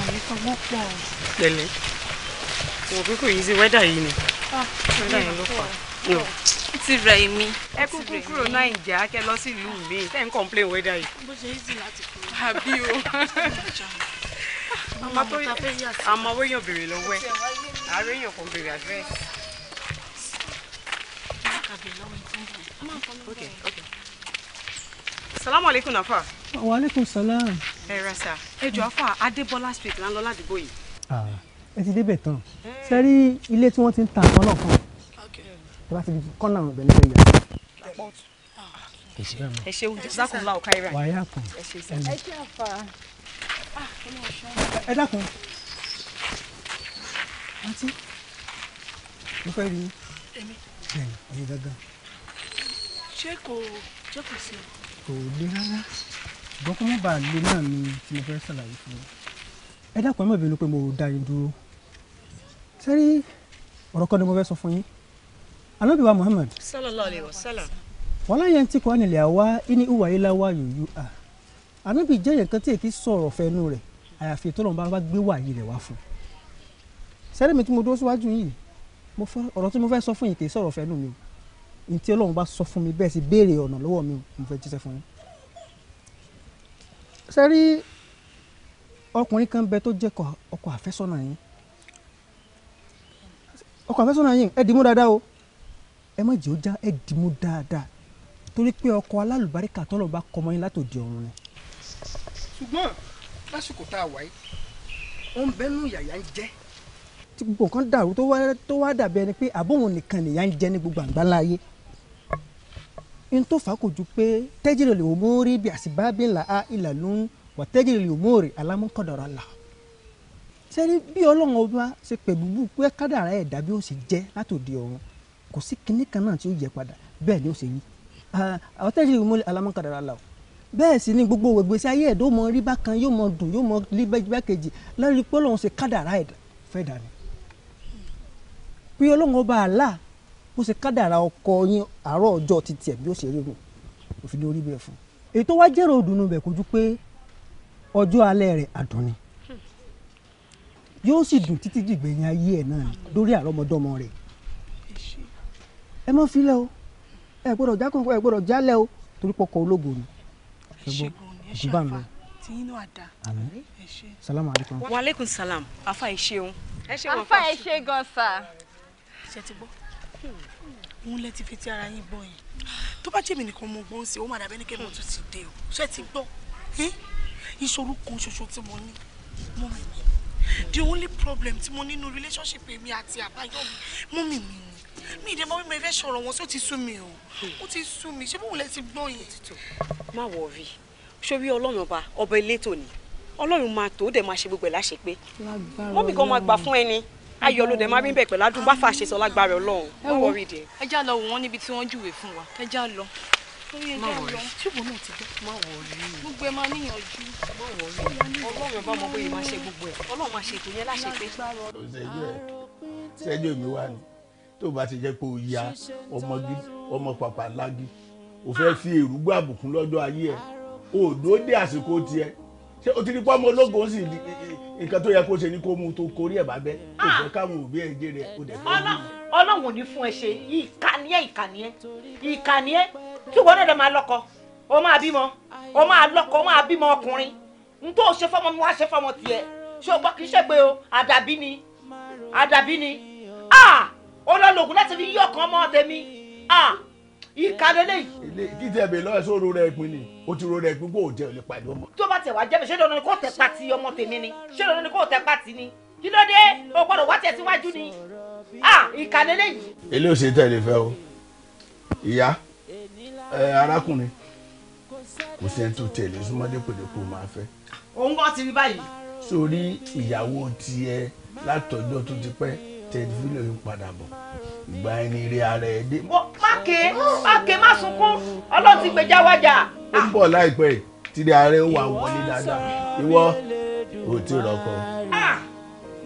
Speaker 2: àyè kan wọ́n pọ̀. pẹ̀lẹ́ òkú kò yí sí wẹ́dà yìí ni ah, wẹ́dà yìí ló pa ti rẹ̀ mí. ẹ kúkú kúrò náà ìjà kẹ lọ sí ìlú mi tẹ́ ń complain weather yìí.
Speaker 7: bó ṣe easy láti
Speaker 2: kúrò. àbí o. àmọ́ tó àmọ́ owó èèyàn béèrè lọ́wọ́ ẹ̀ àárẹ̀ èèyàn kan béèrè address. salamu aleykum nafa.
Speaker 8: wa aleykum salaam.
Speaker 2: ẹ ra sa ẹ jọ afa adébọlá street là ń lọ ládùúgbò yìí. Ah,
Speaker 8: ẹ ti débẹ̀ tán ṣe rí ilé tí wọ́n ti ń ta àtọ́ náà fún ẹ bá ti di kọ́nà àwọn ọ̀bẹ̀ni lẹ́yìn.
Speaker 2: ẹ ṣe oúnjẹ sákùnlá ọ̀ka ìrà. wàyà kan ẹ ṣe
Speaker 8: ẹ dákun àǹtí mo fẹ́ rí ẹ̀yin gangan.
Speaker 1: ṣé kò ṣé kò sí.
Speaker 8: kò le rárá ṣùgbọ́n kó má bàa náà ni tí mo fẹ́ ṣàlàyé fún yín. ẹ dákun ẹ má bínú pé mo dá yín dúró sẹ́rí ọ̀rọ̀ kan ni mo fẹ́ sọ fún yín anabi wa muhammad.
Speaker 2: sallallahu alayhi
Speaker 8: wa sallam. wala yantiqu anil hawa in huwa illa wahyun yuha anabi jẹ́ yẹn kan tí èkì sọ̀rọ̀ fẹnu rẹ̀ àyàfi tó lọ́nba bá gbé wàyí rẹ̀ wá fún. sẹ́rẹ̀mì tí mo dúró síwájú yìí ọ̀rọ̀ tí mo fẹ́ sọ fún yìí kì í sọ̀rọ̀ fẹnu mi o ní tí ọlọ́run bá sọ fún mi bẹ́ẹ̀ sì béèrè ọ̀nà lọ́wọ́ mi mo fẹ́ jíṣẹ́ fún yín. sẹ́rí ọkùnrin kan bẹ tó jẹ́ ọkọ àfẹ́sọ́nà yín ọkọ àfẹ́sọ́nà yín ẹ dìímú dáadáa o ẹ má jẹ́ ó já ẹ dì mú dáadáa torí pé ọkọ̀ alálùbáríkà tọ́lọ̀ bá kọ́ ọmọ yín látòdì ọ̀run ni. ṣùgbọ́n lásìkò tá a wà yìí ó ń bẹ́nu yàyà ń jẹ́. tí gbogbo nǹkan dàrú tó wá dàbí ẹni pé àbóhùn nìkan nìyà ń jẹ́ ní gbogbo àgbáńlá ayé n tó fà á kò ju pé tẹ́jìrì lè wò mórí bí àsìbábí a ìlà ló ń wà tẹ́jìrì lè wò mórí alámúkọ̀dọ̀rọ̀ là. sẹ́ni bí ọlọ́run ọba ṣe pẹ̀lú pé kádàrá ẹ̀dá bí ó sì jẹ́ látòdì ọ̀run kò sí kinní kan náà tí ó yẹ padà bẹ́ẹ̀ ni ó ṣe yí àwọn tẹ́lẹ̀ ṣe la o bẹ́ẹ̀ sì ni gbogbo ìgbésí ayé ẹ̀dọ́ mọ rí bákan yóò mọ dùn yóò mọ rí bákejì lórí pé Ọlọ́run ṣe kádàrá ẹ̀dá fẹ́ dàní pé Ọlọ́run ọba àlá ó ṣe kádàrá ọkọ yín àárọ̀ ọjọ́ títí ẹ̀ bí ó ṣe rí nù òfin ló rí bẹ́ẹ̀ fún un ètò wa jẹ́rọ òdùnnú bẹ̀ kojú pé ọjọ́ alẹ́ rẹ̀ àdùn ni yóò sì dùn títí dìgbẹ̀yìn ayé ẹ̀ náà lórí àrọ́mọdọ́mọ rẹ̀ ẹ má filẹ̀ o ẹ gbọ́dọ̀ já kókó ẹ gbọ́dọ̀ jálẹ̀ o torí pọkọ ológo ni. ṣègùn ni ẹ ṣàfà
Speaker 2: tí yín náà dá. àmín salamu alaykum. wa aleykum salam afa ẹ ṣeun. ẹ ṣe wọn fa ṣe gan sa. ṣe ti gbọ́ òun lẹ ti fi ti ara yín bọ yẹn tó bá jẹ́mi nìkan mo gbọ́n sí i ó má dàbẹ́ ní kẹ́mi ọ̀tún ti dé o ṣe ti gbọ́ ìṣòro kan ṣoṣo tí mo ní mọ́ mi mi the only problem tí mo ní nínú relationship èmi àti àbáyọ mi mọ́ mi mi ni mi ìdè mọ́ mi mẹ́fẹ́ sọ̀rọ̀ wọn sí ó ti sú mi o ó ti sú mi ṣé bóun lẹ ti gbọ́n yẹn. má wọrí sórí ọlọ́run ọba ọba elétò ni ọlọ́run máa tó dẹ̀ máa ṣe gbogbo ẹ̀ láṣepé
Speaker 1: mọ́mí kan máa gbà
Speaker 2: fún ẹni ayọ̀ ló dẹ̀ máa rí bẹ́ẹ̀ pẹ̀lú adùn bá fà ṣe sọ lágbára ọlọ́run má wọrí dẹ̀. ẹ já lọ wò wọn níbi tí wọn júwèé fún wa ẹ já lọ má wọrí ṣùgbọ́n gbogbo ẹ máa níyànjú. má wọrí ọlọ́run bá mọ bóyá máa ṣe gbogbo ẹ̀ ọlọ́run máa ṣe ètò yẹn láṣepé.
Speaker 3: ṣẹ́jú mi wá ni tó bá ti jẹ́ pé o ya ọmọ pàpà lági o fẹ́ fi èrúgbó àbùkún lọ́dọ̀ ayé ẹ o dúró dé àsìkò tiẹ̀ ṣé o ti rí pọ́nmọ ológun ó sì nǹkan tó yẹ kó ṣe ni kó mu tó korí ẹ̀ bá bẹ́ kò fẹ́ káwọn òbí ẹ̀ jẹ́ rẹ̀ o dẹ̀ fẹ́
Speaker 2: mú mi. ọlọ́run ní fún ẹ ṣe ìkànnì ẹ ìkànnì ẹ wọn náà máa lọ́kọ o máa bímọ o máa lọ́kọ o máa bímọ ọkùnrin n tó ṣe fọmọ mi wá ṣe fọmọ tiẹ̀ ṣé o gbọ́ kì í ṣègbè o àdàbí ni àdàbí ni ó lọ lògùn láti fi yí ọkàn ọmọ tèmi ìkàlẹ̀ lẹ́yìn.
Speaker 3: kíkẹ́ ẹ̀bẹ̀ lọ́wọ́ sọ ro rẹ̀ pin ni o ti ro rẹ̀ pin kó o jẹ́ o pàdé ọmọ.
Speaker 2: tó bá tẹ̀ wá jẹ́ mi ṣé dandan ni kò tẹ̀ pati ọmọ tèmi ni ṣé dandan ni kò tẹ̀ pati ni kí ló dé o gbọ́dọ̀ wá tẹ̀ síwájú ni ìkàlẹ̀ lẹ́yìn.
Speaker 3: ilé ò ṣe tẹ̀lé fẹ́ o ìyá arákùnrin kò sí ẹni tó tẹ̀lé súnmọ́dé pèlépò máa fẹ́.
Speaker 2: òun kọ́ ti rí báyìí.
Speaker 3: sórí ìyàwó tiẹ̀ látọjọ́ tó ti pẹ́ tẹ dúró ló ń padà bọ̀ ìgbà ẹni rí ara ẹ dé.
Speaker 2: máke máke má sunkún ọlọ́run ti gbèjà wájà.
Speaker 3: ó ń bọ̀ láìpẹ́ yìí tíri ara ó wà wọlé dáadáa ìwọ ò tí rọkọ.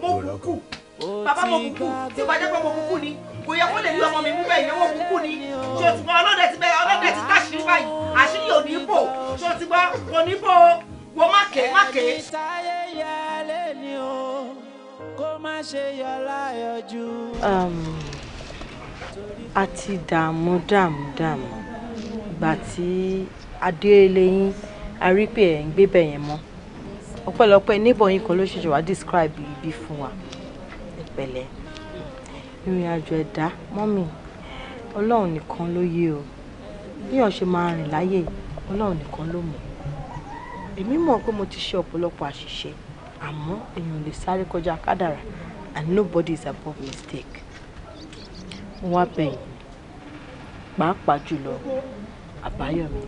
Speaker 2: mo kúkú bàbá mo kúkú tí o bá jẹ́ pé mo kúkú ni kò yẹ kó lè ní ọmọ mi mú bẹ́ẹ̀ ìyẹn mo kúkú ni ṣé o ti gbọ́ ọlọ́dẹ ti bẹ́ẹ̀ ọlọ́dẹ ti táṣìírí báyìí àṣírí ò bò ṣé o ti gbọ́ kò bò wo máke máke
Speaker 1: kó má ṣe yọ láyọjú. Um,
Speaker 2: a ti dààmú dààmú dààmú ìgbà tí adéléyìn a rí pé ẹ̀ ń gbébẹ̀ yẹn mọ́ ọpẹ́lọpẹ́ níbọ̀ yín kan ló ṣẹ̀ṣẹ̀ wá describe ibi fún wa ìpẹ̀lẹ́ ìrìn àjò ẹ̀dá mọ́mì ọlọ́run nìkan ló yé o bíyàn ṣe máa rìn láyè ọlọ́run nìkan ló mọ̀ èmi mọ̀ pé mo ti ṣe ọ̀pọ̀lọpọ̀ àṣìṣe àmọ́ èèyàn lè sáré kọjá kádàrà and nobody is above mistake wọ́n á bẹ̀yìn pàápàá jùlọ àbáyọ̀mí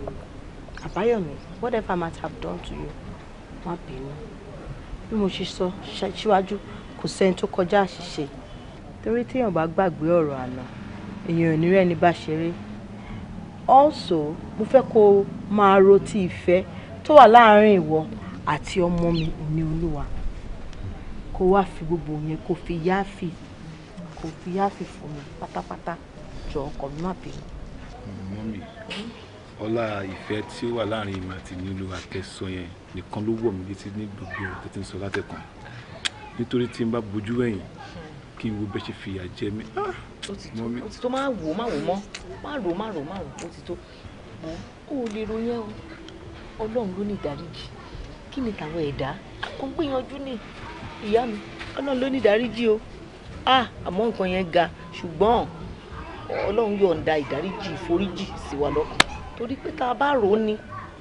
Speaker 2: àbáyọ̀mí whatever I might have done to you má bínú bí mo ṣe sọ síwájú kò sẹ́ni tó kọjá àṣìṣe torí téèyàn bá gbàgbé ọ̀rọ̀ àná èèyàn ò ní rẹ́ni bá ṣeré also mo fẹ́ kó máa ro ti ìfẹ́ tó wà láàárín ìwọ àti ọmọ mi òní olúwa kó wá fi gbogbo yẹn kó fi yáàfì kó fi yáàfì fún mi pátápátá jọ ọkọ mi má bínú.
Speaker 3: mọ́mí ọlá ìfẹ́ tí ó wà láàrin ìmọ̀ àti ní olúwa tẹ̀sán yẹn nìkan ló wọ̀ mí létí ní gbogbo ọ̀rọ̀ tẹ́tí ń sọ látẹ̀kàn nítorí tí n bá bojú ẹ̀yìn kí n wo bẹ́ẹ̀ ṣe fìyà jẹ mí. ó ti tó máa wò máa wò mọ́ máa rò máa rò
Speaker 2: máa rò ó ti tó ó lè ro yẹn o ọlọ́run ló ní ìdáríjì kí ni tàwọn ẹ̀dá kò ń gbìyànjú ni ìyá mi ọlọ́run ló ní ìdáríjì o ah àmọ́ nǹkan yẹn ga ṣùgbọ́n ọlọ́run yọ̀ǹda ìdáríjì ìforíjì sí wa lọ́kàn torí pé tá a bá rò ó ni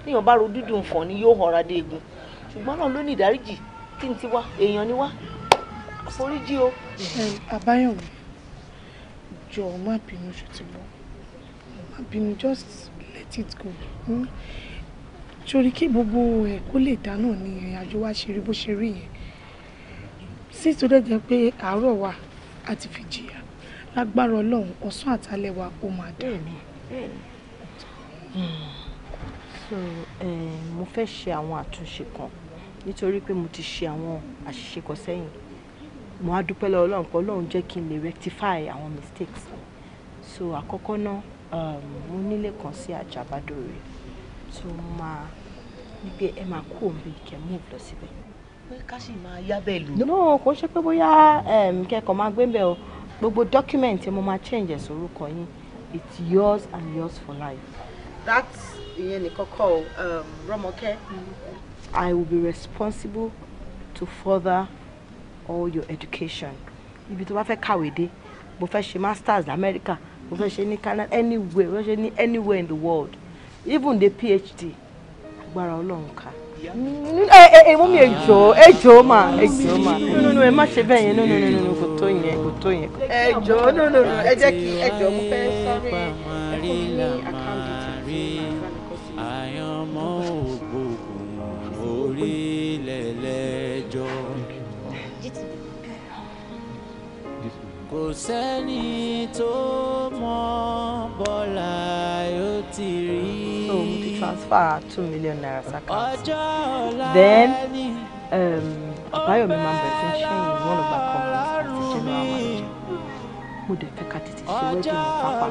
Speaker 2: níyàn bá ro dídùn fọ̀ ni yóò họra dé egun ṣùgbọ́n ọlọ́run ló ní ìdáríjì kí n ti èèyàn ni wá àforíjì o. àbáyọ̀mí jọ̀ọ́ má bínú ṣe ti bọ́ má bínú just let it go. Hmm? sórí kí gbogbo ẹ̀ kó lè dá náà ni ìrìn àjò wa ṣe rí bó ṣe rí yẹn sí tó dẹ́jẹ́ pé àárọ̀ wa a fi jìyà lágbára ọlọ́run ọ̀sán àtàlẹ́ wa ó máa dà. so mo fẹ́ ṣe àwọn àtúnṣe kan nítorí pé mo ti ṣe àwọn àṣìṣe kan sẹ́yìn mo á dúpẹ́ lọ́wọ́ ọlọ́run pé ọlọ́run jẹ́ kí n lè rectify àwọn mistakes so àkọ́kọ́ náà um, mo nílé kan sí Àjàbádòrè tí ma, máa wípé ẹ máa kú òun bíi kẹ́ move lọ síbẹ̀. pé ká sì máa yá bẹ́ẹ̀ lò. no kò ṣe pé bóyá kẹ́kọ̀ọ́ máa gbé bẹ́ẹ̀ o gbogbo document mo máa change ẹ̀ sórúkọ yín it's yours and yours for life. that's ìyẹn nìkan kọ́ ọ Rọ́mọkẹ́. I will be responsible to further all your education ibi tó bá fẹ́ kàwé dé mo fẹ́ ṣe masters America mo fẹ́ ṣe ní Canada anywhere mo fẹ́ ṣe ní anywhere in the world even the phd agbára ọlọ́run ká. Mm, eh, eh, eh, ẹ ah. ẹ ẹ mú mi ejò ejò ma. ejò mà nínú ẹ má ṣe bẹ́ẹ̀ yẹn nínú nínú kò tó yẹn kò tó yẹn. ejò nínú ẹ jẹ́ kí ejò mo fẹ́ sọ́rí ẹ fún mi ní
Speaker 1: àkáǹtì tí mo fi àyànmọ́ ògbógun orílẹ̀ kò sẹ́ni tó mọ̀. transfer two million naira account then um, Báyọ̀mí máa bẹ̀rẹ̀ sí ń ṣẹ́yìn one of my companies àti general manager mo dẹ̀ fẹ́ ká tètè She wedding ní Papa.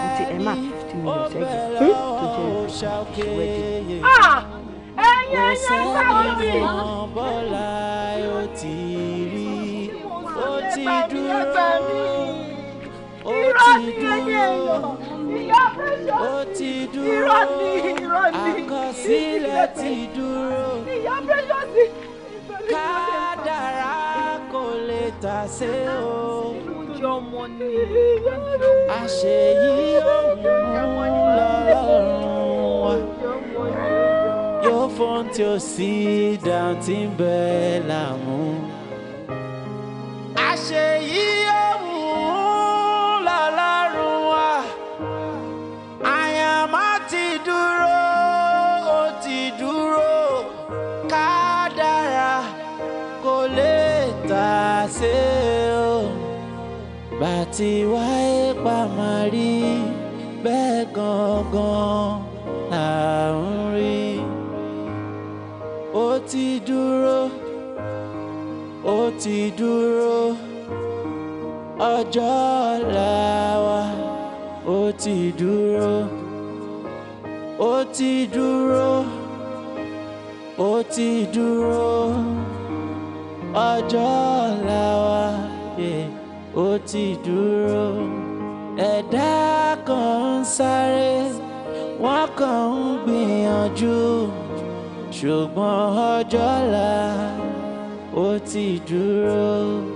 Speaker 1: mo ti Emma? máa fifty million sẹ́gbẹ̀ẹ́ hmm? tó jẹ́ ìṣe wedding. ẹyẹ ẹyẹ sáwọn mi. bọ́lá ó ti rí ó ti dúró ó ti dúró ó ti dúró àkọsílẹ̀ ti dúró kádàrá kò lè tàsé o àṣeyí òun lọ́lọ́run wa yóò fọ́n tí ó sì dàntí bẹ́ẹ̀ làmú àṣeyí òun. ṣe o bàtí wáyé pàmàrí bẹ́ẹ̀ gangan à ń rí ó ti dúró ó ti dúró ọjọ́ ọ̀la wa ó ti dúró ó ti dúró ó ti dúró ọjọ́ ọ̀la wa ó ti dúró ẹ̀dá kan ń sáré wọ́n kàn ń gbìyànjú ṣùgbọ́n ọjọ́ ọ̀la ó ti dúró.